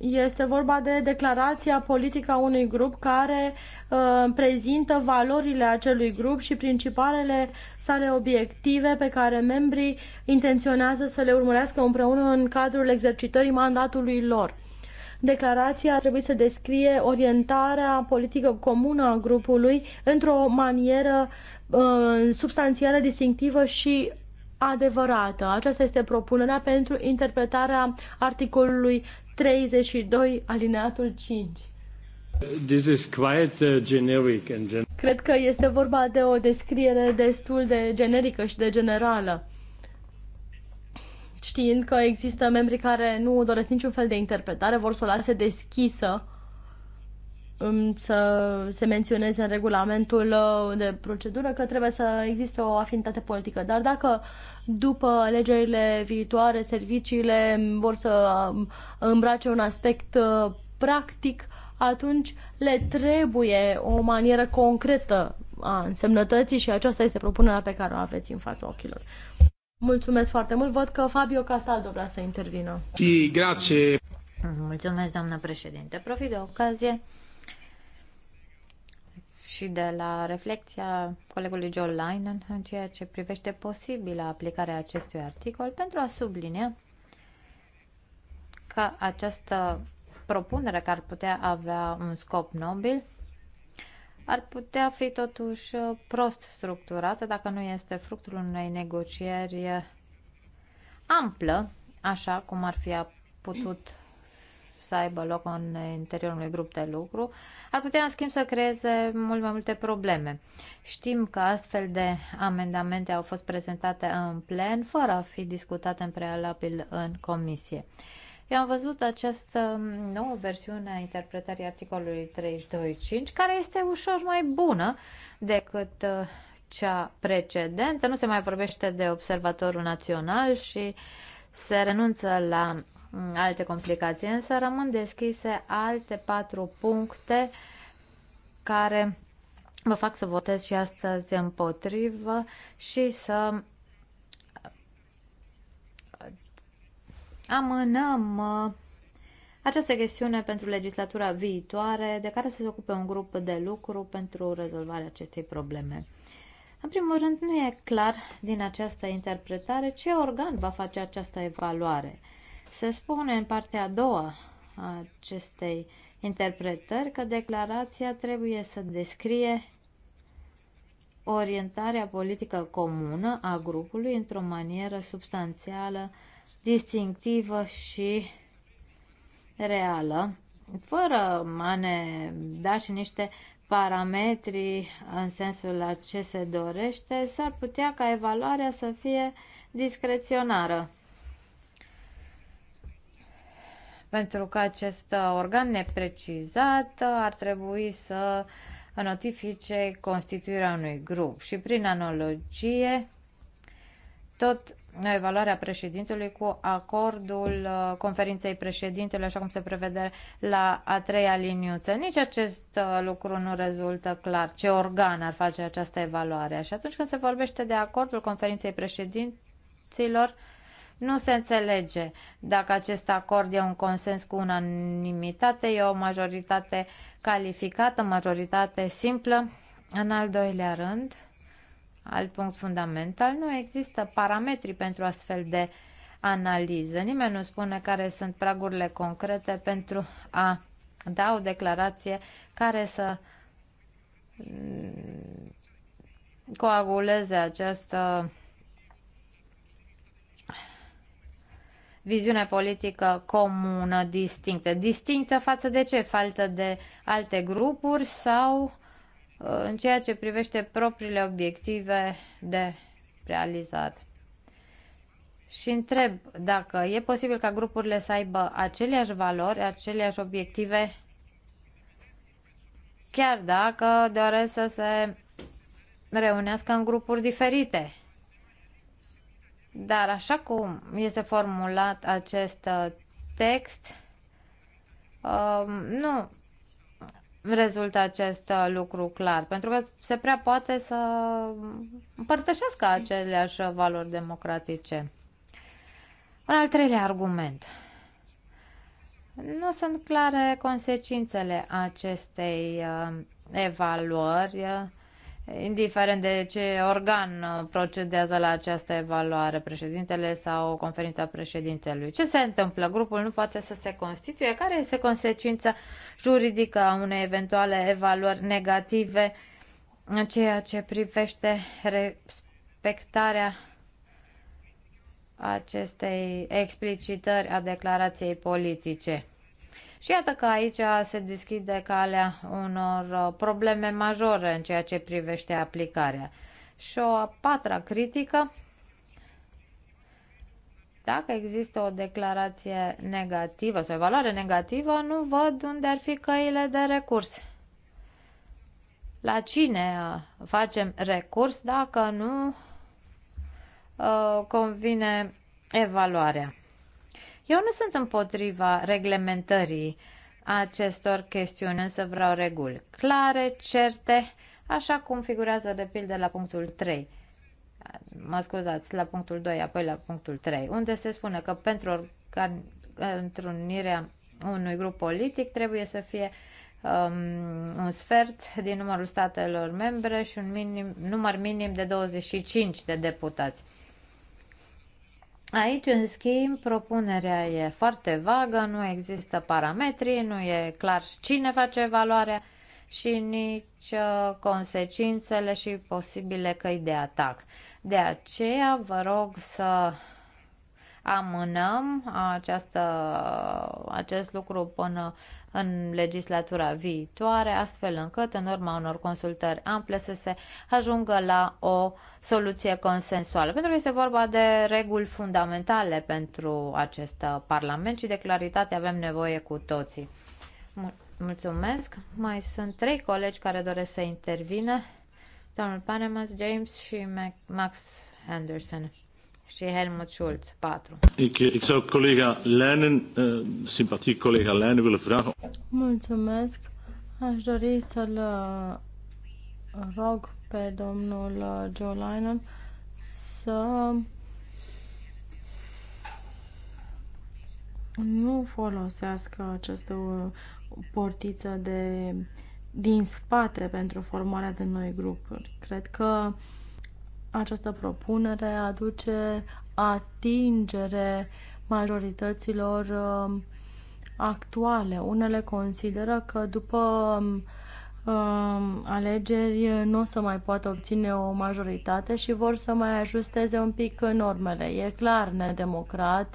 Este vorba de declarația politică a unui grup care uh, prezintă valorile acelui grup și principalele sale obiective pe care membrii intenționează să le urmărească împreună în cadrul exercitării mandatului lor. Declarația trebuie să descrie orientarea politică comună a grupului într-o manieră uh, substanțială, distinctivă și adevărată. Aceasta este propunerea pentru interpretarea articolului 32, alineatul 5. This is quite uh, generic and gen- Cred că este vorba de o descriere destul de generică și de generală știind că există membri care nu doresc niciun fel de interpretare, vor să o lase deschisă um, să se menționeze în regulamentul uh, de procedură că trebuie să existe o afinitate politică. Dar dacă după alegerile viitoare serviciile vor să um, îmbrace un aspect uh, practic, atunci le trebuie o manieră concretă a însemnătății și aceasta este propunerea pe care o aveți în fața ochilor. Mulțumesc foarte mult. Văd că Fabio Castaldo vrea să intervină. Și grație. Mulțumesc, doamnă președinte. Profit de ocazie și de la reflexia colegului John Linen în ceea ce privește posibilă aplicarea acestui articol pentru a sublinia că această propunere care ar putea avea un scop nobil ar putea fi totuși uh, prost structurată dacă nu este fructul unei negocieri uh, amplă, așa cum ar fi putut să aibă loc în interiorul unui grup de lucru, ar putea, în schimb, să creeze mult mai multe probleme. Știm că astfel de amendamente au fost prezentate în plen, fără a fi discutate în prealabil în comisie. Eu am văzut această nouă versiune a interpretării articolului 32.5, care este ușor mai bună decât uh, cea precedentă. Nu se mai vorbește de observatorul național și se renunță la mm, alte complicații, însă rămân deschise alte patru puncte care vă fac să votez și astăzi împotrivă și să amânăm uh, această chestiune pentru legislatura viitoare, de care se ocupe un grup de lucru pentru rezolvarea acestei probleme. În primul rând, nu e clar din această interpretare ce organ va face această evaluare. Se spune în partea a doua a acestei interpretări că declarația trebuie să descrie orientarea politică comună a grupului într-o manieră substanțială distinctivă și reală, fără a ne da și niște parametri în sensul la ce se dorește, s-ar putea ca evaluarea să fie discreționară. Pentru că acest organ neprecizat ar trebui să notifice constituirea unui grup și prin analogie tot evaluarea președintelui cu acordul uh, conferinței președintelui, așa cum se prevede la a treia liniuță. Nici acest uh, lucru nu rezultă clar ce organ ar face această evaluare. Și atunci când se vorbește de acordul conferinței președinților, nu se înțelege dacă acest acord e un consens cu unanimitate, e o majoritate calificată, majoritate simplă. În al doilea rând, alt punct fundamental, nu există parametri pentru astfel de analiză. Nimeni nu spune care sunt pragurile concrete pentru a da o declarație care să coaguleze această viziune politică comună, distinctă. Distinctă față de ce? Față de alte grupuri sau Uh, în ceea ce privește propriile obiective de realizat. Și întreb dacă e posibil ca grupurile să aibă aceleași valori, aceleași obiective, chiar dacă doresc să se reunească în grupuri diferite. Dar așa cum este formulat acest uh, text, uh, nu rezultă acest uh, lucru clar, pentru că se prea poate să împărtășească aceleași valori democratice. Un al treilea argument. Nu sunt clare consecințele acestei uh, evaluări uh, indiferent de ce organ procedează la această evaluare, președintele sau conferința președintelui. Ce se întâmplă? Grupul nu poate să se constituie. Care este consecința juridică a unei eventuale evaluări negative în ceea ce privește respectarea acestei explicitări a declarației politice? Și iată că aici se deschide calea unor uh, probleme majore în ceea ce privește aplicarea. Și o a patra critică, dacă există o declarație negativă sau evaluare negativă, nu văd unde ar fi căile de recurs. La cine uh, facem recurs dacă nu uh, convine evaluarea? Eu nu sunt împotriva reglementării acestor chestiuni, însă vreau reguli clare, certe, așa cum figurează de pildă la punctul 3 mă scuzați, la punctul 2, apoi la punctul 3, unde se spune că pentru întrunirea unui grup politic trebuie să fie um, un sfert din numărul statelor membre și un minim, număr minim de 25 de deputați. Aici, în schimb, propunerea e foarte vagă, nu există parametri, nu e clar cine face evaluarea și nici uh, consecințele și posibile căi de atac. De aceea vă rog să amânăm această, uh, acest lucru până în legislatura viitoare, astfel încât, în urma unor consultări ample, să se ajungă la o soluție consensuală. Pentru că este vorba de reguli fundamentale pentru acest Parlament și de claritate avem nevoie cu toții. Mulțumesc. Mai sunt trei colegi care doresc să intervină. Domnul Panemas, James și Max Anderson și Helmut Schulz, 4. Ik, eh, ik zou collega Leinen, uh, eh, sympathiek collega Leinen, willen vragen. Mulțumesc. Aș dori să-l eh, rog pe domnul Joe Leinen să nu folosească această portiță de, din spate pentru formarea de noi grupuri. Cred că această propunere aduce atingere majorităților um, actuale. Unele consideră că după um, um, alegeri nu o să mai poată obține o majoritate și vor să mai ajusteze un pic normele. E clar nedemocrat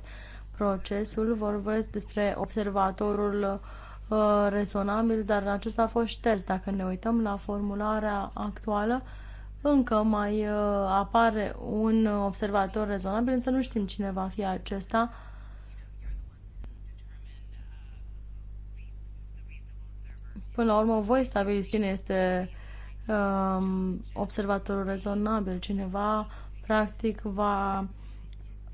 procesul, vorbesc despre observatorul uh, rezonabil, dar acesta a fost șters. Dacă ne uităm la formularea actuală, uh, încă mai uh, apare un observator rezonabil, însă nu știm cine va fi acesta. Până la urmă, voi stabiliți cine este um, observatorul rezonabil. Cineva, practic, va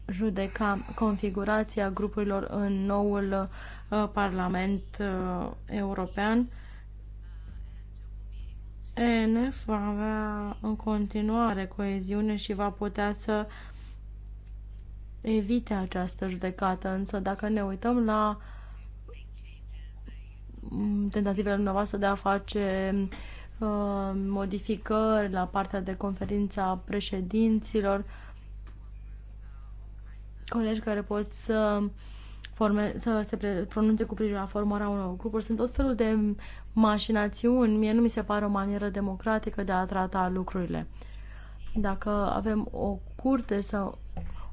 judeca configurația grupurilor în noul uh, Parlament uh, European ENF va avea în continuare coeziune și va putea să evite această judecată, însă dacă ne uităm la tentativele noastre de a face uh, modificări la partea de conferința președinților, colegi care pot să uh, forme, să se pronunțe cu privire la formarea unor grupuri. Sunt tot felul de mașinațiuni. Mie nu mi se pare o manieră democratică de a trata lucrurile. Dacă avem o curte sau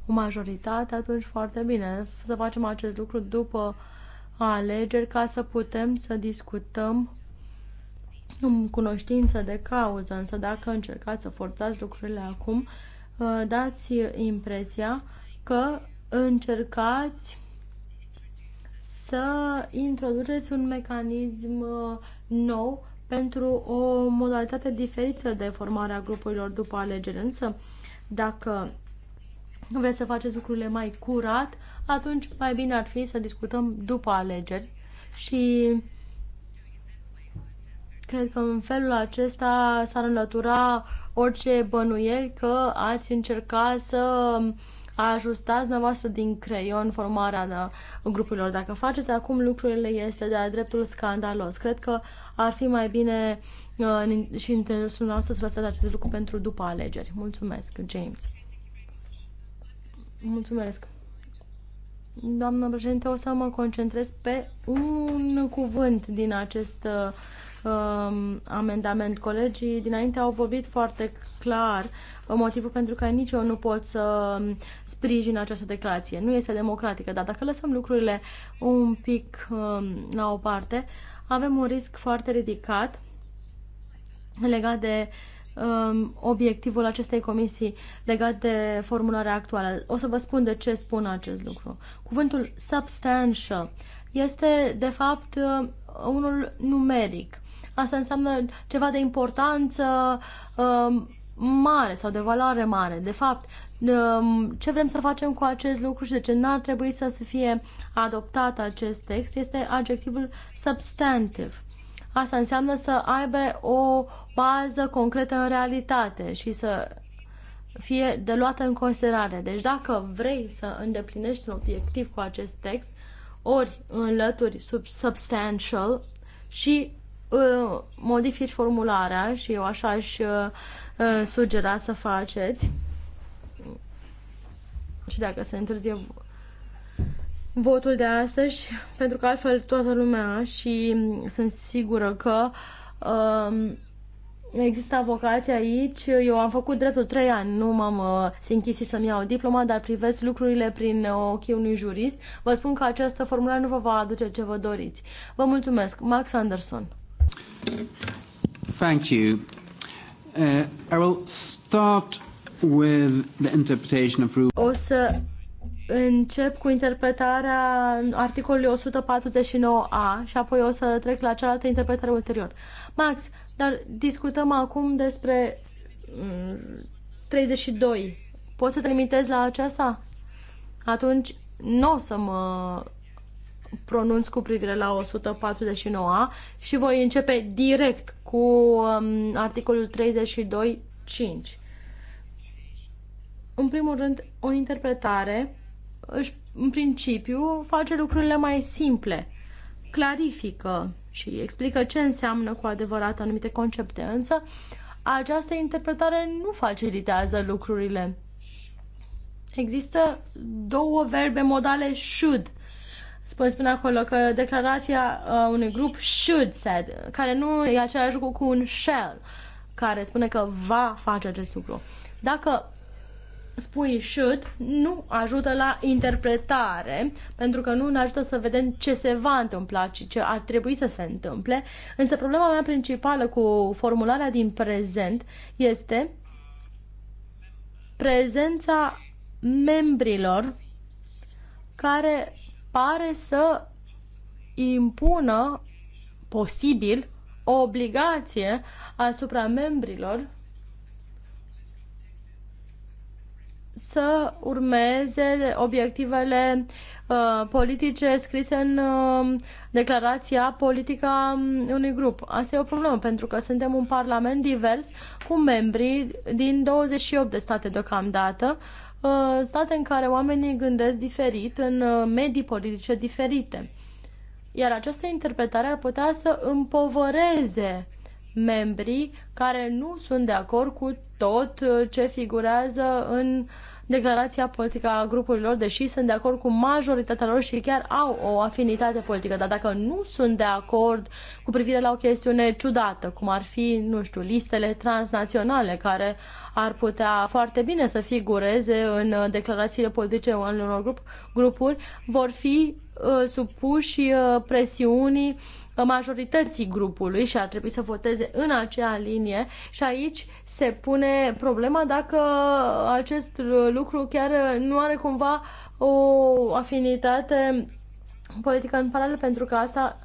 o majoritate, atunci foarte bine să facem acest lucru după alegeri ca să putem să discutăm în cunoștință de cauză. Însă dacă încercați să forțați lucrurile acum, uh, dați impresia că încercați să introduceți un mecanism uh, nou pentru o modalitate diferită de formare a grupurilor după alegeri. Însă, dacă vreți să faceți lucrurile mai curat, atunci mai bine ar fi să discutăm după alegeri și cred că în felul acesta s-ar înlătura orice bănuieli că ați încerca să uh, ajustați dumneavoastră din creion formarea da, grupurilor. Dacă faceți acum lucrurile, este de-a dreptul scandalos. Cred că ar fi mai bine uh, și în interesul nostru să lăsați acest lucru pentru după alegeri. Mulțumesc, James. Mulțumesc. Doamnă președinte, o să mă concentrez pe un cuvânt din acest uh, Um, amendament. Colegii dinainte au vorbit foarte clar uh, motivul pentru care nici eu nu pot să um, sprijin această declarație. Nu este democratică, dar dacă lăsăm lucrurile un pic um, la o parte, avem un risc foarte ridicat legat de obiectivul acestei comisii legat de formularea actuală. O să vă spun de ce spun acest lucru. Cuvântul substantial este, de fapt, uh, unul numeric. Asta înseamnă ceva de importanță um, mare sau de valoare mare. De fapt, um, ce vrem să facem cu acest lucru și de ce n-ar trebui să fie adoptat acest text este adjectivul substantiv. Asta înseamnă să aibă o bază concretă în realitate și să fie de luată în considerare. Deci dacă vrei să îndeplinești un obiectiv cu acest text, ori înlături sub substantial și modifici formularea și eu așa aș uh, uh, sugera să faceți. Și dacă se întârzie votul de astăzi, pentru că altfel toată lumea și sunt sigură că um, există avocații aici. Eu am făcut dreptul trei ani, nu m-am uh, să-mi iau diploma, dar privesc lucrurile prin ochii unui jurist. Vă spun că această formulă nu vă va aduce ce vă doriți. Vă mulțumesc. Max Anderson. Thank you. Uh, I will start with the interpretation of rule. O să încep cu interpretarea articolului 149a și apoi o să trec la cealaltă interpretare ulterior. Max, dar discutăm acum despre 32. Mm, Poți să trimitezi la aceasta? Atunci nu o să mă pronunț cu privire la 149A și voi începe direct cu um, articolul 32.5. În primul rând, o interpretare își, în principiu face lucrurile mai simple, clarifică și explică ce înseamnă cu adevărat anumite concepte, însă această interpretare nu facilitează lucrurile. Există două verbe modale should Spune, spune acolo că declarația uh, unui grup should said, care nu e același lucru cu un shall, care spune că va face acest lucru. Dacă spui should, nu ajută la interpretare, pentru că nu ne ajută să vedem ce se va întâmpla, ci ce ar trebui să se întâmple. Însă problema mea principală cu formularea din prezent este prezența membrilor care pare să impună posibil o obligație asupra membrilor să urmeze obiectivele uh, politice scrise în uh, declarația politică a um, unui grup. Asta e o problemă, pentru că suntem un parlament divers cu membri din 28 de state deocamdată. Uh, Uh, state în care oamenii gândesc diferit, în uh, medii politice diferite. Iar această interpretare ar putea să împovăreze membrii care nu sunt de acord cu tot uh, ce figurează în declarația politică a grupurilor, deși sunt de acord cu majoritatea lor și chiar au o afinitate politică. Dar dacă nu sunt de acord cu privire la o chestiune ciudată, cum ar fi, nu știu, listele transnaționale, care ar putea foarte bine să figureze în uh, declarațiile politice unor grup, grupuri, vor fi uh, supuși uh, presiunii majorității grupului și ar trebui să voteze în acea linie și aici se pune problema dacă acest lucru chiar nu are cumva o afinitate politică în paralel, pentru că asta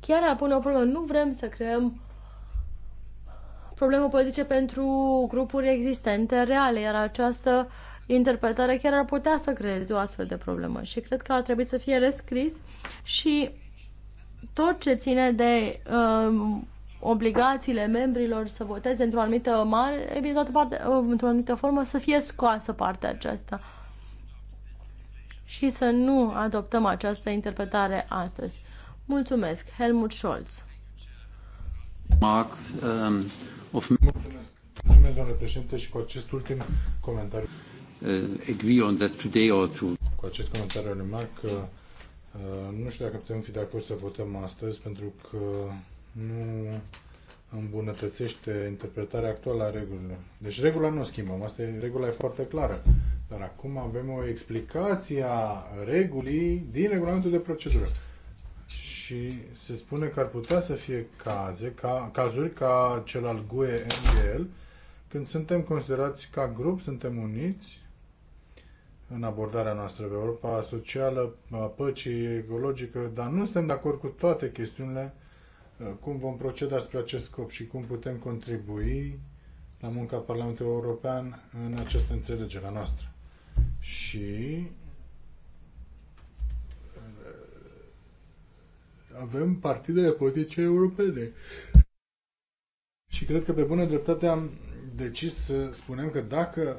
chiar ar pune o problemă. Nu vrem să creăm probleme politice pentru grupuri existente reale, iar această interpretare chiar ar putea să creeze o astfel de problemă și cred că ar trebui să fie rescris și tot ce ține de uh, obligațiile membrilor să voteze într-o anumită mare, e bine, toată parte, uh, într-o anumită formă, să fie scoasă partea aceasta și să nu adoptăm această interpretare astăzi. Mulțumesc, Helmut Scholz. Mark, um, of... Mulțumesc. Mulțumesc, domnule președinte, și cu acest ultim comentariu. Uh, agree on that today or to... Cu acest comentariu remarc că uh, Uh, nu știu dacă putem fi de acord să votăm astăzi, pentru că nu îmbunătățește interpretarea actuală a regulilor. Deci regula nu o schimbăm, asta e, regula e foarte clară. Dar acum avem o explicație a regulii din regulamentul de procedură. Și se spune că ar putea să fie caze, ca, cazuri ca cel al GUE-NGL, când suntem considerați ca grup, suntem uniți în abordarea noastră pe Europa socială, a păcii, ecologică, dar nu suntem de acord cu toate chestiunile, cum vom proceda spre acest scop și cum putem contribui la munca Parlamentului European în această înțelegere noastră. Și avem partidele politice europene. Și cred că pe bună dreptate am decis să spunem că dacă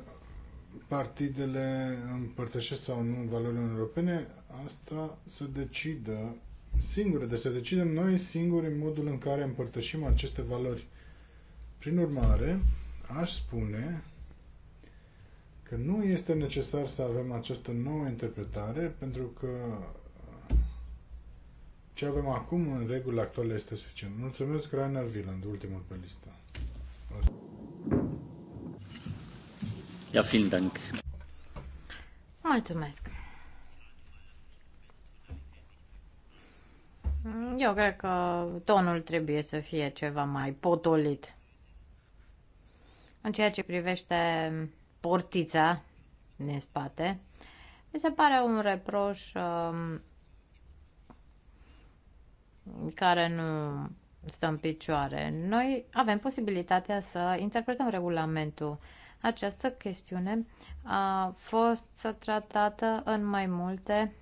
partidele împărtășesc sau nu valorile europene, asta se decidă singure. Deci să decidem noi singuri în modul în care împărtășim aceste valori. Prin urmare, aș spune că nu este necesar să avem această nouă interpretare, pentru că ce avem acum în regulă actuală este suficient. Mulțumesc, Rainer Wieland, ultimul pe listă. Asta. Ja, vielen Dank. Mulțumesc. Eu cred că tonul trebuie să fie ceva mai potolit. În ceea ce privește portița din spate, mi se pare un reproș um, care nu stă în picioare. Noi avem posibilitatea să interpretăm regulamentul uh, această chestiune a fost tratată în mai multe,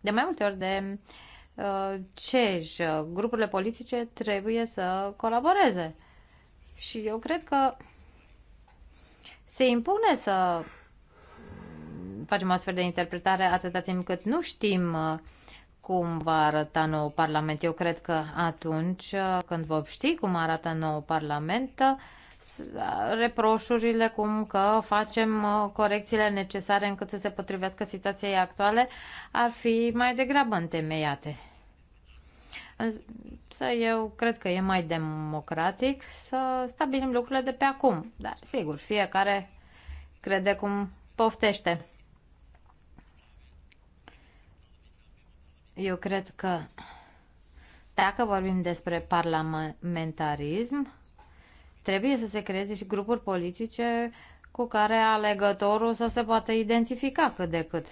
de mai multe ori de uh, CEJ. Grupurile politice trebuie să colaboreze. Și eu cred că se impune să facem o astfel de interpretare atâta timp cât nu știm uh, cum va arăta nou Parlament. Eu cred că atunci uh, când vom ști cum arată nou Parlament, reproșurile cum că facem uh, corecțiile necesare încât să se potrivească situației actuale ar fi mai degrabă întemeiate. Să eu cred că e mai democratic să stabilim lucrurile de pe acum. Dar, sigur, fiecare crede cum poftește. Eu cred că dacă vorbim despre parlamentarism, Trebuie să se creeze și grupuri politice cu care alegătorul să se poată identifica cât de cât.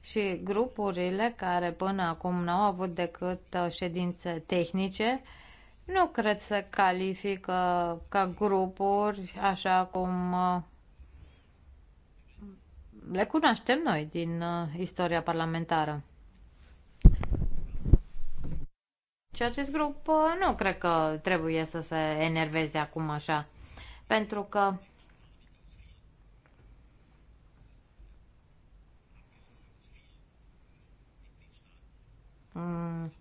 Și grupurile care până acum n-au avut decât uh, ședințe tehnice, nu cred să califică ca grupuri așa cum uh, le cunoaștem noi din uh, istoria parlamentară. Și acest grup uh, nu cred că trebuie să se enerveze acum așa, pentru că mm,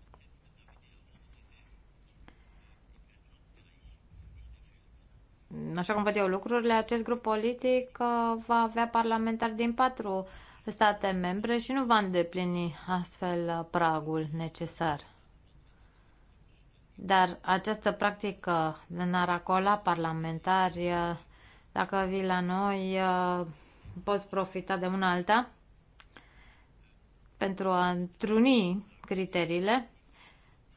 așa cum văd eu lucrurile, acest grup politic uh, va avea parlamentari din patru state membre și nu va îndeplini astfel uh, pragul necesar. Dar această practică de naracola parlamentar, eh, dacă vii la noi, eh, poți profita de una alta pentru a întruni criteriile,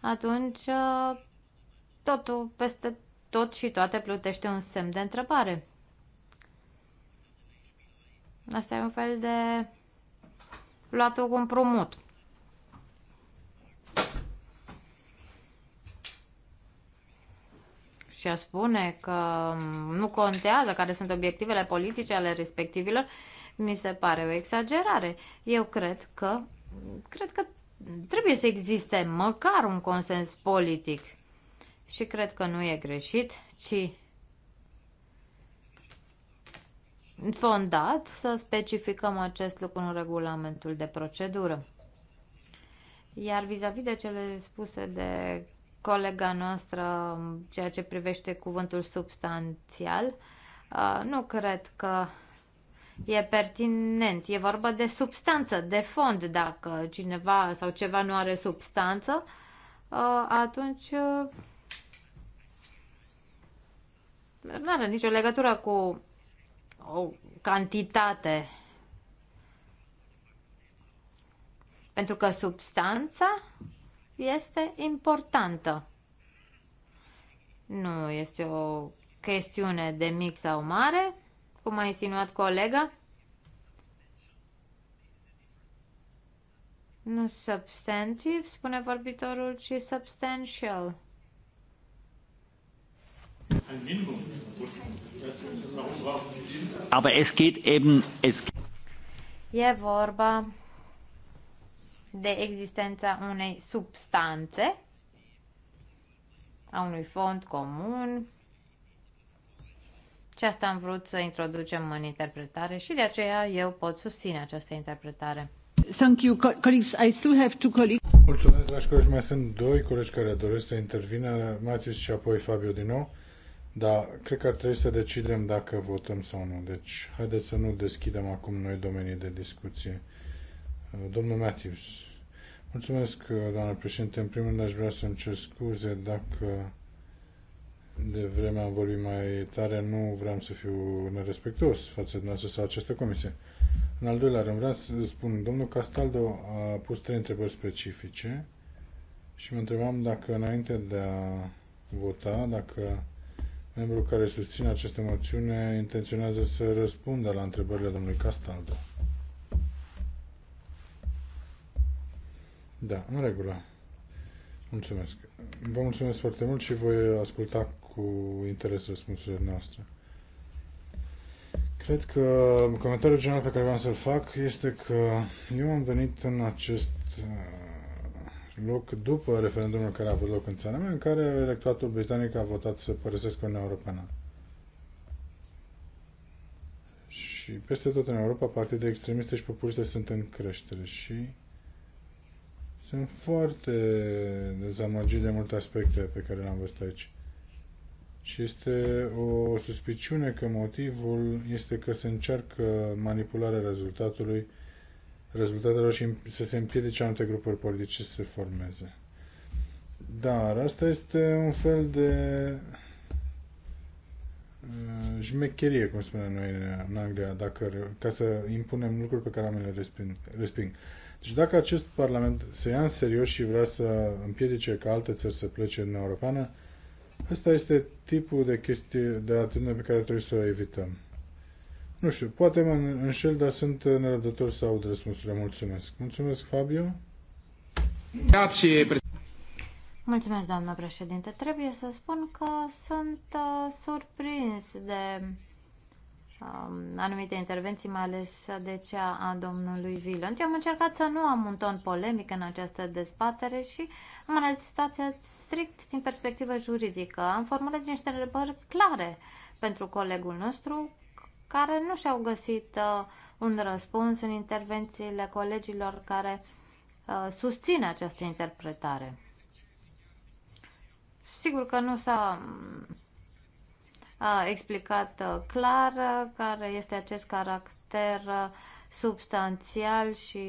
atunci eh, totul peste tot și toate plutește un semn de întrebare. Asta e un fel de luatul cu împrumut. și a spune că mm, nu contează care sunt obiectivele politice ale respectivilor, mi se pare o exagerare. Eu cred că, cred că trebuie să existe măcar un consens politic. Și cred că nu e greșit, ci fondat să specificăm acest lucru în regulamentul de procedură. Iar vis-a-vis -vis de cele spuse de colega noastră ceea ce privește cuvântul substanțial. Nu cred că e pertinent. E vorba de substanță, de fond. Dacă cineva sau ceva nu are substanță, atunci nu are nicio legătură cu o cantitate. Pentru că substanța este importantă. Nu este o chestiune de mic sau mare, cum a insinuat colega. Nu substantive, spune vorbitorul, ci substantial. Aber es geht eben, es E vorba de existența unei substanțe, a unui fond comun. Și asta am vrut să introducem în interpretare și de aceea eu pot susține această interpretare. Thank you, colleagues. I still have two colleagues. Mulțumesc, dragi colegi. Mai sunt doi colegi care doresc să intervină, Matius și apoi Fabio din nou. Da, cred că ar trebui să decidem dacă votăm sau nu. Deci, haideți să nu deschidem acum noi domenii de discuție. Domnul Matthews. Mulțumesc, uh, doamnă președinte. În primul rând aș vrea să-mi cer scuze dacă de vreme am vorbit mai tare, nu vreau să fiu nerespectuos față de dumneavoastră sau această comisie. În al doilea rând, vreau să spun, domnul Castaldo a pus trei întrebări specifice și mă întrebam dacă înainte de a vota, dacă membrul care susține această moțiune intenționează să răspundă la întrebările domnului Castaldo. Da, în regulă. Mulțumesc. Vă mulțumesc foarte mult și voi asculta cu interes răspunsurile noastre. Cred că comentariul general pe care vreau să-l fac este că eu am venit în acest uh, loc după referendumul care a avut loc în țara mea, în care electoratul britanic a votat să părăsească Uniunea Europeană. Și peste tot în Europa, partide extremiste și populiste sunt în creștere și sunt foarte dezamăgit de multe aspecte pe care le-am văzut aici. Și este o suspiciune că motivul este că se încearcă manipularea rezultatului, rezultatelor și să se împiedice anumite grupuri politice să se formeze. Dar asta este un fel de jmecherie, uh, cum spunem noi în Anglia, dacă, ca să impunem lucruri pe care oamenii le resping. resping. Deci dacă acest Parlament se ia în serios și vrea să împiedice ca alte țări să plece în Europeană, ăsta este tipul de chestie, de atitudine pe care trebuie să o evităm. Nu știu, poate mă înșel, dar sunt nerăbdător să aud răspunsurile. Mulțumesc. Mulțumesc, Fabio. Grazie, Mulțumesc, doamnă președinte. Trebuie să spun că sunt uh, surprins de anumite intervenții, mai ales de cea a domnului Vilont. Eu am încercat să nu am un ton polemic în această dezbatere și am analizat situația strict din perspectivă juridică. Am formulat niște întrebări clare pentru colegul nostru care nu și-au găsit uh, un răspuns în intervențiile colegilor care uh, susțin această interpretare. Sigur că nu s-a a explicat uh, clar uh, care este acest caracter uh, substanțial și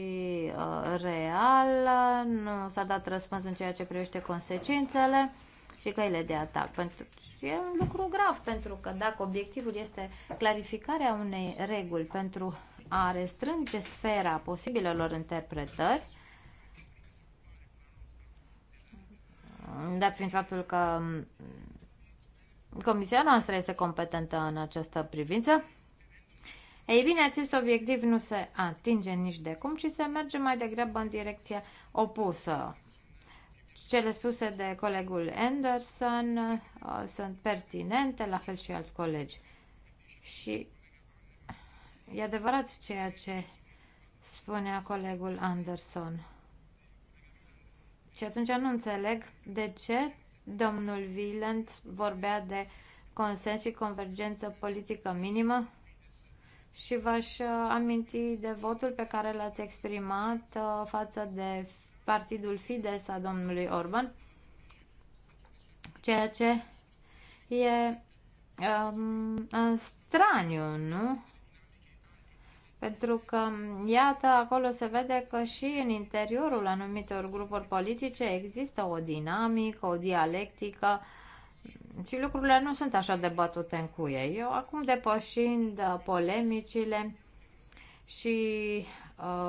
real. Nu s-a dat răspuns în ceea ce privește consecințele și căile de atac. Pentru, și e un lucru grav, pentru că dacă obiectivul este clarificarea unei reguli pentru a restrânge sfera posibilelor interpretări, dat fiind faptul că Comisia noastră este competentă în această privință. Ei bine, acest obiectiv nu se atinge nici de cum, ci se merge mai degrabă în direcția opusă. Cele spuse de colegul Anderson uh, sunt pertinente, la fel și alți colegi. Și e adevărat ceea ce spunea colegul Anderson. Și atunci nu înțeleg de ce Domnul Wieland vorbea de consens și convergență politică minimă și v-aș uh, aminti de votul pe care l-ați exprimat uh, față de partidul Fides a domnului Orban, ceea ce e um, straniu, nu? Pentru că, iată, acolo se vede că și în interiorul anumitor grupuri politice există o dinamică, o dialectică și lucrurile nu sunt așa de bătute în cuie. Eu, acum depășind uh, polemicile și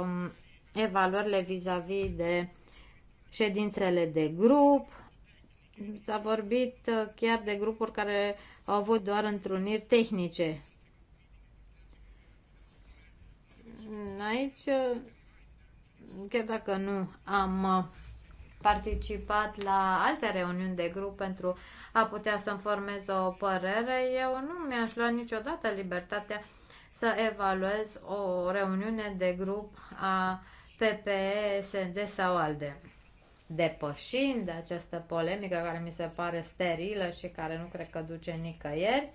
um, evaluările vis-a-vis -vis de ședințele de grup, s-a vorbit uh, chiar de grupuri care au avut doar întruniri tehnice Aici, chiar dacă nu am participat la alte reuniuni de grup pentru a putea să-mi formez o părere, eu nu mi-aș lua niciodată libertatea să evaluez o reuniune de grup a PPE, SND sau ALDE. Depășind această polemică care mi se pare sterilă și care nu cred că duce nicăieri,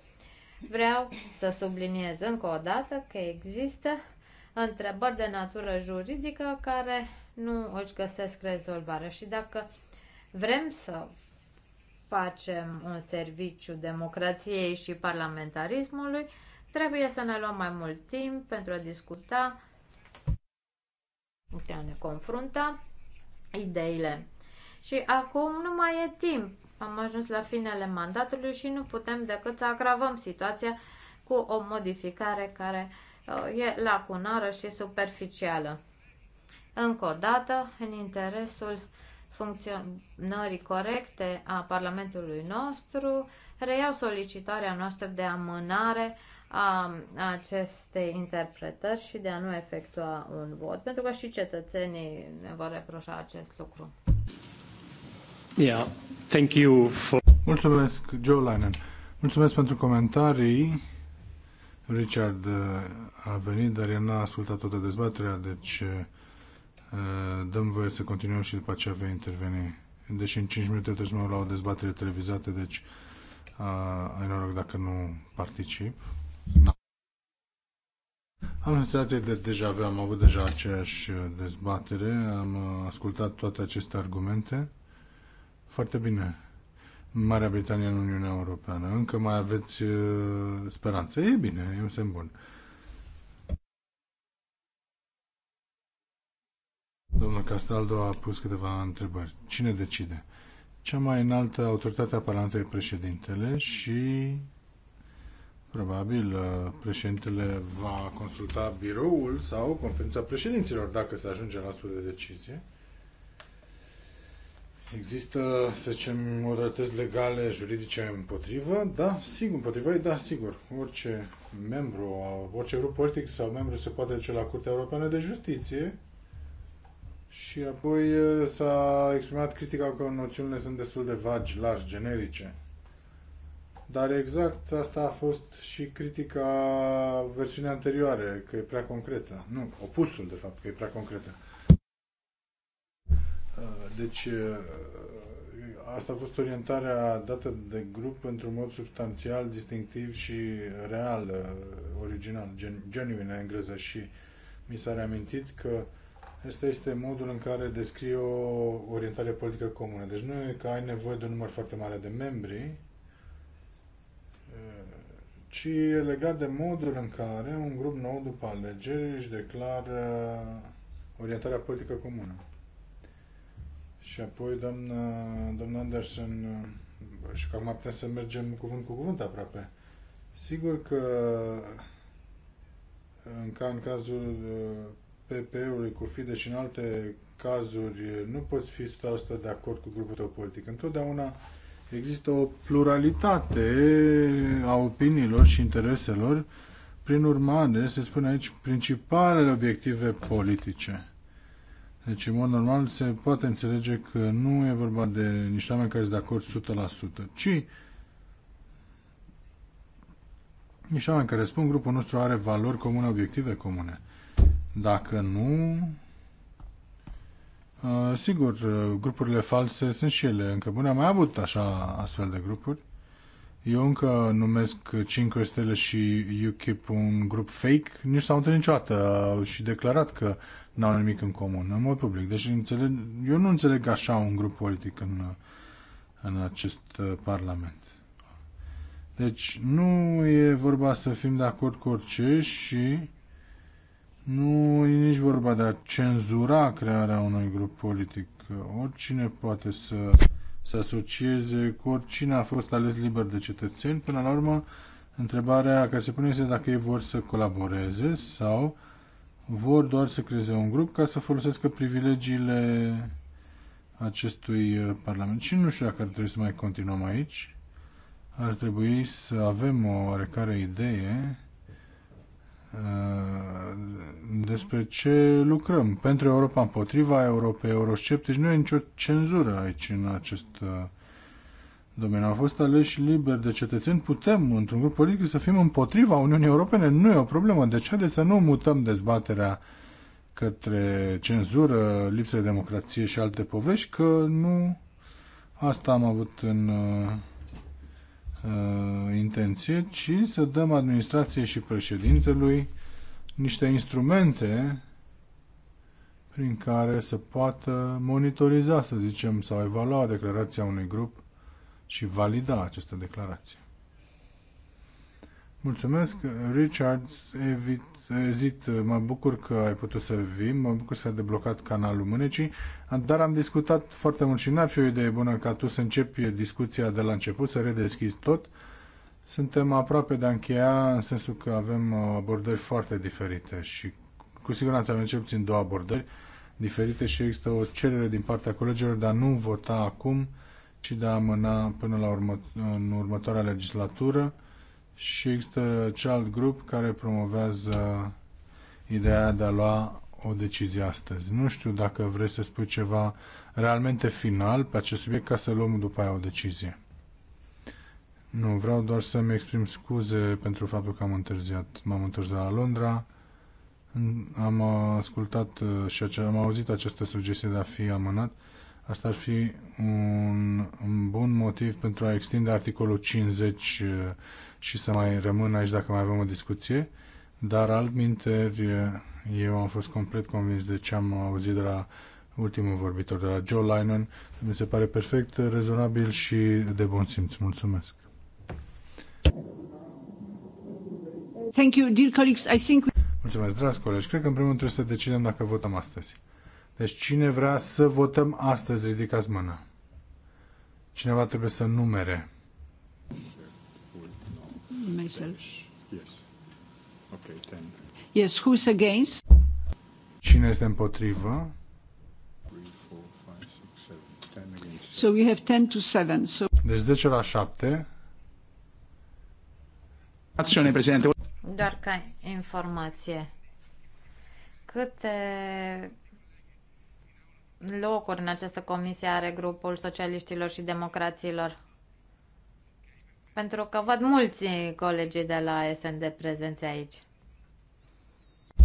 vreau să subliniez încă o dată că există întrebări de natură juridică care nu își găsesc rezolvare. Și dacă vrem să facem un serviciu democrației și parlamentarismului, trebuie să ne luăm mai mult timp pentru a discuta, pentru a ne confrunta ideile. Și acum nu mai e timp. Am ajuns la finele mandatului și nu putem decât să agravăm situația cu o modificare care Uh, e lacunară și superficială. Încă o dată, în interesul funcționării corecte a Parlamentului nostru, reiau solicitarea noastră de amânare a acestei interpretări și de a nu efectua un vot, pentru că și cetățenii ne vor reproșa acest lucru. Yeah. Thank you for... Mulțumesc, Joe Linen. Mulțumesc pentru comentarii. Richard uh, a venit, dar el n-a ascultat toată dezbaterea, deci uh, uh, dăm voie să continuăm și după aceea vei interveni. Deși în 5 minute trebuie să mă la o dezbatere televizată, deci ai noroc dacă nu particip. Am senzația de deja aveam, am avut deja aceeași dezbatere, am ascultat toate aceste argumente. Foarte bine. Marea Britanie în Uniunea Europeană. Încă mai aveți uh, speranță. E bine, e un semn bun. Domnul Castaldo a pus câteva întrebări. Cine decide? Cea mai înaltă autoritate a Parlamentului președintele și probabil uh, președintele va consulta biroul sau conferința președinților dacă se ajunge la astfel de decizie. Există, să zicem, modalități legale, juridice împotrivă? Da, sigur, împotrivă e, da, sigur. Orice membru, orice grup politic sau membru se poate duce la Curtea Europeană de Justiție și apoi s-a exprimat critica că noțiunile sunt destul de vagi, largi, generice. Dar exact asta a fost și critica versiunii anterioare, că e prea concretă. Nu, opusul, de fapt, că e prea concretă. Ah, deci, eh, asta a fost orientarea dată de grup într-un mod substanțial, distinctiv și real, eh, original, gen, genuine în engleză și mi s-a reamintit că Asta este modul în care descrie o orientare politică comună. Deci nu e că ai nevoie de un număr foarte mare de membri, eh, ci e legat de modul în care un grup nou după alegeri își declară orientarea politică comună. Și apoi, doamna, doamna Anderson, uh, și că acum putem să mergem cuvânt cu cuvânt aproape. Sigur că uh, în, ca în cazul pp uh, ului cu FIDE și în alte cazuri nu poți fi 100% de acord cu grupul tău politic. Întotdeauna există o pluralitate a opiniilor și intereselor. Prin urmare, se spune aici, principalele obiective politice. Deci, în mod normal, se poate înțelege că nu e vorba de niște oameni care sunt de acord 100%, ci niște oameni care spun grupul nostru are valori comune, obiective comune. Dacă nu, uh, sigur, uh, grupurile false sunt și ele încă bune. Am mai avut așa astfel de grupuri. Eu încă numesc 5 stele și UKIP un grup fake. Nici s-au întâlnit niciodată și declarat că n-au nimic în comun, în mod public. Deci înțeleg, eu nu înțeleg așa un grup politic în, în acest uh, parlament. Deci nu e vorba să fim de acord cu orice și nu e nici vorba de a cenzura crearea unui grup politic. Oricine poate să se asocieze cu oricine a fost ales liber de cetățeni. Până la urmă, întrebarea care se pune este dacă ei vor să colaboreze sau vor doar să creeze un grup ca să folosească privilegiile acestui uh, Parlament. Și nu știu dacă ar trebui să mai continuăm aici. Ar trebui să avem o oarecare idee uh, despre ce lucrăm. Pentru Europa împotriva Europei eurosceptici nu e nicio cenzură aici în acest uh, Domeniul a fost aleși liber de cetățeni. Putem, într-un grup politic, să fim împotriva Uniunii Europene. Nu e o problemă. ce de deci, să nu mutăm dezbaterea către cenzură, lipsă de democrație și alte povești, că nu asta am avut în uh, intenție, ci să dăm administrației și președintelui niște instrumente prin care să poată monitoriza, să zicem, sau evalua declarația unui grup și valida această declarație. Mulțumesc, Richard, evit, ezit, mă bucur că ai putut să vii, mă bucur să ai deblocat canalul mânecii, dar am discutat foarte mult și n-ar fi o idee bună ca tu să începi discuția de la început, să redeschizi tot. Suntem aproape de a încheia în sensul că avem abordări foarte diferite și cu siguranță avem cel puțin două abordări diferite și există o cerere din partea colegilor de a nu vota acum ci de a amâna până la urmă, în următoarea legislatură și există cealalt grup care promovează ideea de a lua o decizie astăzi. Nu știu dacă vrei să spui ceva realmente final pe acest subiect ca să luăm după aia o decizie. Nu, vreau doar să-mi exprim scuze pentru faptul că am întârziat. M-am întârziat la Londra. Am ascultat uh, și am auzit această sugestie de a fi amânat Asta ar fi un, un bun motiv pentru a extinde articolul 50 uh, și să mai rămân aici dacă mai avem o discuție, dar altminteri uh, eu am fost complet convins de ce am auzit de la ultimul vorbitor, de la Joe Linen. Mi se pare perfect, rezonabil și de bun simț. Mulțumesc! Thank you, dear colleagues. I think... Mulțumesc, dragi colegi. Cred că în primul rând trebuie să decidem dacă votăm astăzi. Deci cine vrea să votăm astăzi, ridicați mâna. Cineva trebuie să numere. Yes. Okay, Yes, who's against? Cine este împotrivă? So we have 10 to 7. So... Deci 10 la 7. Acțiune, președinte. Doar ca informație. Câte locuri în această comisie are grupul socialiștilor și democraților? Pentru că văd mulți colegii de la SND prezenți aici.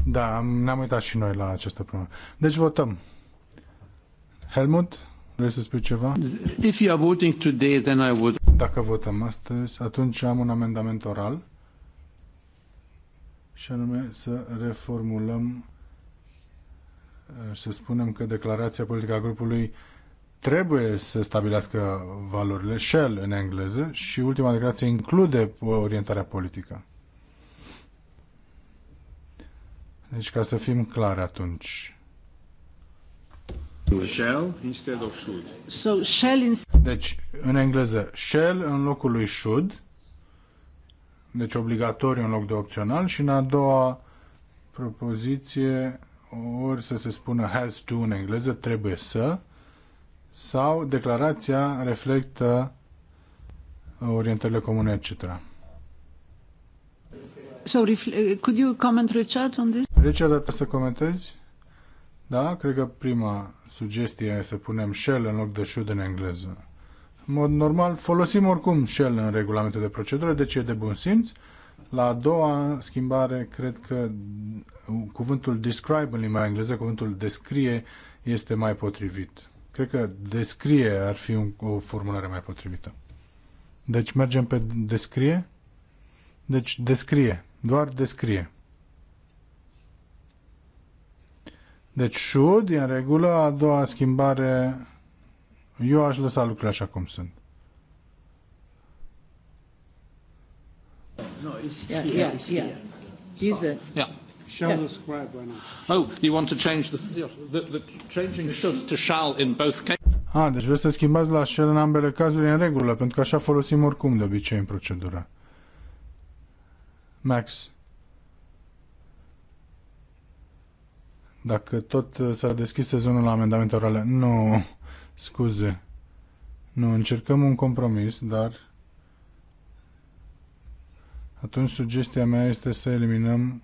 Da, ne-am uitat și noi la această problemă. Deci votăm. Helmut, vrei să spui ceva? If you are voting today, then I would... Dacă votăm astăzi, atunci am un amendament oral și anume să reformulăm să spunem că declarația politică a grupului trebuie să stabilească valorile shell în engleză și ultima declarație include orientarea politică. Deci ca să fim clari atunci. Shell instead of should. So shell in... Deci în engleză shell în locul lui should. Deci obligatoriu în loc de opțional și în a doua propoziție ori să se spună has to în engleză, trebuie să, sau declarația reflectă orientările comune, etc. So, uh, could you comment, Richard, on this? Richard, dacă să comentezi? Da, cred că prima sugestie e să punem shell în loc de should în engleză. În mod normal, folosim oricum shell în regulamentul de procedură, deci e de bun simț. La a doua schimbare, cred că cuvântul describe în limba engleză, cuvântul descrie, este mai potrivit. Cred că descrie ar fi un, o formulare mai potrivită. Deci mergem pe descrie? Deci descrie, doar descrie. Deci should, în regulă, a doua schimbare, eu aș lăsa lucrurile așa cum sunt. No, it's yeah, here. Yeah, it's yeah. here. Use Yeah. Shall yeah. describe right now. Oh, you want to change the, the, the changing should to shall in both cases. Ah, deci vreți să schimbați la shall în ambele cazuri în regulă, pentru că așa folosim oricum de obicei în procedură. Max. Dacă tot uh, s-a deschis sezonul la amendamente orale, nu, scuze. Nu, încercăm un compromis, dar atunci sugestia mea este să eliminăm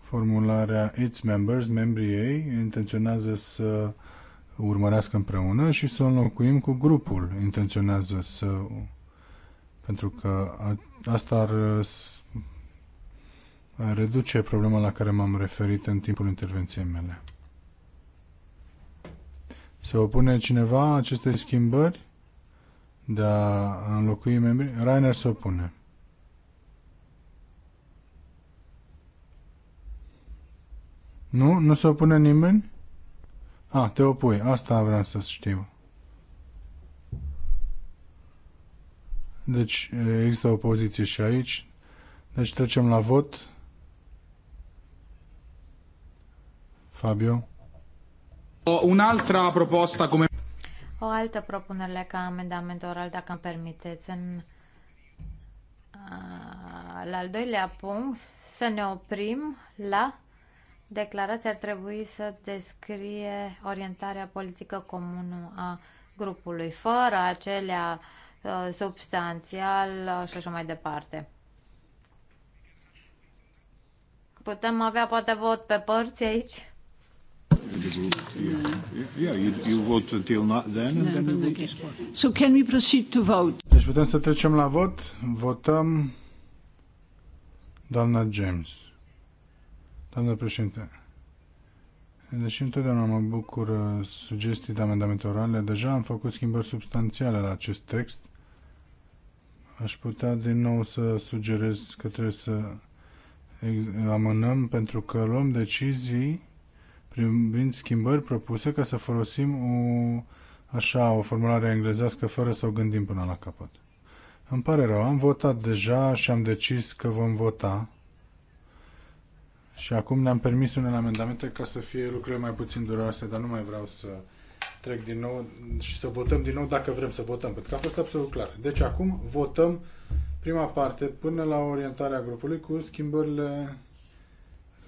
formularea its members, membrii ei, intenționează să urmărească împreună și să o înlocuim cu grupul, intenționează să... Pentru că asta ar reduce problema la care m-am referit în timpul intervenției mele. Se opune cineva aceste schimbări de a înlocui membrii? Rainer se opune. Nu? Nu se opune nimeni? A, ah, te opui. Asta vreau să știu. Deci există o opoziție și aici. Deci trecem la vot. Fabio. Un'altra proposta come... O altă propunere ca amendament oral, dacă îmi permiteți, în la al doilea punct, să ne oprim la declarație ar trebui să descrie orientarea politică comună a grupului, fără acelea uh, substanțial uh, și așa mai departe. Putem avea poate vot pe părți aici? So can we proceed to vote? Deci putem să trecem la vot. Votăm doamna James. Doamnă președinte, deși întotdeauna mă bucur uh, sugestii de amendamente orale, deja am făcut schimbări substanțiale la acest text. Aș putea din nou să sugerez că trebuie să amânăm pentru că luăm decizii privind schimbări propuse ca să folosim o, așa, o formulare englezească fără să o gândim până la capăt. Îmi pare rău, am votat deja și am decis că vom vota și acum ne-am permis unele amendamente ca să fie lucrurile mai puțin duroase, dar nu mai vreau să trec din nou și să votăm din nou dacă vrem să votăm, pentru că a fost absolut clar. Deci acum votăm prima parte până la orientarea grupului cu schimbările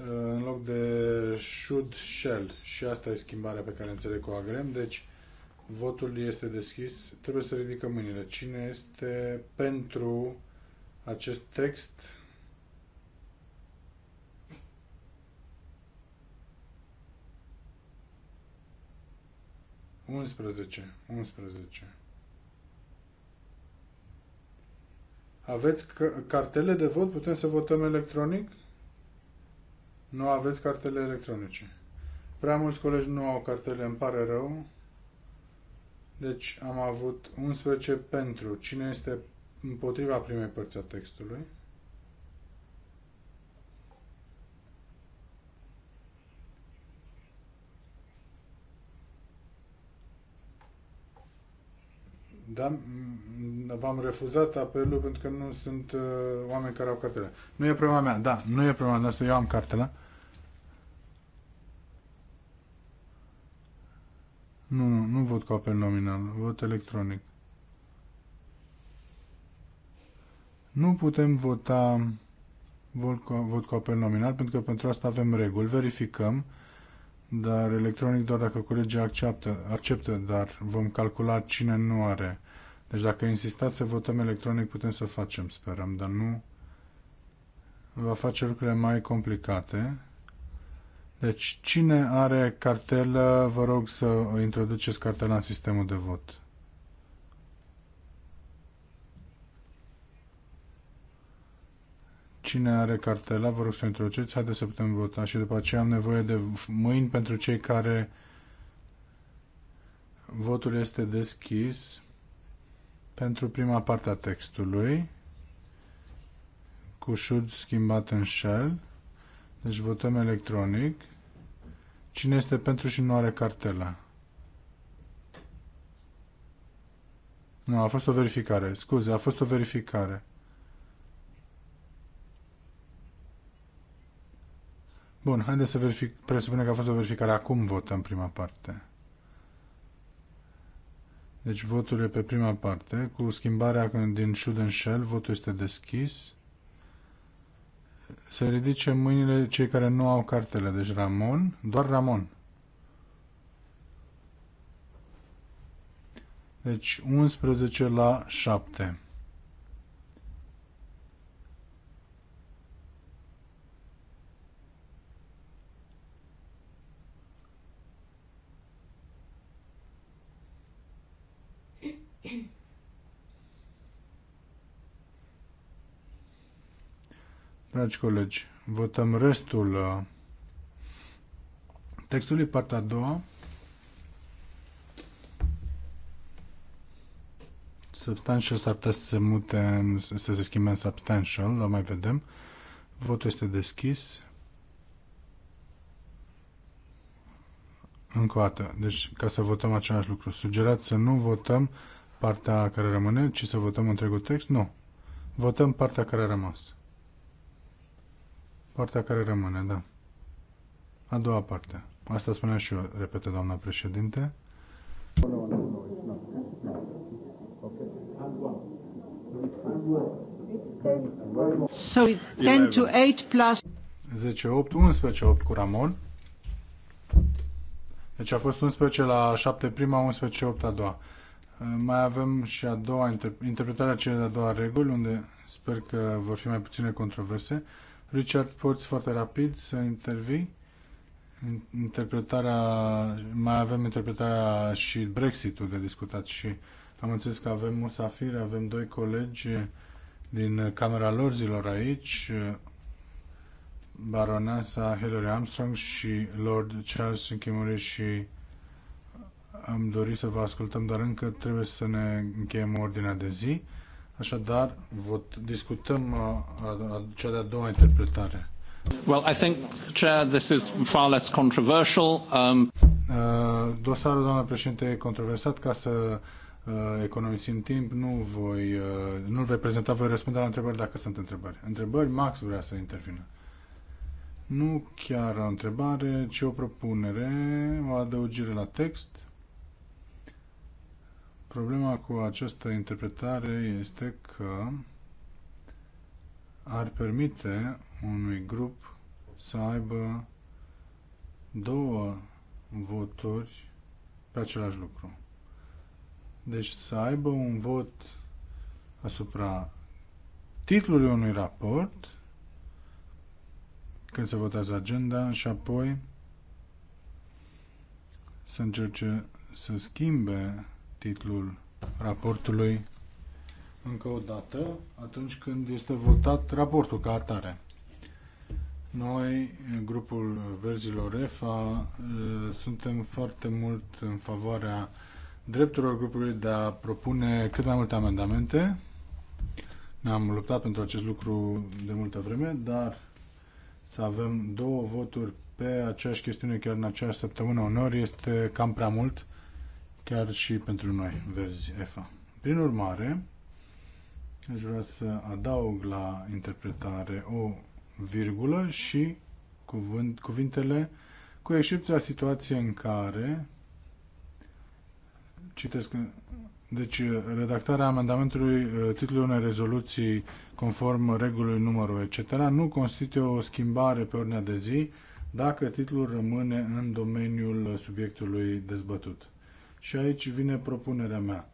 uh, în loc de should shell și asta e schimbarea pe care înțeleg o agrem, deci votul este deschis, trebuie să ridicăm mâinile. Cine este pentru acest text? 11. 11. Aveți cartele de vot? Putem să votăm electronic? Nu aveți cartele electronice. Prea mulți colegi nu au cartele, îmi pare rău. Deci am avut 11 pentru. Cine este împotriva primei părți a textului? Da, v-am refuzat apelul pentru că nu sunt uh, oameni care au cartela. Nu e problema mea, da, nu e problema noastră, eu am cartela. Nu, nu, nu vot cu apel nominal, vot electronic. Nu putem vota vot cu, vot cu apel nominal pentru că pentru asta avem reguli. Verificăm dar electronic doar dacă colegii acceptă, acceptă, dar vom calcula cine nu are. Deci dacă insistați să votăm electronic, putem să facem, sperăm, dar nu va face lucrurile mai complicate. Deci cine are cartelă, vă rog să introduceți cartela în sistemul de vot. Cine are cartela, vă rog să introduceți, haideți să putem vota. Și după aceea am nevoie de mâini pentru cei care... Votul este deschis pentru prima parte a textului cu șud schimbat în shell. Deci votăm electronic. Cine este pentru și nu are cartela? Nu, a fost o verificare. Scuze, a fost o verificare. Bun, haideți să verific, presupunem că a fost o verificare. Acum votăm prima parte. Deci votul e pe prima parte. Cu schimbarea din should and shell, votul este deschis. Se ridice mâinile cei care nu au cartele. Deci Ramon, doar Ramon. Deci 11 la 7. Dragi colegi, votăm restul uh, textului, partea a doua. Substantial s-ar putea să se mute, în, să se schimbe în substantial, dar mai vedem. Votul este deschis. Încă o dată. Deci, ca să votăm același lucru, sugerați să nu votăm partea care rămâne, ci să votăm întregul text? Nu. Votăm partea care a rămas. Partea care rămâne, da. A doua parte. Asta spunea și eu, repete doamna președinte. So 10 to 8 plus 10 8 11 8 cu Ramon. Deci a fost 11 la 7 prima, 11 8 a doua. Mai avem și a doua interpretarea cele de-a doua reguli, unde sper că vor fi mai puține controverse. Richard, poți foarte rapid să intervii? Interpretarea, mai avem interpretarea și Brexit-ul de discutat și am înțeles că avem Musafir, avem doi colegi din Camera Lorzilor aici, baronesa Hillary Armstrong și Lord Charles Chimuri și am dorit să vă ascultăm, dar încă trebuie să ne încheiem ordinea de zi. Așadar, vot, discutăm uh, cea de-a doua interpretare. Well, I think, Chair, this is far less controversial. Um... Uh, dosarul, doamnă președinte, e controversat ca să uh, economisim timp. Nu voi, uh, nu-l voi prezenta, voi răspunde la întrebări dacă sunt întrebări. Întrebări, Max vrea să intervină. Nu chiar o întrebare, ci o propunere, o adăugire la text. Problema cu această interpretare este că ar permite unui grup să aibă două voturi pe același lucru. Deci să aibă un vot asupra titlului unui raport când se votează agenda și apoi să încerce să schimbe titlul raportului încă o dată atunci când este votat raportul ca atare. Noi, grupul Verzilor EFA, ă, suntem foarte mult în favoarea drepturilor grupului de a propune cât mai multe amendamente. Ne-am luptat pentru acest lucru de multă vreme, dar să avem două voturi pe aceeași chestiune chiar în aceeași săptămână unor este cam prea mult chiar și pentru noi, verzi EFA. Prin urmare, aș vrea să adaug la interpretare o virgulă și cuvânt, cuvintele cu excepția situației în care citesc deci redactarea amendamentului eh, titlul unei rezoluții conform regulii numărul etc. nu constituie o schimbare pe ordinea de zi dacă titlul rămâne în domeniul subiectului dezbătut. Și aici vine propunerea mea.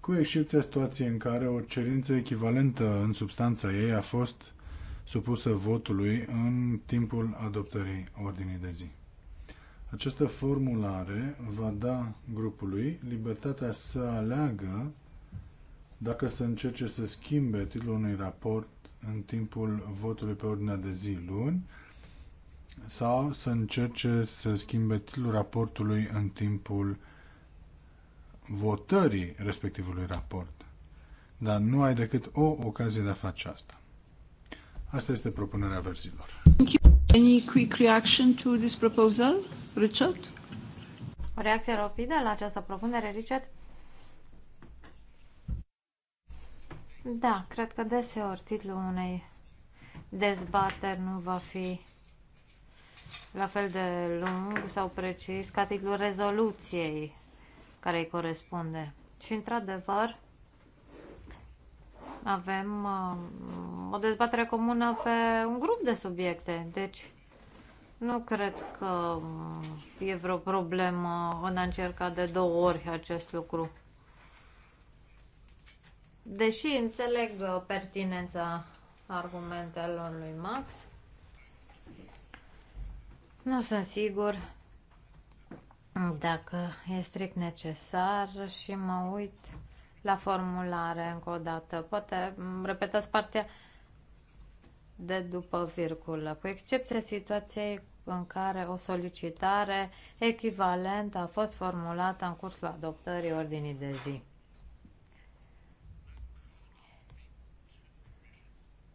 Cu excepția situației în care o cerință echivalentă în substanța ei a fost supusă votului în timpul adoptării ordinii de zi. Această formulare va da grupului libertatea să aleagă dacă să încerce să schimbe titlul unui raport în timpul votului pe ordinea de zi luni sau să încerce să schimbe titlul raportului în timpul votării respectivului raport. Dar nu ai decât o ocazie de a face asta. Asta este propunerea verzilor. Any quick reaction to this proposal, Richard? O reacție rapidă la această propunere, Richard? Da, cred că deseori titlul unei dezbateri nu va fi la fel de lung sau precis ca titlul rezoluției care îi corespunde. Și, într-adevăr, avem uh, o dezbatere comună pe un grup de subiecte. Deci, nu cred că uh, e vreo problemă în a încerca de două ori acest lucru. Deși înțeleg uh, pertinența argumentelor lui Max, nu sunt sigur dacă e strict necesar și mă uit la formulare încă o dată. Poate repetați partea de după virgulă, cu excepția situației în care o solicitare echivalentă a fost formulată în cursul adoptării ordinii de zi.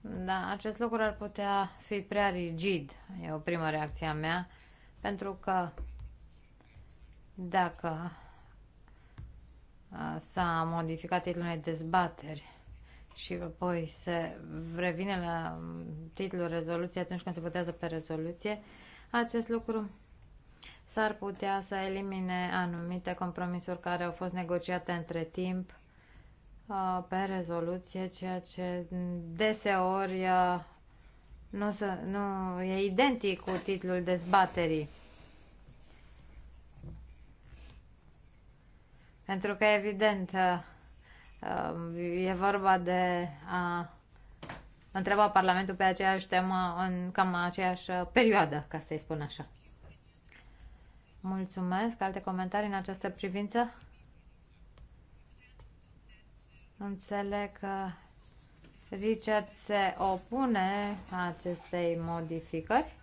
Da, acest lucru ar putea fi prea rigid, e o primă reacție a mea, pentru că dacă s-a modificat titlul unei dezbateri și apoi se revine la titlul rezoluției atunci când se votează pe rezoluție, acest lucru s-ar putea să elimine anumite compromisuri care au fost negociate între timp pe rezoluție, ceea ce deseori nu, se, nu e identic cu titlul dezbaterii. Pentru că, evident, uh, uh, e vorba de a întreba Parlamentul pe aceeași temă în cam aceeași uh, perioadă, ca să-i spun așa. Mulțumesc. Alte comentarii în această privință? Înțeleg că Richard se opune acestei modificări.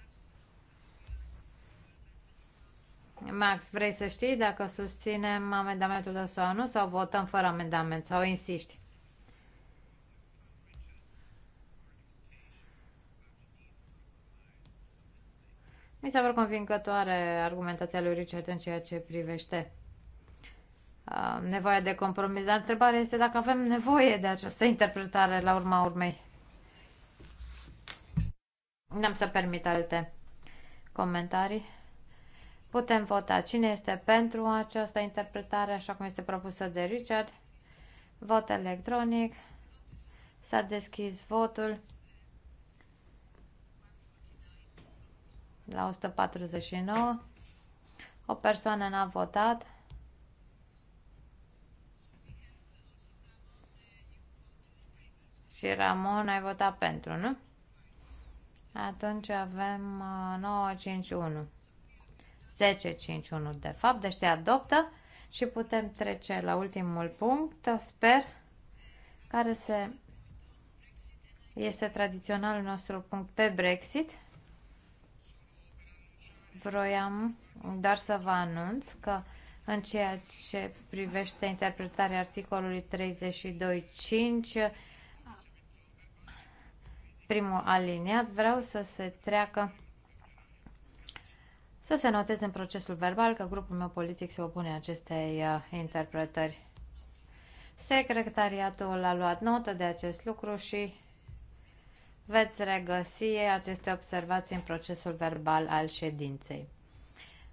Max, vrei să știi dacă susținem amendamentul tău sau nu, sau votăm fără amendament, sau insisti? Mi se pare convingătoare argumentația lui Richard în ceea ce privește uh, nevoia de compromis. Dar întrebarea este dacă avem nevoie de această interpretare la urma urmei. N-am să permit alte comentarii. Putem vota cine este pentru această interpretare, așa cum este propusă de Richard. Vot electronic. S-a deschis votul la 149. O persoană n-a votat. Și Ramon, ai votat pentru, nu? Atunci avem 951. Uh, 1051 de fapt, deci se adoptă și putem trece la ultimul punct, sper, care se, este tradiționalul nostru punct pe Brexit. Vroiam doar să vă anunț că în ceea ce privește interpretarea articolului 32.5, primul aliniat, vreau să se treacă să se noteze în procesul verbal că grupul meu politic se opune acestei uh, interpretări. Secretariatul a luat notă de acest lucru și veți regăsi aceste observații în procesul verbal al ședinței.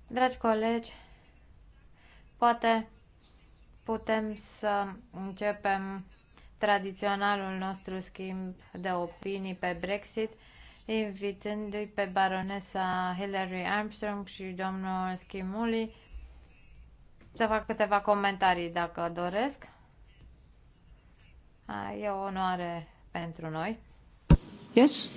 Dragi colegi, poate putem să începem tradiționalul nostru schimb de opinii pe Brexit invitându-i pe baronesa Hillary Armstrong și domnul Schimuli să fac câteva comentarii dacă doresc. E o onoare pentru noi. Yes?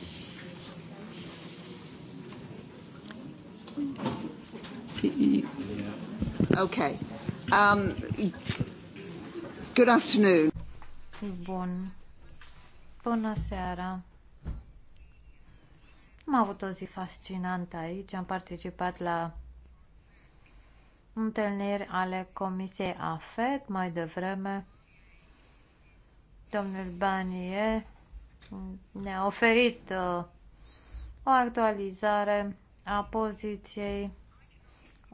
Okay. Um, good afternoon. Bun. Bună seara. Am avut o zi fascinantă aici, am participat la întâlniri ale Comisiei AFET mai devreme. Domnul Banie ne-a oferit uh, o actualizare a poziției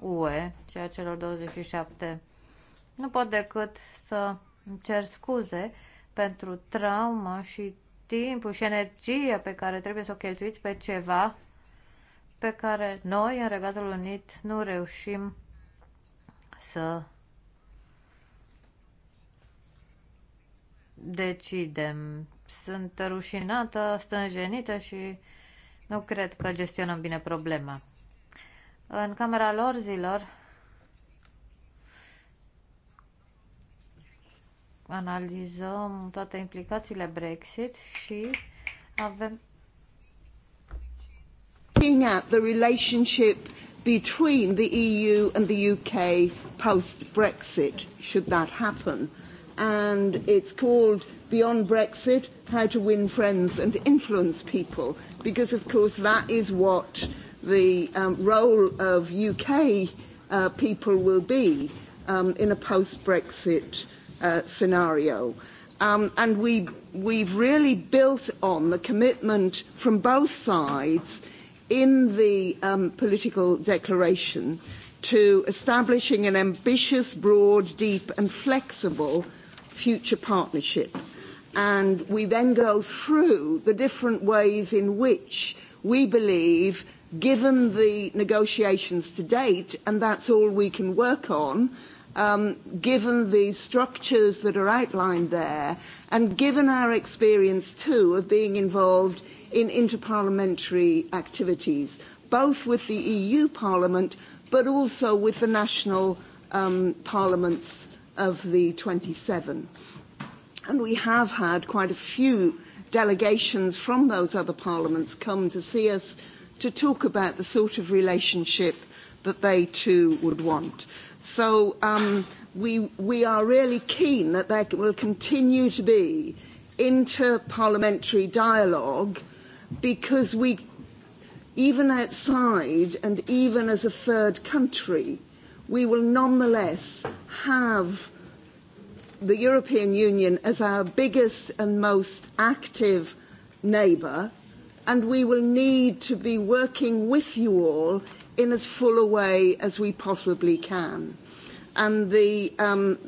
UE și a celor 27. Nu pot decât să îmi cer scuze pentru trauma și timpul și energia pe care trebuie să o cheltuiți pe ceva pe care noi, în Regatul Unit, nu reușim să decidem. Sunt rușinată, stânjenită și nu cred că gestionăm bine problema. În camera lor zilor analizăm toate implicațiile Brexit și avem looking at the relationship between the EU and the UK post-Brexit, should that happen. And it's called Beyond Brexit, How to Win Friends and Influence People, because of course that is what the um, role of UK uh, people will be um, in a post-Brexit Uh, scenario. Um, and we, we've really built on the commitment from both sides in the um, political declaration to establishing an ambitious, broad, deep and flexible future partnership. And we then go through the different ways in which we believe, given the negotiations to date, and that's all we can work on, um, given the structures that are outlined there, and given our experience too of being involved in interparliamentary activities, both with the EU Parliament but also with the national um, parliaments of the 27. And we have had quite a few delegations from those other parliaments come to see us to talk about the sort of relationship that they too would want. So um, we, we are really keen that there will continue to be inter-parliamentary dialogue because we, even outside and even as a third country, we will nonetheless have the European Union as our biggest and most active neighbour, and we will need to be working with you all in as full a way as we possibly can. And the, um,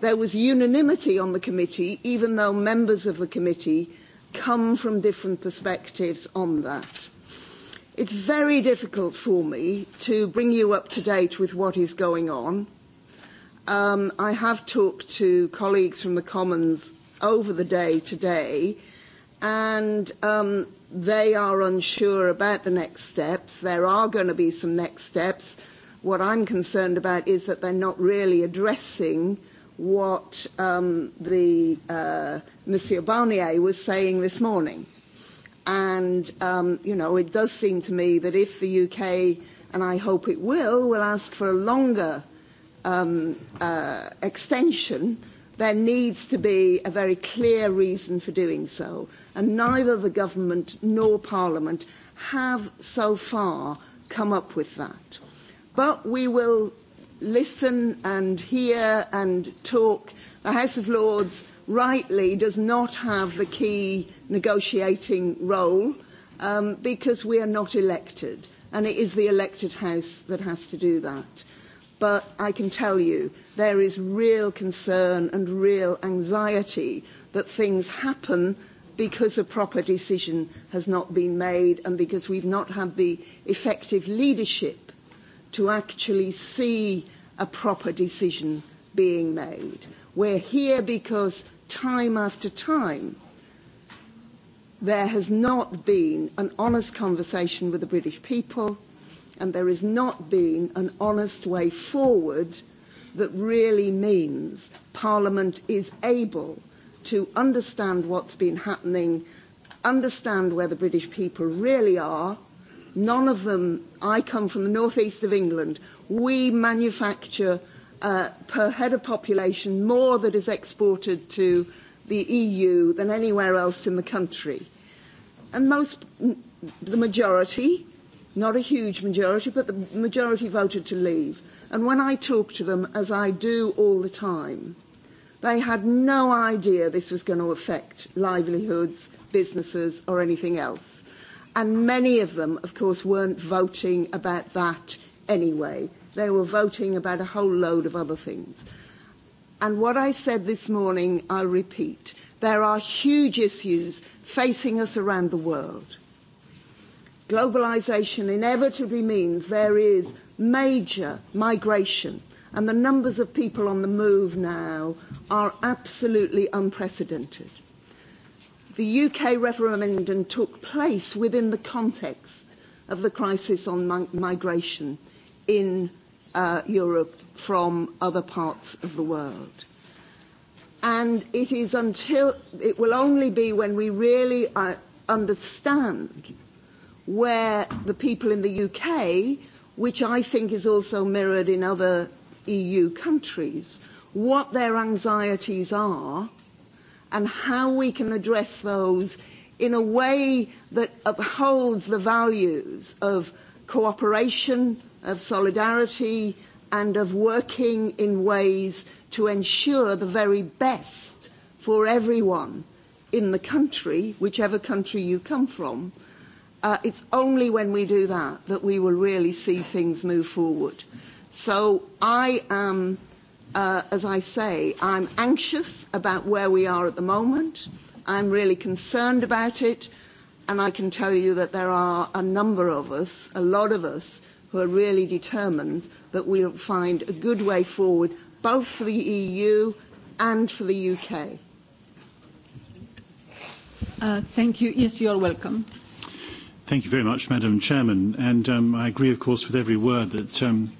there was unanimity on the committee, even though members of the committee come from different perspectives on that. It's very difficult for me to bring you up to date with what is going on. Um, I have talked to colleagues from the Commons over the day today, and um, they are unsure about the next steps. There are going to be some next steps. What I'm concerned about is that they're not really addressing what um, the uh, Monsieur Barnier was saying this morning. And, um, you know, it does seem to me that if the UK, and I hope it will, will ask for a longer um, uh, extension, there needs to be a very clear reason for doing so. And neither the government nor Parliament have so far come up with that. But we will listen and hear and talk. The House of Lords rightly does not have the key negotiating role um, because we are not elected. And it is the elected House that has to do that but I can tell you there is real concern and real anxiety that things happen because a proper decision has not been made and because we've not had the effective leadership to actually see a proper decision being made. We're here because time after time there has not been an honest conversation with the British people and there has not been an honest way forward that really means Parliament is able to understand what's been happening, understand where the British people really are. None of them, I come from the northeast of England, we manufacture uh, per head of population more that is exported to the EU than anywhere else in the country. And most, the majority not a huge majority, but the majority voted to leave. And when I talked to them, as I do all the time, they had no idea this was going to affect livelihoods, businesses, or anything else. And many of them, of course, weren't voting about that anyway. They were voting about a whole load of other things. And what I said this morning, I'll repeat. There are huge issues facing us around the world. Globalisation inevitably means there is major migration, and the numbers of people on the move now are absolutely unprecedented. The UK referendum took place within the context of the crisis on migration in uh, Europe from other parts of the world and it is until it will only be when we really uh, understand where the people in the UK, which I think is also mirrored in other EU countries, what their anxieties are and how we can address those in a way that upholds the values of cooperation, of solidarity, and of working in ways to ensure the very best for everyone in the country, whichever country you come from, Uh, it's only when we do that that we will really see things move forward. So I am, uh, as I say, I'm anxious about where we are at the moment. I'm really concerned about it. And I can tell you that there are a number of us, a lot of us, who are really determined that we'll find a good way forward, both for the EU and for the UK. Uh, thank you. Yes, you're welcome. Thank you very much, Madam Chairman. And um, I agree, of course, with every word that um,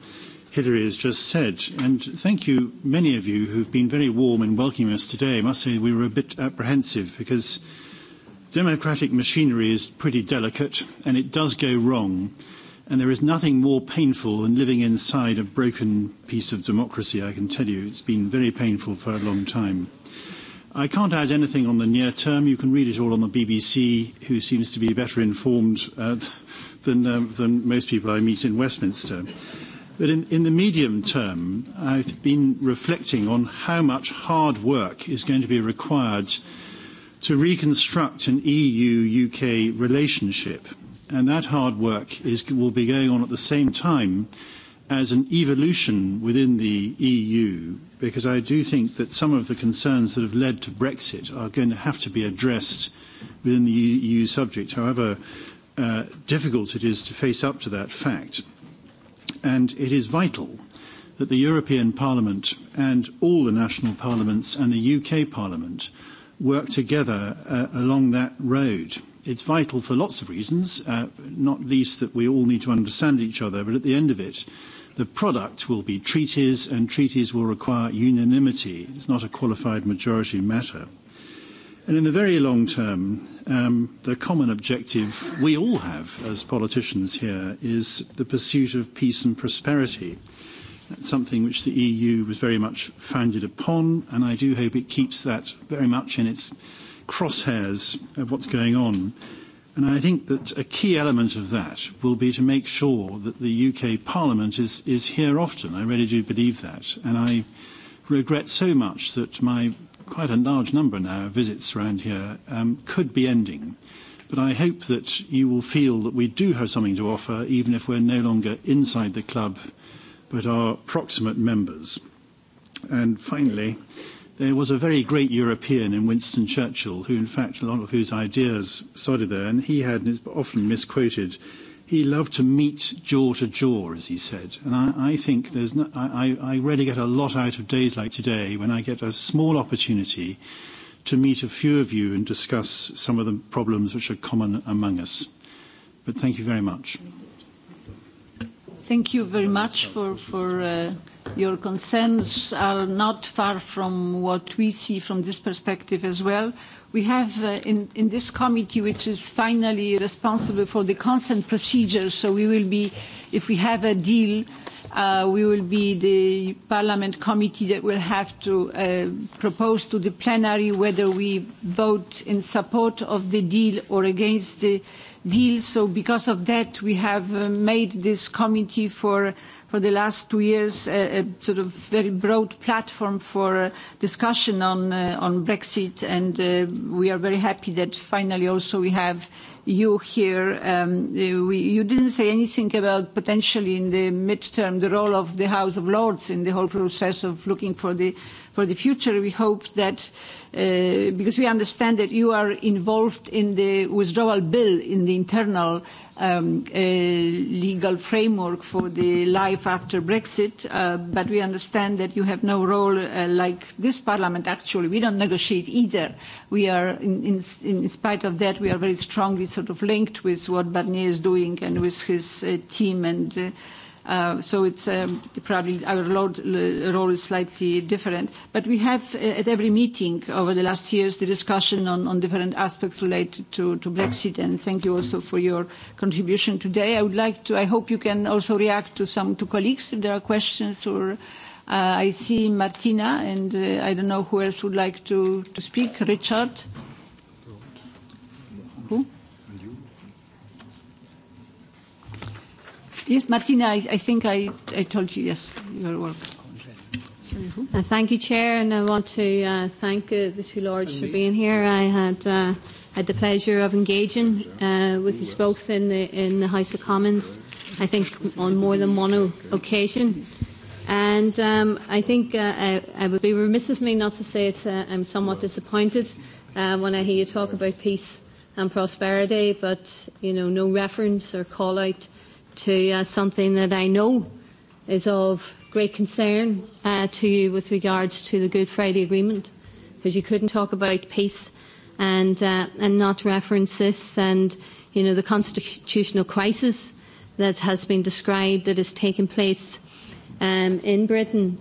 Hilary has just said. And thank you, many of you, who've been very warm in welcoming us today. I must say we were a bit apprehensive because democratic machinery is pretty delicate and it does go wrong. And there is nothing more painful than living inside a broken piece of democracy, I can tell you. It's been very painful for a long time. I can't add anything on the near term. You can read it all on the BBC, who seems to be better informed uh, than, um, than most people I meet in Westminster. But in, in the medium term, I've been reflecting on how much hard work is going to be required to reconstruct an EU-UK relationship. And that hard work is, will be going on at the same time as an evolution within the EU because I do think that some of the concerns that have led to Brexit are going to have to be addressed within the EU subject, however uh, difficult it is to face up to that fact. And it is vital that the European Parliament and all the national parliaments and the UK Parliament work together uh, along that road. It's vital for lots of reasons, uh, not least that we all need to understand each other, but at the end of it, The product will be treaties, and treaties will require unanimity. It's not a qualified majority matter. And in the very long term, um, the common objective we all have as politicians here is the pursuit of peace and prosperity. That's something which the EU was very much founded upon, and I do hope it keeps that very much in its crosshairs of what's going on And I think that a key element of that will be to make sure that the UK Parliament is, is here often. I really do believe that. And I regret so much that my quite a large number now of visits around here um, could be ending. But I hope that you will feel that we do have something to offer, even if we're no longer inside the club, but are proximate members. And finally, there was a very great European in Winston Churchill, who in fact a lot of whose ideas started there, and he had, and it's often misquoted, he loved to meet jaw to jaw, as he said. And I, I think there's no, I, I really get a lot out of days like today when I get a small opportunity to meet a few of you and discuss some of the problems which are common among us. But thank you very much. Thank you very much for, for uh, Your concerns are not far from what we see from this perspective as well. We have uh, in, in this committee, which is finally responsible for the consent procedure, so we will be, if we have a deal, uh, we will be the Parliament committee that will have to uh, propose to the plenary whether we vote in support of the deal or against the deal. So because of that, we have uh, made this committee for for the last two years a, a sort of very broad platform for uh, discussion on, uh, on Brexit, and uh, we are very happy that finally also we have you here. Um, uh, we, you didn't say anything about potentially in the midterm the role of the House of Lords in the whole process of looking for the for the future. We hope that, uh, because we understand that you are involved in the withdrawal bill in the internal um, uh, legal framework for the life after Brexit, uh, but we understand that you have no role uh, like this Parliament actually. We don't negotiate either. We are, in, in, in spite of that, we are very strongly sort of linked with what Barnier is doing and with his uh, team and uh, Uh, so it's um, probably our role is slightly different. But we have uh, at every meeting over the last years the discussion on, different aspects related to, Brexit. And thank you also for your contribution today. I would like to, I hope you can also react to some to colleagues if there are questions or uh, I see Martina and I don't know who else would like to, to speak. Richard? Yes, Martina, I, I think I, I told you, yes, your work. Uh, thank you, Chair, and I want to uh, thank uh, the two lords for being here. I had uh, had the pleasure of engaging uh, with you both in the in the House of Commons. I think on more than one occasion, and um, I think uh, I, I would be remiss of me not to say it's, uh, I'm somewhat disappointed uh, when I hear you talk about peace and prosperity, but you know no reference or call out to uh, something that I know is of great concern uh, to you with regards to the Good Friday Agreement, because you couldn't talk about peace and uh, and not reference this, and you know the constitutional crisis that has been described that has taken place um, in Britain.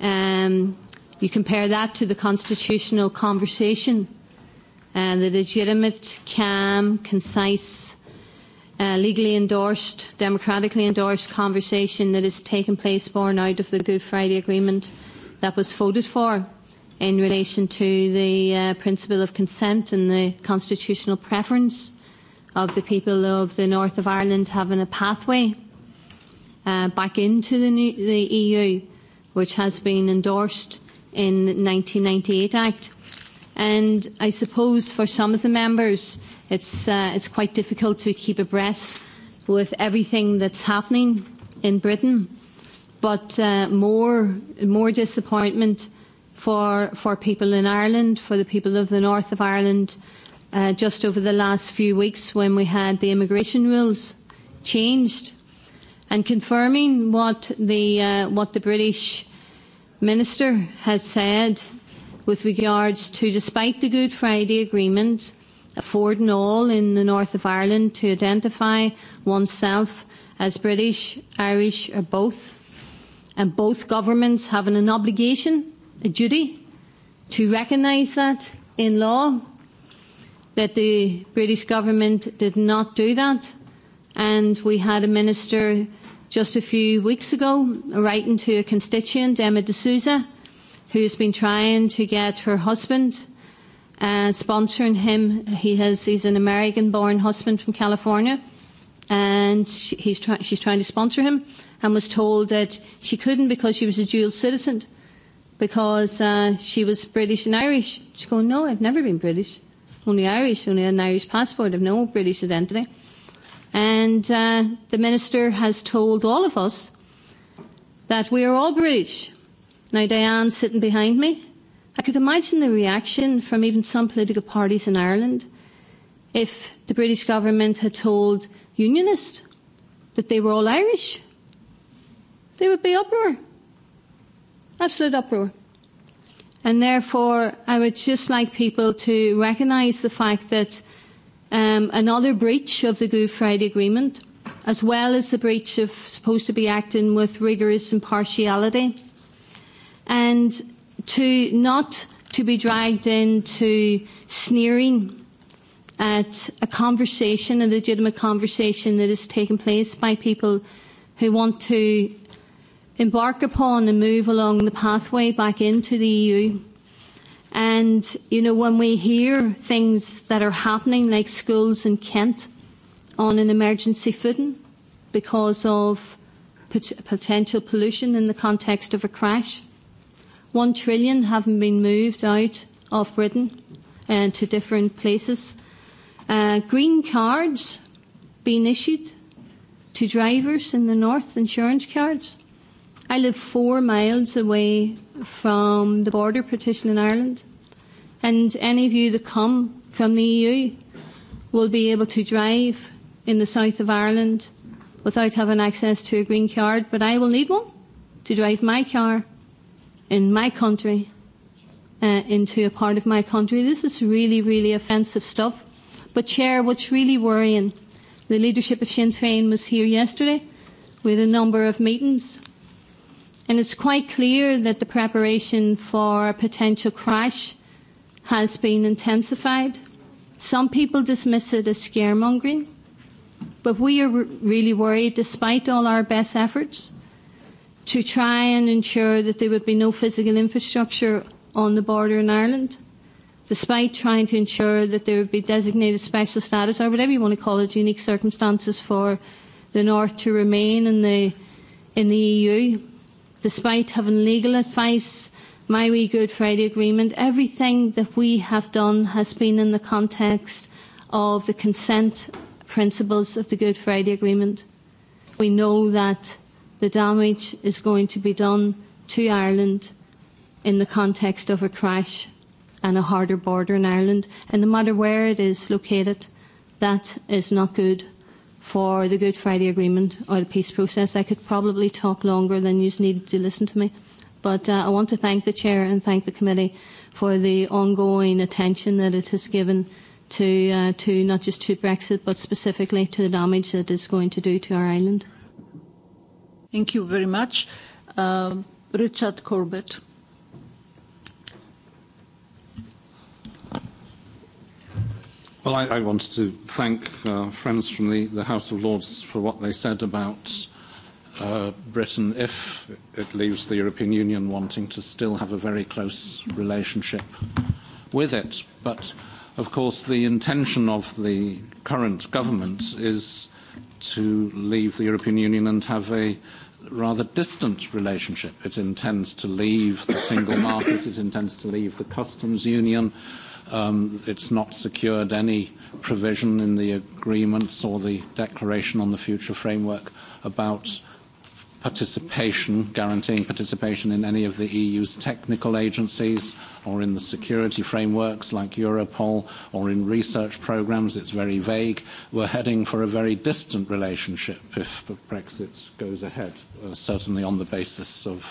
Um, you compare that to the constitutional conversation, and uh, the legitimate, calm, concise legally endorsed, democratically endorsed conversation that has taken place born out of the Good Friday Agreement that was voted for in relation to the uh, principle of consent and the constitutional preference of the people of the north of Ireland having a pathway uh, back into the, new, the EU, which has been endorsed in the 1998 Act. And I suppose for some of the members, It's, uh, it's quite difficult to keep abreast with everything that's happening in Britain, but uh, more, more disappointment for, for people in Ireland, for the people of the north of Ireland, uh, just over the last few weeks when we had the immigration rules changed and confirming what the, uh, what the British minister has said with regards to, despite the Good Friday Agreement, Ford and all in the north of Ireland to identify oneself as British, Irish or both. And both governments having an obligation, a duty, to recognise that in law, that the British government did not do that. And we had a minister just a few weeks ago writing to a constituent, Emma D'Souza, who's been trying to get her husband uh, sponsoring him. He has he's an American-born husband from California, and she, he's try, she's trying to sponsor him, and was told that she couldn't because she was a dual citizen, because uh, she was British and Irish. She's going, no, I've never been British, only Irish, only an Irish passport. I've no British identity. And uh, the minister has told all of us that we are all British. Now Diane's sitting behind me, I could imagine the reaction from even some political parties in Ireland if the British government had told unionists that they were all Irish. They would be uproar, absolute uproar. And therefore, I would just like people to recognise the fact that um, another breach of the Good Friday Agreement, as well as the breach of supposed to be acting with rigorous impartiality, and to not to be dragged into sneering at a conversation, a legitimate conversation that is taking place by people who want to embark upon and move along the pathway back into the EU. And, you know, when we hear things that are happening, like schools in Kent on an emergency footing because of pot potential pollution in the context of a crash, One trillion having been moved out of Britain uh, to different places. Uh, green cards being issued to drivers in the north, insurance cards. I live four miles away from the border partition in Ireland, and any of you that come from the EU will be able to drive in the south of Ireland without having access to a green card, but I will need one to drive my car in my country, uh, into a part of my country. This is really, really offensive stuff. But, Chair, what's really worrying, the leadership of Sinn Féin was here yesterday with a number of meetings. And it's quite clear that the preparation for a potential crash has been intensified. Some people dismiss it as scaremongering, but we are really worried despite all our best efforts to try and ensure that there would be no physical infrastructure on the border in Ireland, despite trying to ensure that there would be designated special status, or whatever you want to call it, unique circumstances for the North to remain in the, in the EU, despite having legal advice, my wee Good Friday Agreement, everything that we have done has been in the context of the consent principles of the Good Friday Agreement. We know that the damage is going to be done to Ireland in the context of a crash and a harder border in Ireland. And no matter where it is located, that is not good for the Good Friday Agreement or the peace process. I could probably talk longer than you needed to listen to me. But uh, I want to thank the Chair and thank the Committee for the ongoing attention that it has given to, uh, to not just to Brexit, but specifically to the damage that it's going to do to our island. Thank you very much. Uh, Richard Corbett. Well, I, I wanted to thank uh, friends from the, the House of Lords for what they said about uh, Britain if it leaves the European Union wanting to still have a very close relationship with it. But of course, the intention of the current government is to leave the European Union and have a rather distant relationship. It intends to leave the single market, it intends to leave the customs union. Um, it's not secured any provision in the agreements or the declaration on the future framework about participation, guaranteeing participation in any of the EU's technical agencies or in the security frameworks like Europol or in research programmes, It's very vague. We're heading for a very distant relationship if Brexit goes ahead, uh, certainly on the basis of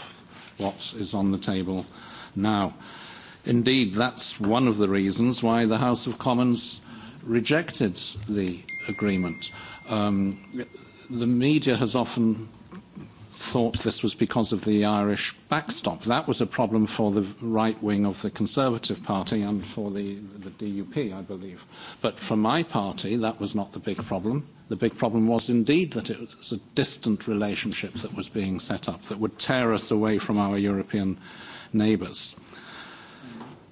what is on the table now. Indeed, that's one of the reasons why the House of Commons rejected the agreement. Um, the media has often thought this was because of the Irish backstop. That was a problem for the right wing of the Conservative Party and for the, the DUP, I believe. But for my party, that was not the big problem. The big problem was indeed that it was a distant relationship that was being set up that would tear us away from our European neighbours.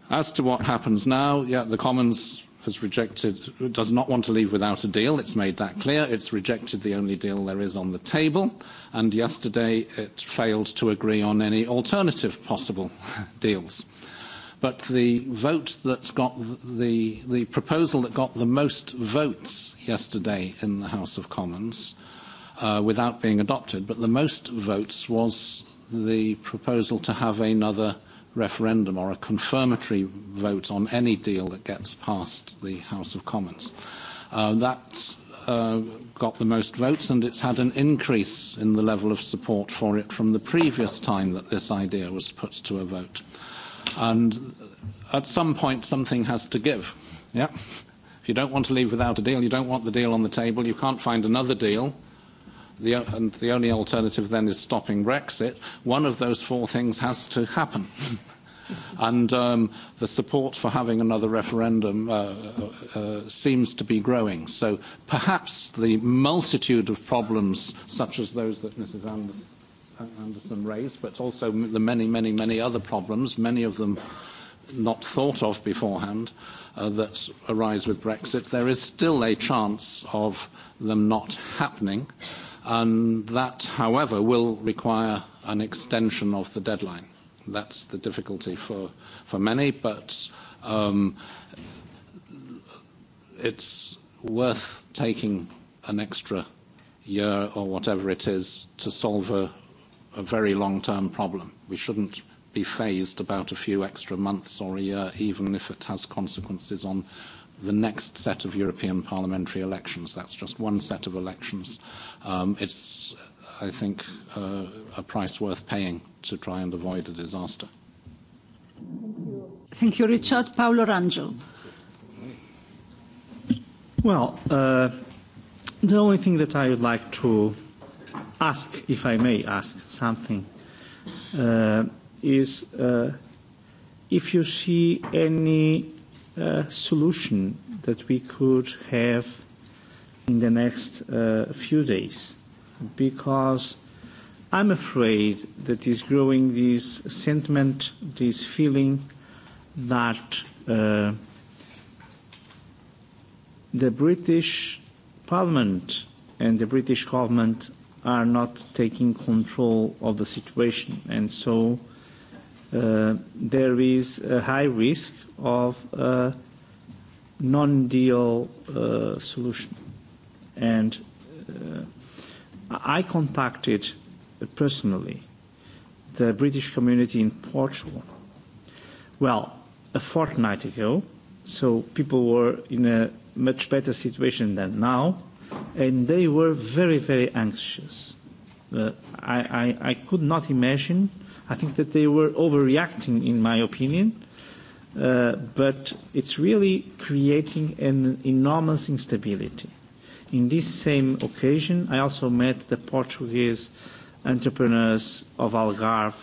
As to what happens now, yeah, the Commons has rejected, does not want to leave without a deal. It's made that clear. It's rejected the only deal there is on the table. And yesterday it failed to agree on any alternative possible deals. But the vote that got the, the proposal that got the most votes yesterday in the House of Commons, uh, without being adopted, but the most votes was the proposal to have another referendum or a confirmatory vote on any deal that gets past the House of Commons. Uh, that uh, got the most votes and it's had an increase in the level of support for it from the previous time that this idea was put to a vote. And at some point, something has to give. Yeah? If you don't want to leave without a deal, you don't want the deal on the table, you can't find another deal, the, and the only alternative then is stopping Brexit, one of those four things has to happen. and um, the support for having another referendum uh, uh, seems to be growing. So perhaps the multitude of problems, such as those that Mrs. Anderson, Anderson raised, but also the many, many, many other problems, many of them not thought of beforehand, uh, that arise with Brexit, there is still a chance of them not happening and that, however, will require an extension of the deadline. That's the difficulty for, for many, but um, it's worth taking an extra year or whatever it is to solve a, a very long-term problem. We shouldn't be phased about a few extra months or a year, even if it has consequences on the next set of European parliamentary elections. That's just one set of elections. Um, it's, I think, uh, a price worth paying to try and avoid a disaster. Thank you, Richard. Paolo Rangel. Well, uh, the only thing that I would like to ask, if I may ask something, uh, is uh, if you see any solution that we could have in the next uh, few days because I'm afraid that is growing this sentiment, this feeling that uh, the British Parliament and the British government are not taking control of the situation and so Uh, there is a high risk of a non-deal uh, solution. And uh, I contacted personally the British community in Portugal. Well, a fortnight ago, so people were in a much better situation than now, and they were very, very anxious. Uh, I, I, I could not imagine uh, I think that they were overreacting, in my opinion. Uh, but it's really creating an enormous instability. In this same occasion, I also met the Portuguese entrepreneurs of Algarve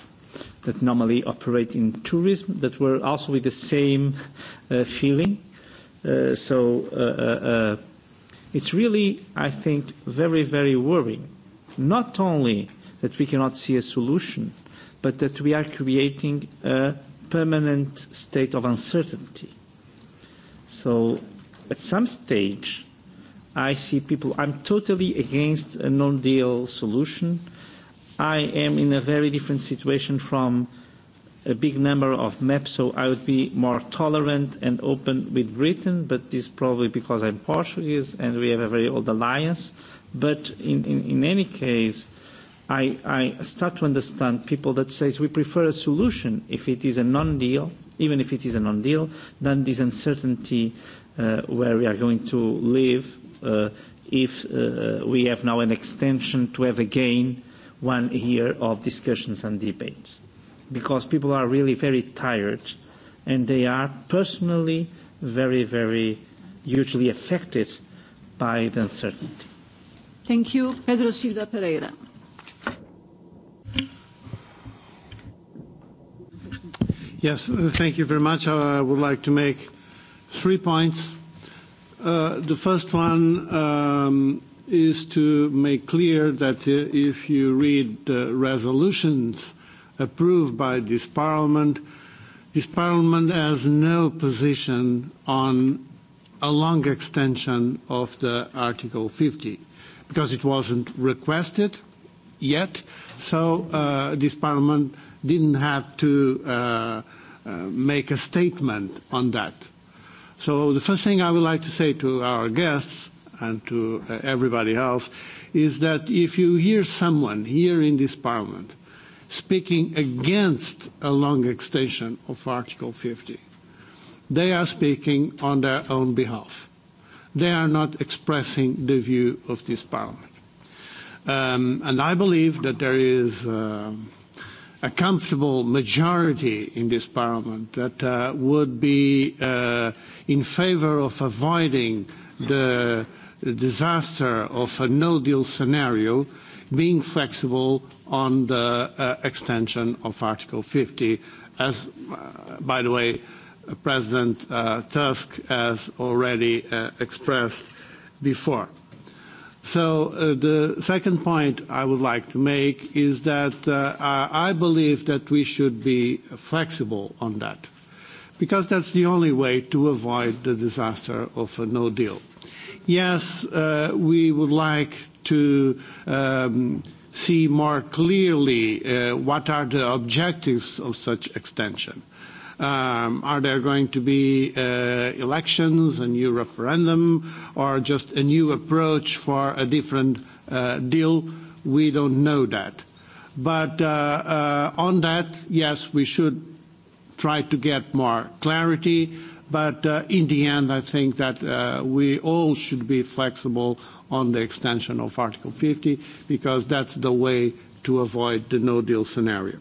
that normally operate in tourism that were also with the same uh, feeling. Uh, so uh, uh, uh it's really, I think, very, very worrying. Not only that we cannot see a solution but that we are creating a permanent state of uncertainty. So at some stage, I see people, I'm totally against a non-deal solution. I am in a very different situation from a big number of MEPs, so I would be more tolerant and open with Britain, but this is probably because I'm Portuguese and we have a very old alliance. But in, in, in any case, I, I start to understand people that says we prefer a solution if it is a non-deal, even if it is a non-deal, than this uncertainty uh, where we are going to live uh, if uh, uh, we have now an extension to have again one year of discussions and debates. Because people are really very tired and they are personally very, very hugely affected by the uncertainty. Thank you. Pedro Silva Pereira. Yes, thank you very much. I would like to make three points. Uh, the first one um, is to make clear that uh, if you read the resolutions approved by this parliament, this parliament has no position on a long extension of the Article 50 because it wasn't requested yet, so uh, this parliament didn't have to Uh, make a statement on that. So the first thing I would like to say to our guests and to uh, everybody else is that if you hear someone here in this parliament speaking against a long extension of Article 50, they are speaking on their own behalf. They are not expressing the view of this parliament. Um, and I believe that there is. Uh, a comfortable majority in this parliament that uh, would be uh, in favour of avoiding the disaster of a no-deal scenario being flexible on the uh, extension of Article 50, as, uh, by the way, President uh, Tusk has already uh, expressed before. So uh, the second point I would like to make is that uh, I believe that we should be flexible on that, because that's the only way to avoid the disaster of a no deal. Yes, uh, we would like to um, see more clearly uh, what are the objectives of such extension Um, are there going to be uh, elections, a new referendum, or just a new approach for a different uh, deal? We don't know that. But uh, uh, on that, yes, we should try to get more clarity. But uh, in the end, I think that uh, we all should be flexible on the extension of Article 50 because that's the way to avoid the no-deal scenario.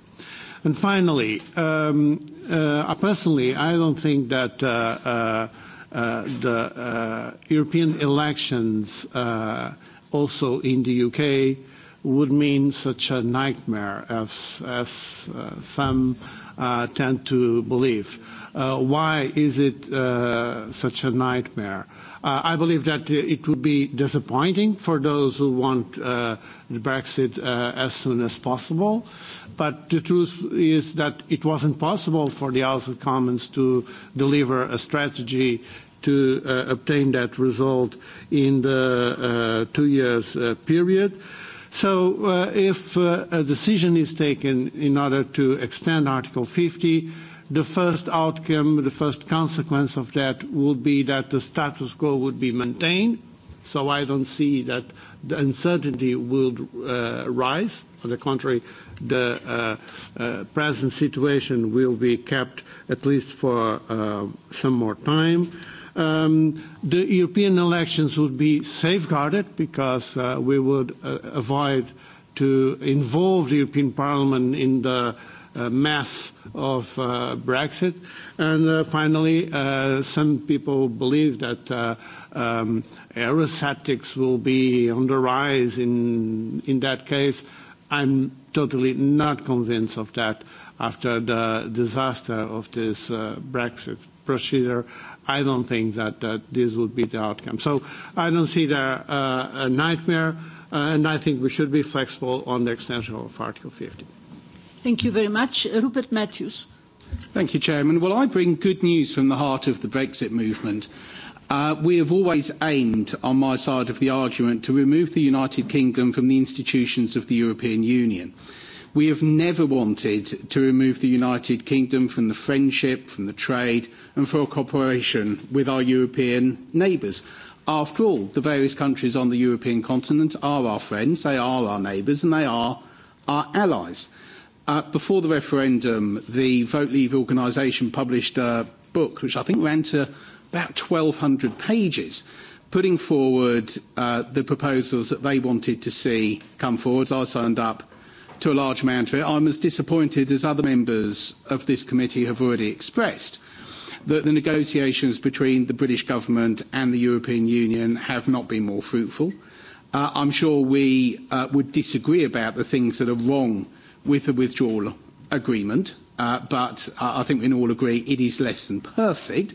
And finally, um, Uh, uh, personally, I don't think that uh, uh, uh, the uh, European elections uh, also in the UK would mean such a nightmare as, as uh, some uh, tend to believe. Uh, why is it uh, such a nightmare? Uh, Uh, I believe that uh, it would be disappointing for those who want uh, Brexit uh, as soon as possible. But the truth is that it wasn't possible for the House of Commons to deliver a strategy to uh, obtain that result in the uh, two years uh, period. So uh, if uh, a decision is taken in order to extend Article 50, the first outcome, the first consequence of that would be that the status quo would be maintained. So I don't see that the uncertainty will uh, rise. On the contrary, the uh, uh, present situation will be kept at least for uh, some more time. Um, the European elections would be safeguarded because uh, we would uh, avoid to involve the European Parliament in the mess uh, mass of uh, Brexit. And uh, finally, uh, some people believe that uh, um, will be on the rise in, in that case. I'm totally not convinced of that after the disaster of this uh, Brexit procedure. I don't think that, that uh, this would be the outcome. So I don't see there uh, a nightmare, uh, and I think we should be flexible on the extension of Article 50. Thank you very much. Rupert Matthews. Thank you, Chairman. Well, I bring good news from the heart of the Brexit movement. Uh, we have always aimed, on my side of the argument, to remove the United Kingdom from the institutions of the European Union. We have never wanted to remove the United Kingdom from the friendship, from the trade, and for cooperation with our European neighbours. After all, the various countries on the European continent are our friends, they are our neighbours, and they are our allies. Uh, before the referendum, the Vote Leave organisation published a book, which I think ran to about 1,200 pages, putting forward uh, the proposals that they wanted to see come forward. I signed up to a large amount of it. I'm as disappointed as other members of this committee have already expressed that the negotiations between the British government and the European Union have not been more fruitful. Uh, I'm sure we uh, would disagree about the things that are wrong with the withdrawal agreement, uh, but uh, I think we can all agree it is less than perfect.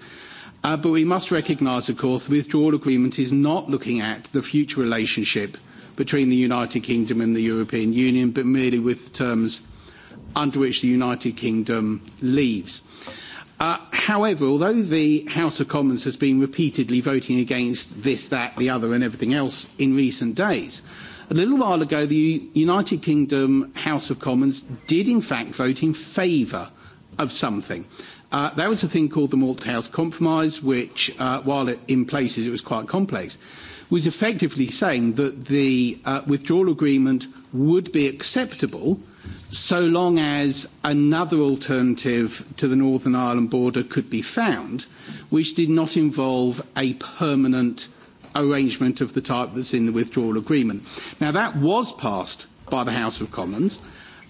Uh, but we must recognise, of course, the withdrawal agreement is not looking at the future relationship between the United Kingdom and the European Union, but merely with terms under which the United Kingdom leaves. Uh, however, although the House of Commons has been repeatedly voting against this, that, the other, and everything else in recent days, a little while ago, the United Kingdom House of Commons did, in fact, vote in favour of something. Uh, that was a thing called the Malthouse Compromise, which, uh, while it, in places it was quite complex, was effectively saying that the uh, withdrawal agreement would be acceptable so long as another alternative to the Northern Ireland border could be found, which did not involve a permanent arrangement of the type that's in the withdrawal agreement. Now, that was passed by the House of Commons.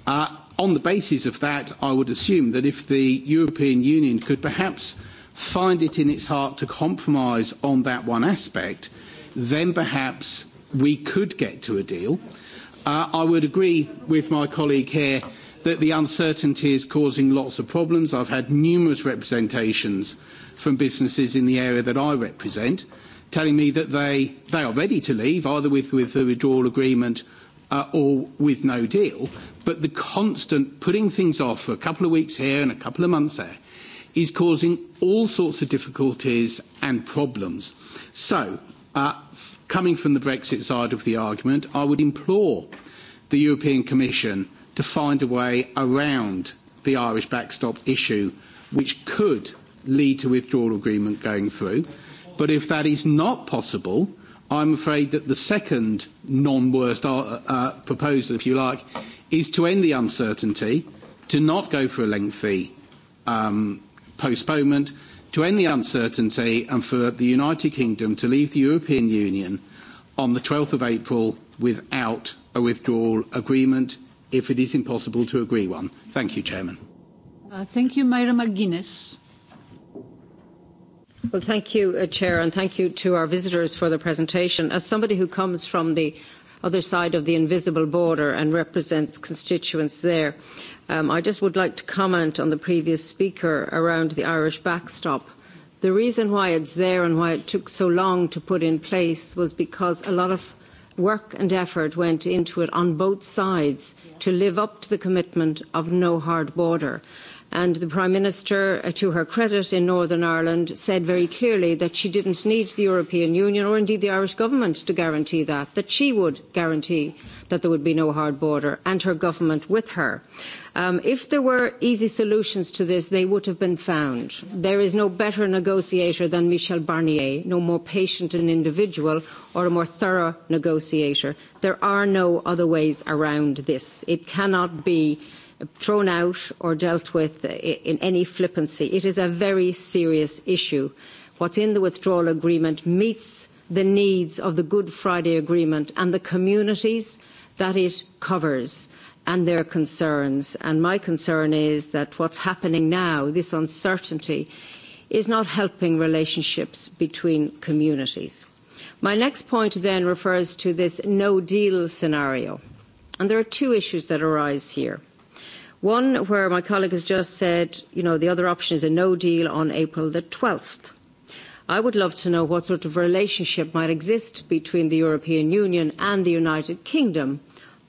Uh, on the basis of that, I would assume that if the European Union could perhaps find it in its heart to compromise on that one aspect, then perhaps we could get to a deal. Uh, I would agree with my colleague here that the uncertainty is causing lots of problems. I've had numerous representations from businesses in the area that I represent telling me that they, they are ready to leave, either with, with withdrawal agreement uh, or with no deal. But the constant putting things off for a couple of weeks here and a couple of months there is causing all sorts of difficulties and problems. So, uh, coming from the Brexit side of the argument, I would implore the European Commission to find a way around the Irish backstop issue, which could lead to withdrawal agreement going through. But if that is not possible, I'm afraid that the second non-worst uh, uh, proposal, if you like, is to end the uncertainty, to not go for a lengthy um, postponement, to end the uncertainty and for the United Kingdom to leave the European Union on the 12th of April without a withdrawal agreement if it is impossible to agree one. Thank you, Chairman. Uh, thank you, Myra McGuinness. Well, thank you, uh, Chair, and thank you to our visitors for the presentation. As somebody who comes from the other side of the invisible border and represents constituents there, um, I just would like to comment on the previous speaker around the Irish backstop. The reason why it's there and why it took so long to put in place was because a lot of work and effort went into it on both sides to live up to the commitment of no hard border. And the Prime Minister, uh, to her credit in Northern Ireland, said very clearly that she didn't need the European Union or indeed the Irish government to guarantee that, that she would guarantee that there would be no hard border and her government with her. Um, if there were easy solutions to this, they would have been found. There is no better negotiator than Michel Barnier, no more patient an individual or a more thorough negotiator. There are no other ways around this. It cannot be thrown out or dealt with in any flippancy. It is a very serious issue. What's in the withdrawal agreement meets the needs of the Good Friday Agreement and the communities that it covers and their concerns. And my concern is that what's happening now, this uncertainty, is not helping relationships between communities. My next point then refers to this no deal scenario. And there are two issues that arise here. One where my colleague has just said, you know, the other option is a no deal on April the 12th. I would love to know what sort of relationship might exist between the European Union and the United Kingdom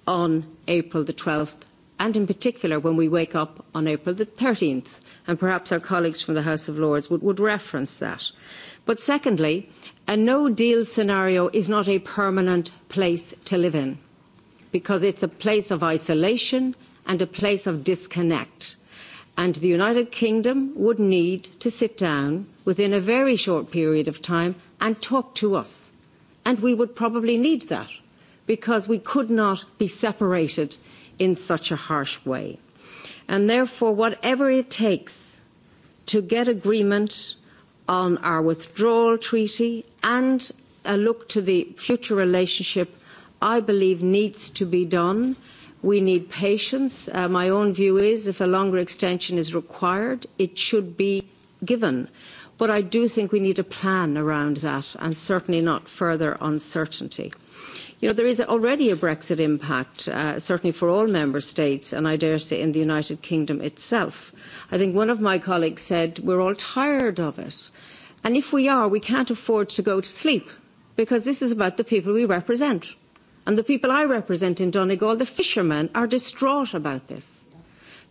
on April the 12th, and in particular when we wake up on April the 13th. And perhaps our colleagues from the House of Lords would, would reference that. But secondly, a no deal scenario is not a permanent place to live in because it's a place of isolation and a place of disconnect. And the United Kingdom would need to sit down within a very short period of time and talk to us. And we would probably need that because we could not be separated in such a harsh way. And therefore, whatever it takes to get agreement on our withdrawal treaty and a look to the future relationship, I believe needs to be done We need patience. Uh, my own view is if a longer extension is required, it should be given. But I do think we need a plan around that and certainly not further uncertainty. You know, there is already a Brexit impact, uh, certainly for all member states, and I dare say in the United Kingdom itself. I think one of my colleagues said, we're all tired of it. And if we are, we can't afford to go to sleep because this is about the people we represent and the people I represent in Donegal, the fishermen, are distraught about this.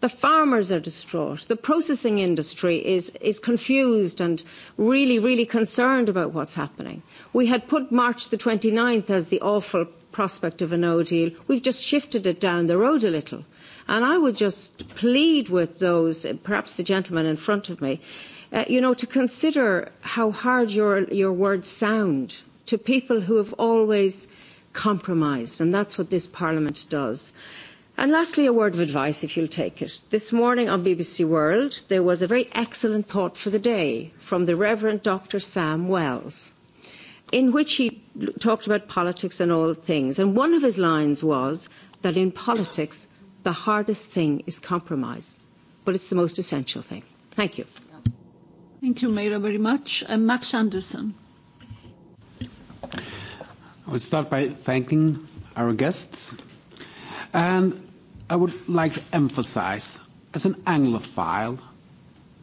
The farmers are distraught. The processing industry is, is confused and really, really concerned about what's happening. We had put March the 29th as the awful prospect of a no deal. We've just shifted it down the road a little. And I would just plead with those, perhaps the gentleman in front of me, uh, you know, to consider how hard your, your words sound to people who have always compromised, and that's what this Parliament does. And lastly, a word of advice, if you'll take it. This morning on BBC World, there was a very excellent thought for the day from the Reverend Dr. Sam Wells, in which he talked about politics and all things. And one of his lines was that in politics, the hardest thing is compromise, but it's the most essential thing. Thank you. Thank you, Mayra, very much. And Max Anderson. I would start by thanking our guests. And I would like to emphasize, as an Anglophile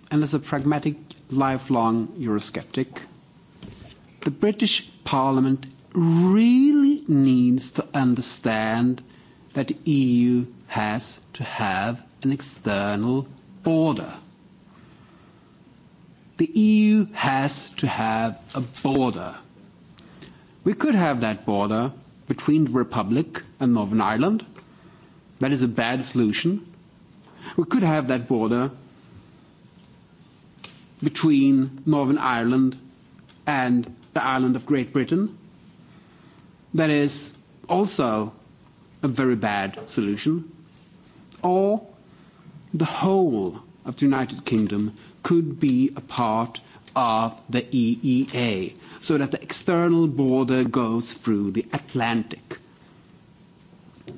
and as a pragmatic, lifelong Eurosceptic, the British Parliament really needs to understand that the EU has to have an external border. The EU has to have a border We could have that border between the Republic and Northern Ireland. That is a bad solution. We could have that border between Northern Ireland and the island of Great Britain. That is also a very bad solution. Or the whole of the United Kingdom could be a part of the EEA, so that the external border goes through the Atlantic.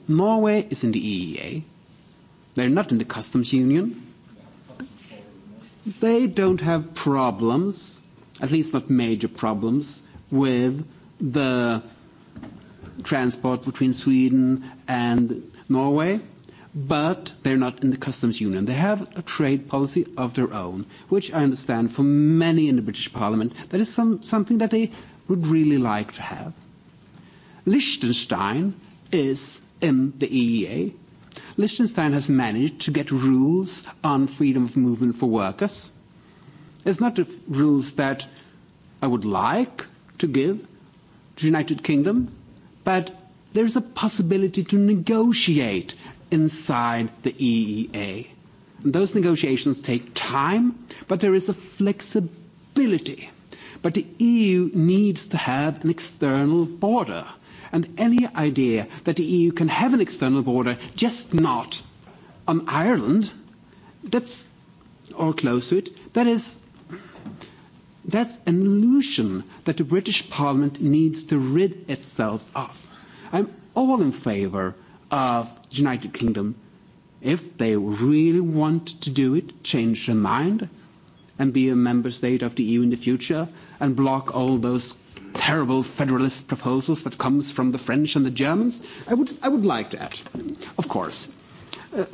Norway is in the EEA. They're not in the customs union. They don't have problems, at least not major problems, with the transport between Sweden and Norway but they're not in the customs union. They have a trade policy of their own, which I understand for many in the British Parliament, that is some, something that they would really like to have. Liechtenstein is in the EEA. Liechtenstein has managed to get rules on freedom of movement for workers. It's not the rules that I would like to give to the United Kingdom, but there is a possibility to negotiate inside the EEA. And those negotiations take time, but there is a flexibility. But the EU needs to have an external border. And any idea that the EU can have an external border, just not on Ireland, that's or close to it, that is that's an illusion that the British Parliament needs to rid itself of. I'm all in favour of United Kingdom, if they really want to do it, change their mind and be a member state of the EU in the future and block all those terrible federalist proposals that comes from the French and the Germans? I would, I would like that, of course. Uh,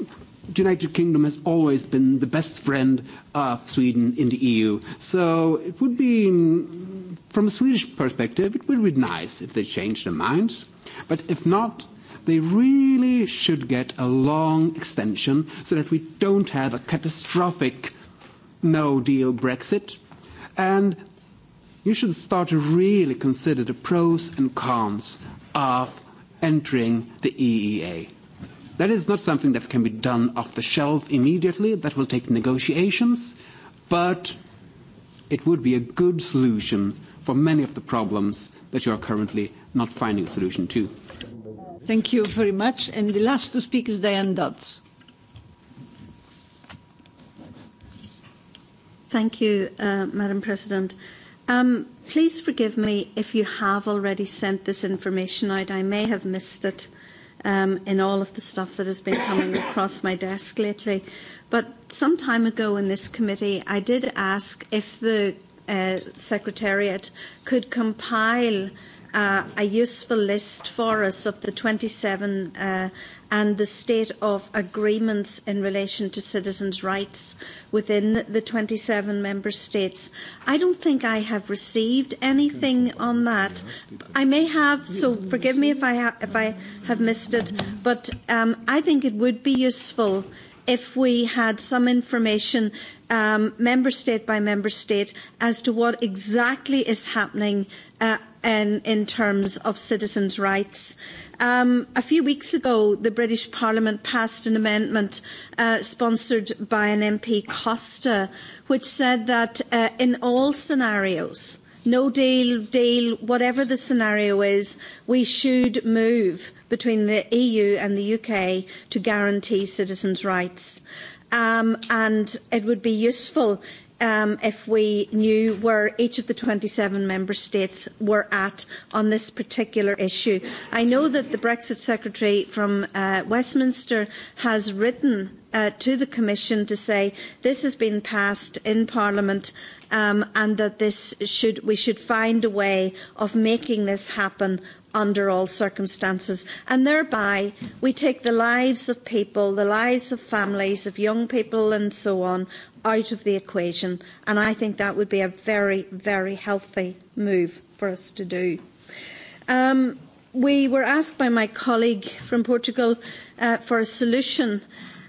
the United Kingdom has always been the best friend of Sweden in the EU. So it would be, mm, from a Swedish perspective, it would be nice if they changed their minds. But if not, they really should get a long extension so that we don't have a catastrophic no deal Brexit. And you should start to really consider the pros and cons of entering the EEA. That is not something that can be done off the shelf immediately. That will take negotiations. But it would be a good solution for many of the problems that you are currently not finding a solution to. Thank you very much. And the last to speak is Diane Dodds. Thank you, uh, Madam President. Um, please forgive me if you have already sent this information out. I may have missed it um, in all of the stuff that has been coming across my desk lately. But some time ago in this committee, I did ask if the uh, Secretariat could compile – uh, a useful list for us of the 27 uh, and the state of agreements in relation to citizens' rights within the 27 member states. I don't think I have received anything on that. I may have, so forgive me if I, ha- if I have missed it, but um, I think it would be useful if we had some information um, member state by member state as to what exactly is happening uh, in, in terms of citizens' rights. Um, a few weeks ago, the British Parliament passed an amendment uh, sponsored by an MP, Costa, which said that uh, in all scenarios, no deal, deal, whatever the scenario is, we should move between the EU and the UK to guarantee citizens' rights. Um, and it would be useful um, if we knew where each of the 27 member states were at on this particular issue. I know that the Brexit Secretary from uh, Westminster has written uh, to the Commission to say this has been passed in Parliament um, and that this should, we should find a way of making this happen under all circumstances. And thereby, we take the lives of people, the lives of families, of young people, and so on, out of the equation, and I think that would be a very, very healthy move for us to do. Um, we were asked by my colleague from Portugal uh, for a solution.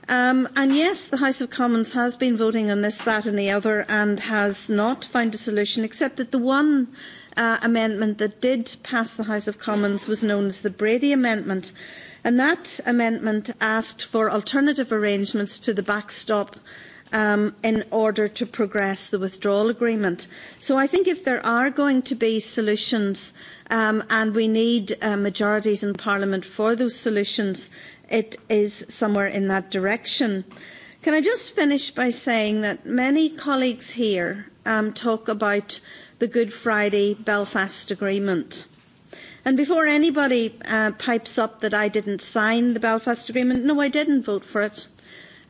Um, and yes, the House of Commons has been voting on this, that, and the other, and has not found a solution, except that the one uh, amendment that did pass the House of Commons was known as the Brady Amendment. And that amendment asked for alternative arrangements to the backstop um, in order to progress the withdrawal agreement. So I think if there are going to be solutions um, and we need uh, majorities in Parliament for those solutions, it is somewhere in that direction. Can I just finish by saying that many colleagues here um, talk about the Good Friday Belfast Agreement. And before anybody uh, pipes up that I didn't sign the Belfast Agreement, no, I didn't vote for it.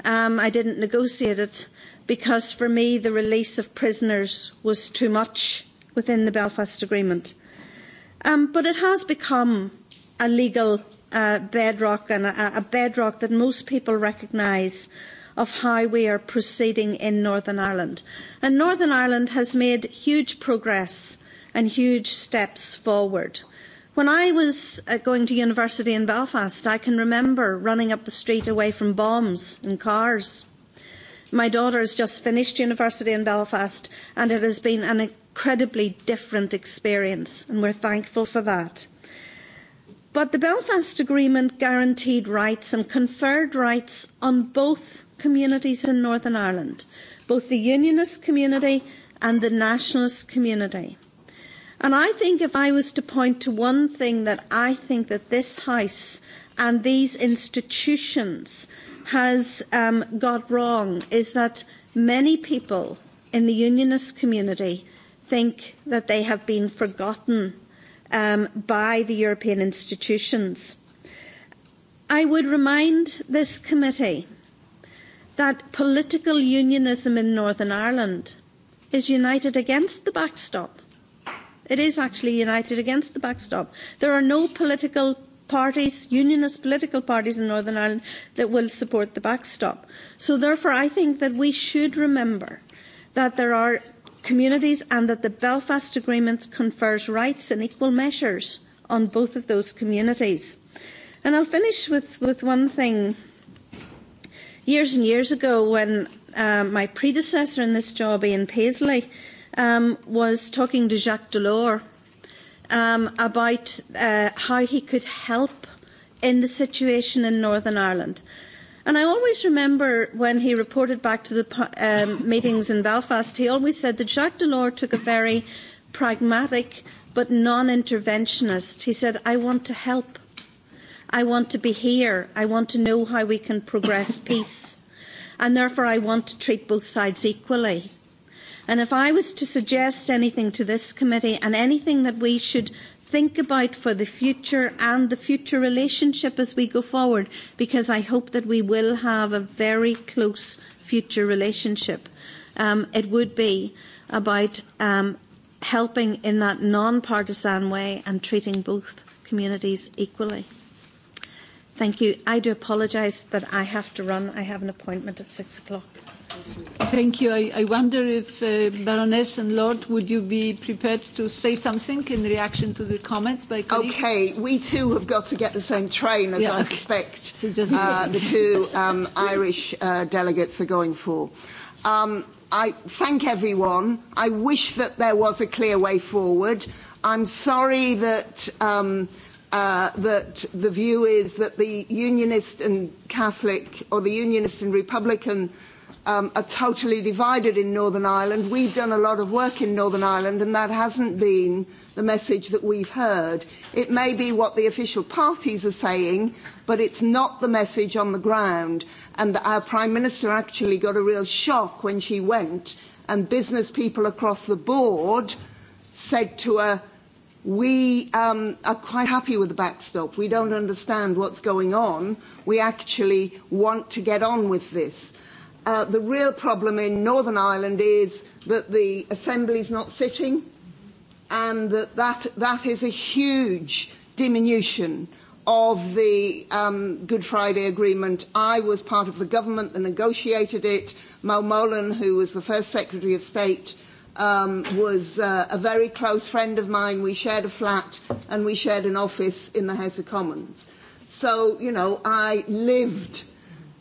Um, I didn't negotiate it because for me the release of prisoners was too much within the Belfast Agreement. Um, but it has become a legal uh, bedrock and a, a bedrock that most people recognise of how we are proceeding in Northern Ireland. And Northern Ireland has made huge progress and huge steps forward. When I was uh, going to university in Belfast, I can remember running up the street away from bombs and cars. My daughter has just finished university in Belfast, and it has been an incredibly different experience, and we're thankful for that. But the Belfast Agreement guaranteed rights and conferred rights on both communities in Northern Ireland, both the Unionist community and the Nationalist community. And I think if I was to point to one thing that I think that this House and these institutions has um, got wrong is that many people in the unionist community think that they have been forgotten um, by the European institutions. I would remind this committee that political unionism in Northern Ireland is united against the backstop. It is actually united against the backstop. There are no political parties, unionist political parties in Northern Ireland that will support the backstop. So therefore I think that we should remember that there are communities and that the Belfast Agreement confers rights in equal measures on both of those communities. And I'll finish with, with one thing. Years and years ago when uh, my predecessor in this job, Ian Paisley, um, was talking to Jacques Delors um, about uh, how he could help in the situation in Northern Ireland. And I always remember when he reported back to the um, meetings in Belfast, he always said that Jacques Delors took a very pragmatic but non interventionist. He said, I want to help. I want to be here. I want to know how we can progress peace. And therefore, I want to treat both sides equally. And if I was to suggest anything to this committee and anything that we should think about for the future and the future relationship as we go forward, because I hope that we will have a very close future relationship, um, it would be about um, helping in that non-partisan way and treating both communities equally. Thank you. I do apologise that I have to run. I have an appointment at six o'clock. Thank you. I, I wonder if uh, Baroness and Lord, would you be prepared to say something in reaction to the comments by colleagues? Okay, we too have got to get the same train as yeah, I suspect so just, uh, the two um, Irish uh, delegates are going for. Um, I thank everyone. I wish that there was a clear way forward. I'm sorry that, um, uh, that the view is that the Unionist and Catholic, or the Unionist and Republican um, are totally divided in Northern Ireland. We've done a lot of work in Northern Ireland and that hasn't been the message that we've heard. It may be what the official parties are saying, but it's not the message on the ground. And our Prime Minister actually got a real shock when she went and business people across the board said to her, we um, are quite happy with the backstop. We don't understand what's going on. We actually want to get on with this. Uh, the real problem in Northern Ireland is that the Assembly is not sitting and that that, that is a huge diminution of the um, Good Friday Agreement. I was part of the government that negotiated it. Mo Molan, who was the first Secretary of State, um, was uh, a very close friend of mine. We shared a flat and we shared an office in the House of Commons. So, you know, I lived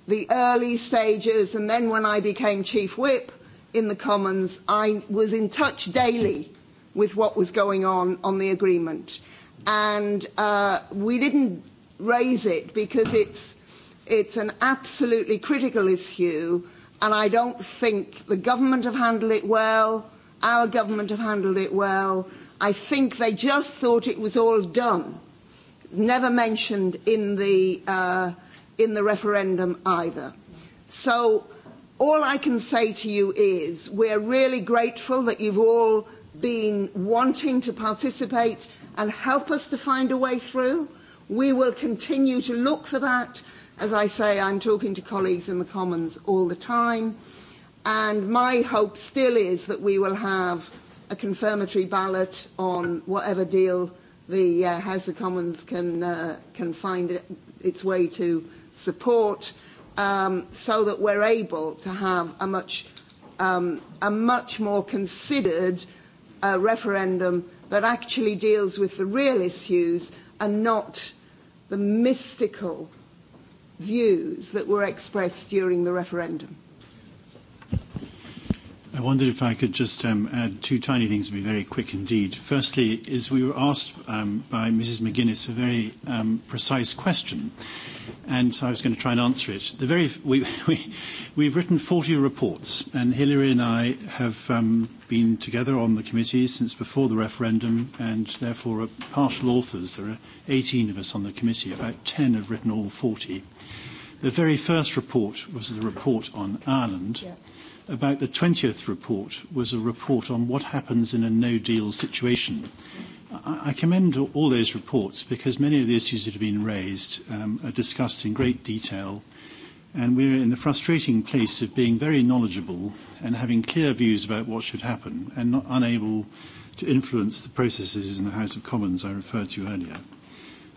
the early stages, and then when I became Chief Whip in the Commons, I was in touch daily with what was going on on the agreement. And uh, we didn't raise it because it's, it's an absolutely critical issue, and I don't think the government have handled it well, our government have handled it well. I think they just thought it was all done. never mentioned in the uh, in the referendum either. So all I can say to you is we're really grateful that you've all been wanting to participate and help us to find a way through. We will continue to look for that. As I say, I'm talking to colleagues in the Commons all the time. And my hope still is that we will have a confirmatory ballot on whatever deal the uh, House of Commons can, uh, can find it, its way to support um, so that we're able to have a much, um, a much more considered uh, referendum that actually deals with the real issues and not the mystical views that were expressed during the referendum. I wondered if I could just um, add two tiny things to be very quick indeed. Firstly, is we were asked um, by Mrs. McGuinness a very um, precise question and so I was going to try and answer it. The very, we, we, we've written 40 reports, and Hilary and I have um, been together on the committee since before the referendum, and therefore are partial authors. There are 18 of us on the committee. About 10 have written all 40. The very first report was the report on Ireland. Yeah. About the 20th report was a report on what happens in a no-deal situation. Yeah I commend all those reports because many of the issues that have been raised um, are discussed in great detail and we're in the frustrating place of being very knowledgeable and having clear views about what should happen and not unable to influence the processes in the House of Commons I referred to earlier.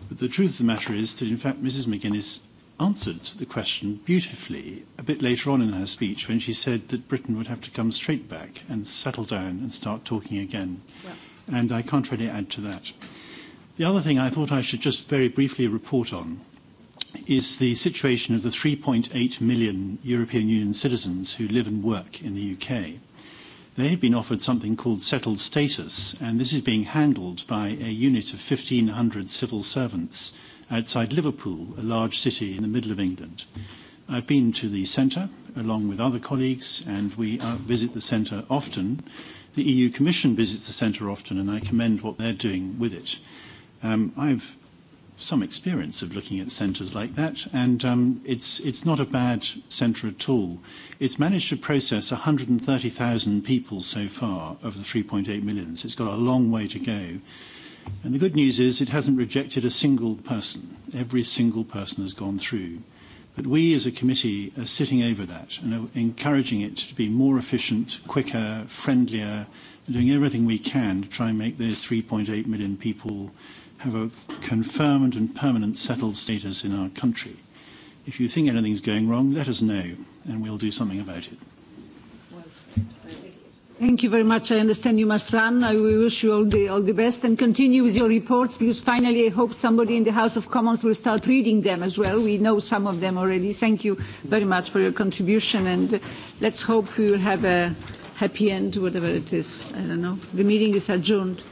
But the truth of the matter is that in fact Mrs McGuinness answered the question beautifully a bit later on in her speech when she said that Britain would have to come straight back and settle down and start talking again. Yeah and I can't really add to that. The other thing I thought I should just very briefly report on is the situation of the 3.8 million European Union citizens who live and work in the UK. They have been offered something called settled status, and this is being handled by a unit of 1,500 civil servants outside Liverpool, a large city in the middle of England. I've been to the centre along with other colleagues, and we uh, visit the centre often. The EU Commission visits the centre often, and I commend what they're doing with it. Um, I've some experience of looking at centres like that, and um, it's, it's not a bad centre at all. It's managed to process 130,000 people so far of the 3.8 million, so it's got a long way to go. And the good news is it hasn't rejected a single person. Every single person has gone through. But we as a committee are sitting over that and are encouraging it to be more efficient, quicker, friendlier, and doing everything we can to try and make those 3.8 million people have a confirmed and permanent settled status in our country. If you think anything's going wrong, let us know, and we'll do something about it. Well Thank you very much. I understand you must run. I wish you all the, all the best and continue with your reports because finally I hope somebody in the House of Commons will start reading them as well. We know some of them already. Thank you very much for your contribution and let's hope we will have a happy end, whatever it is. I don't know. The meeting is adjourned.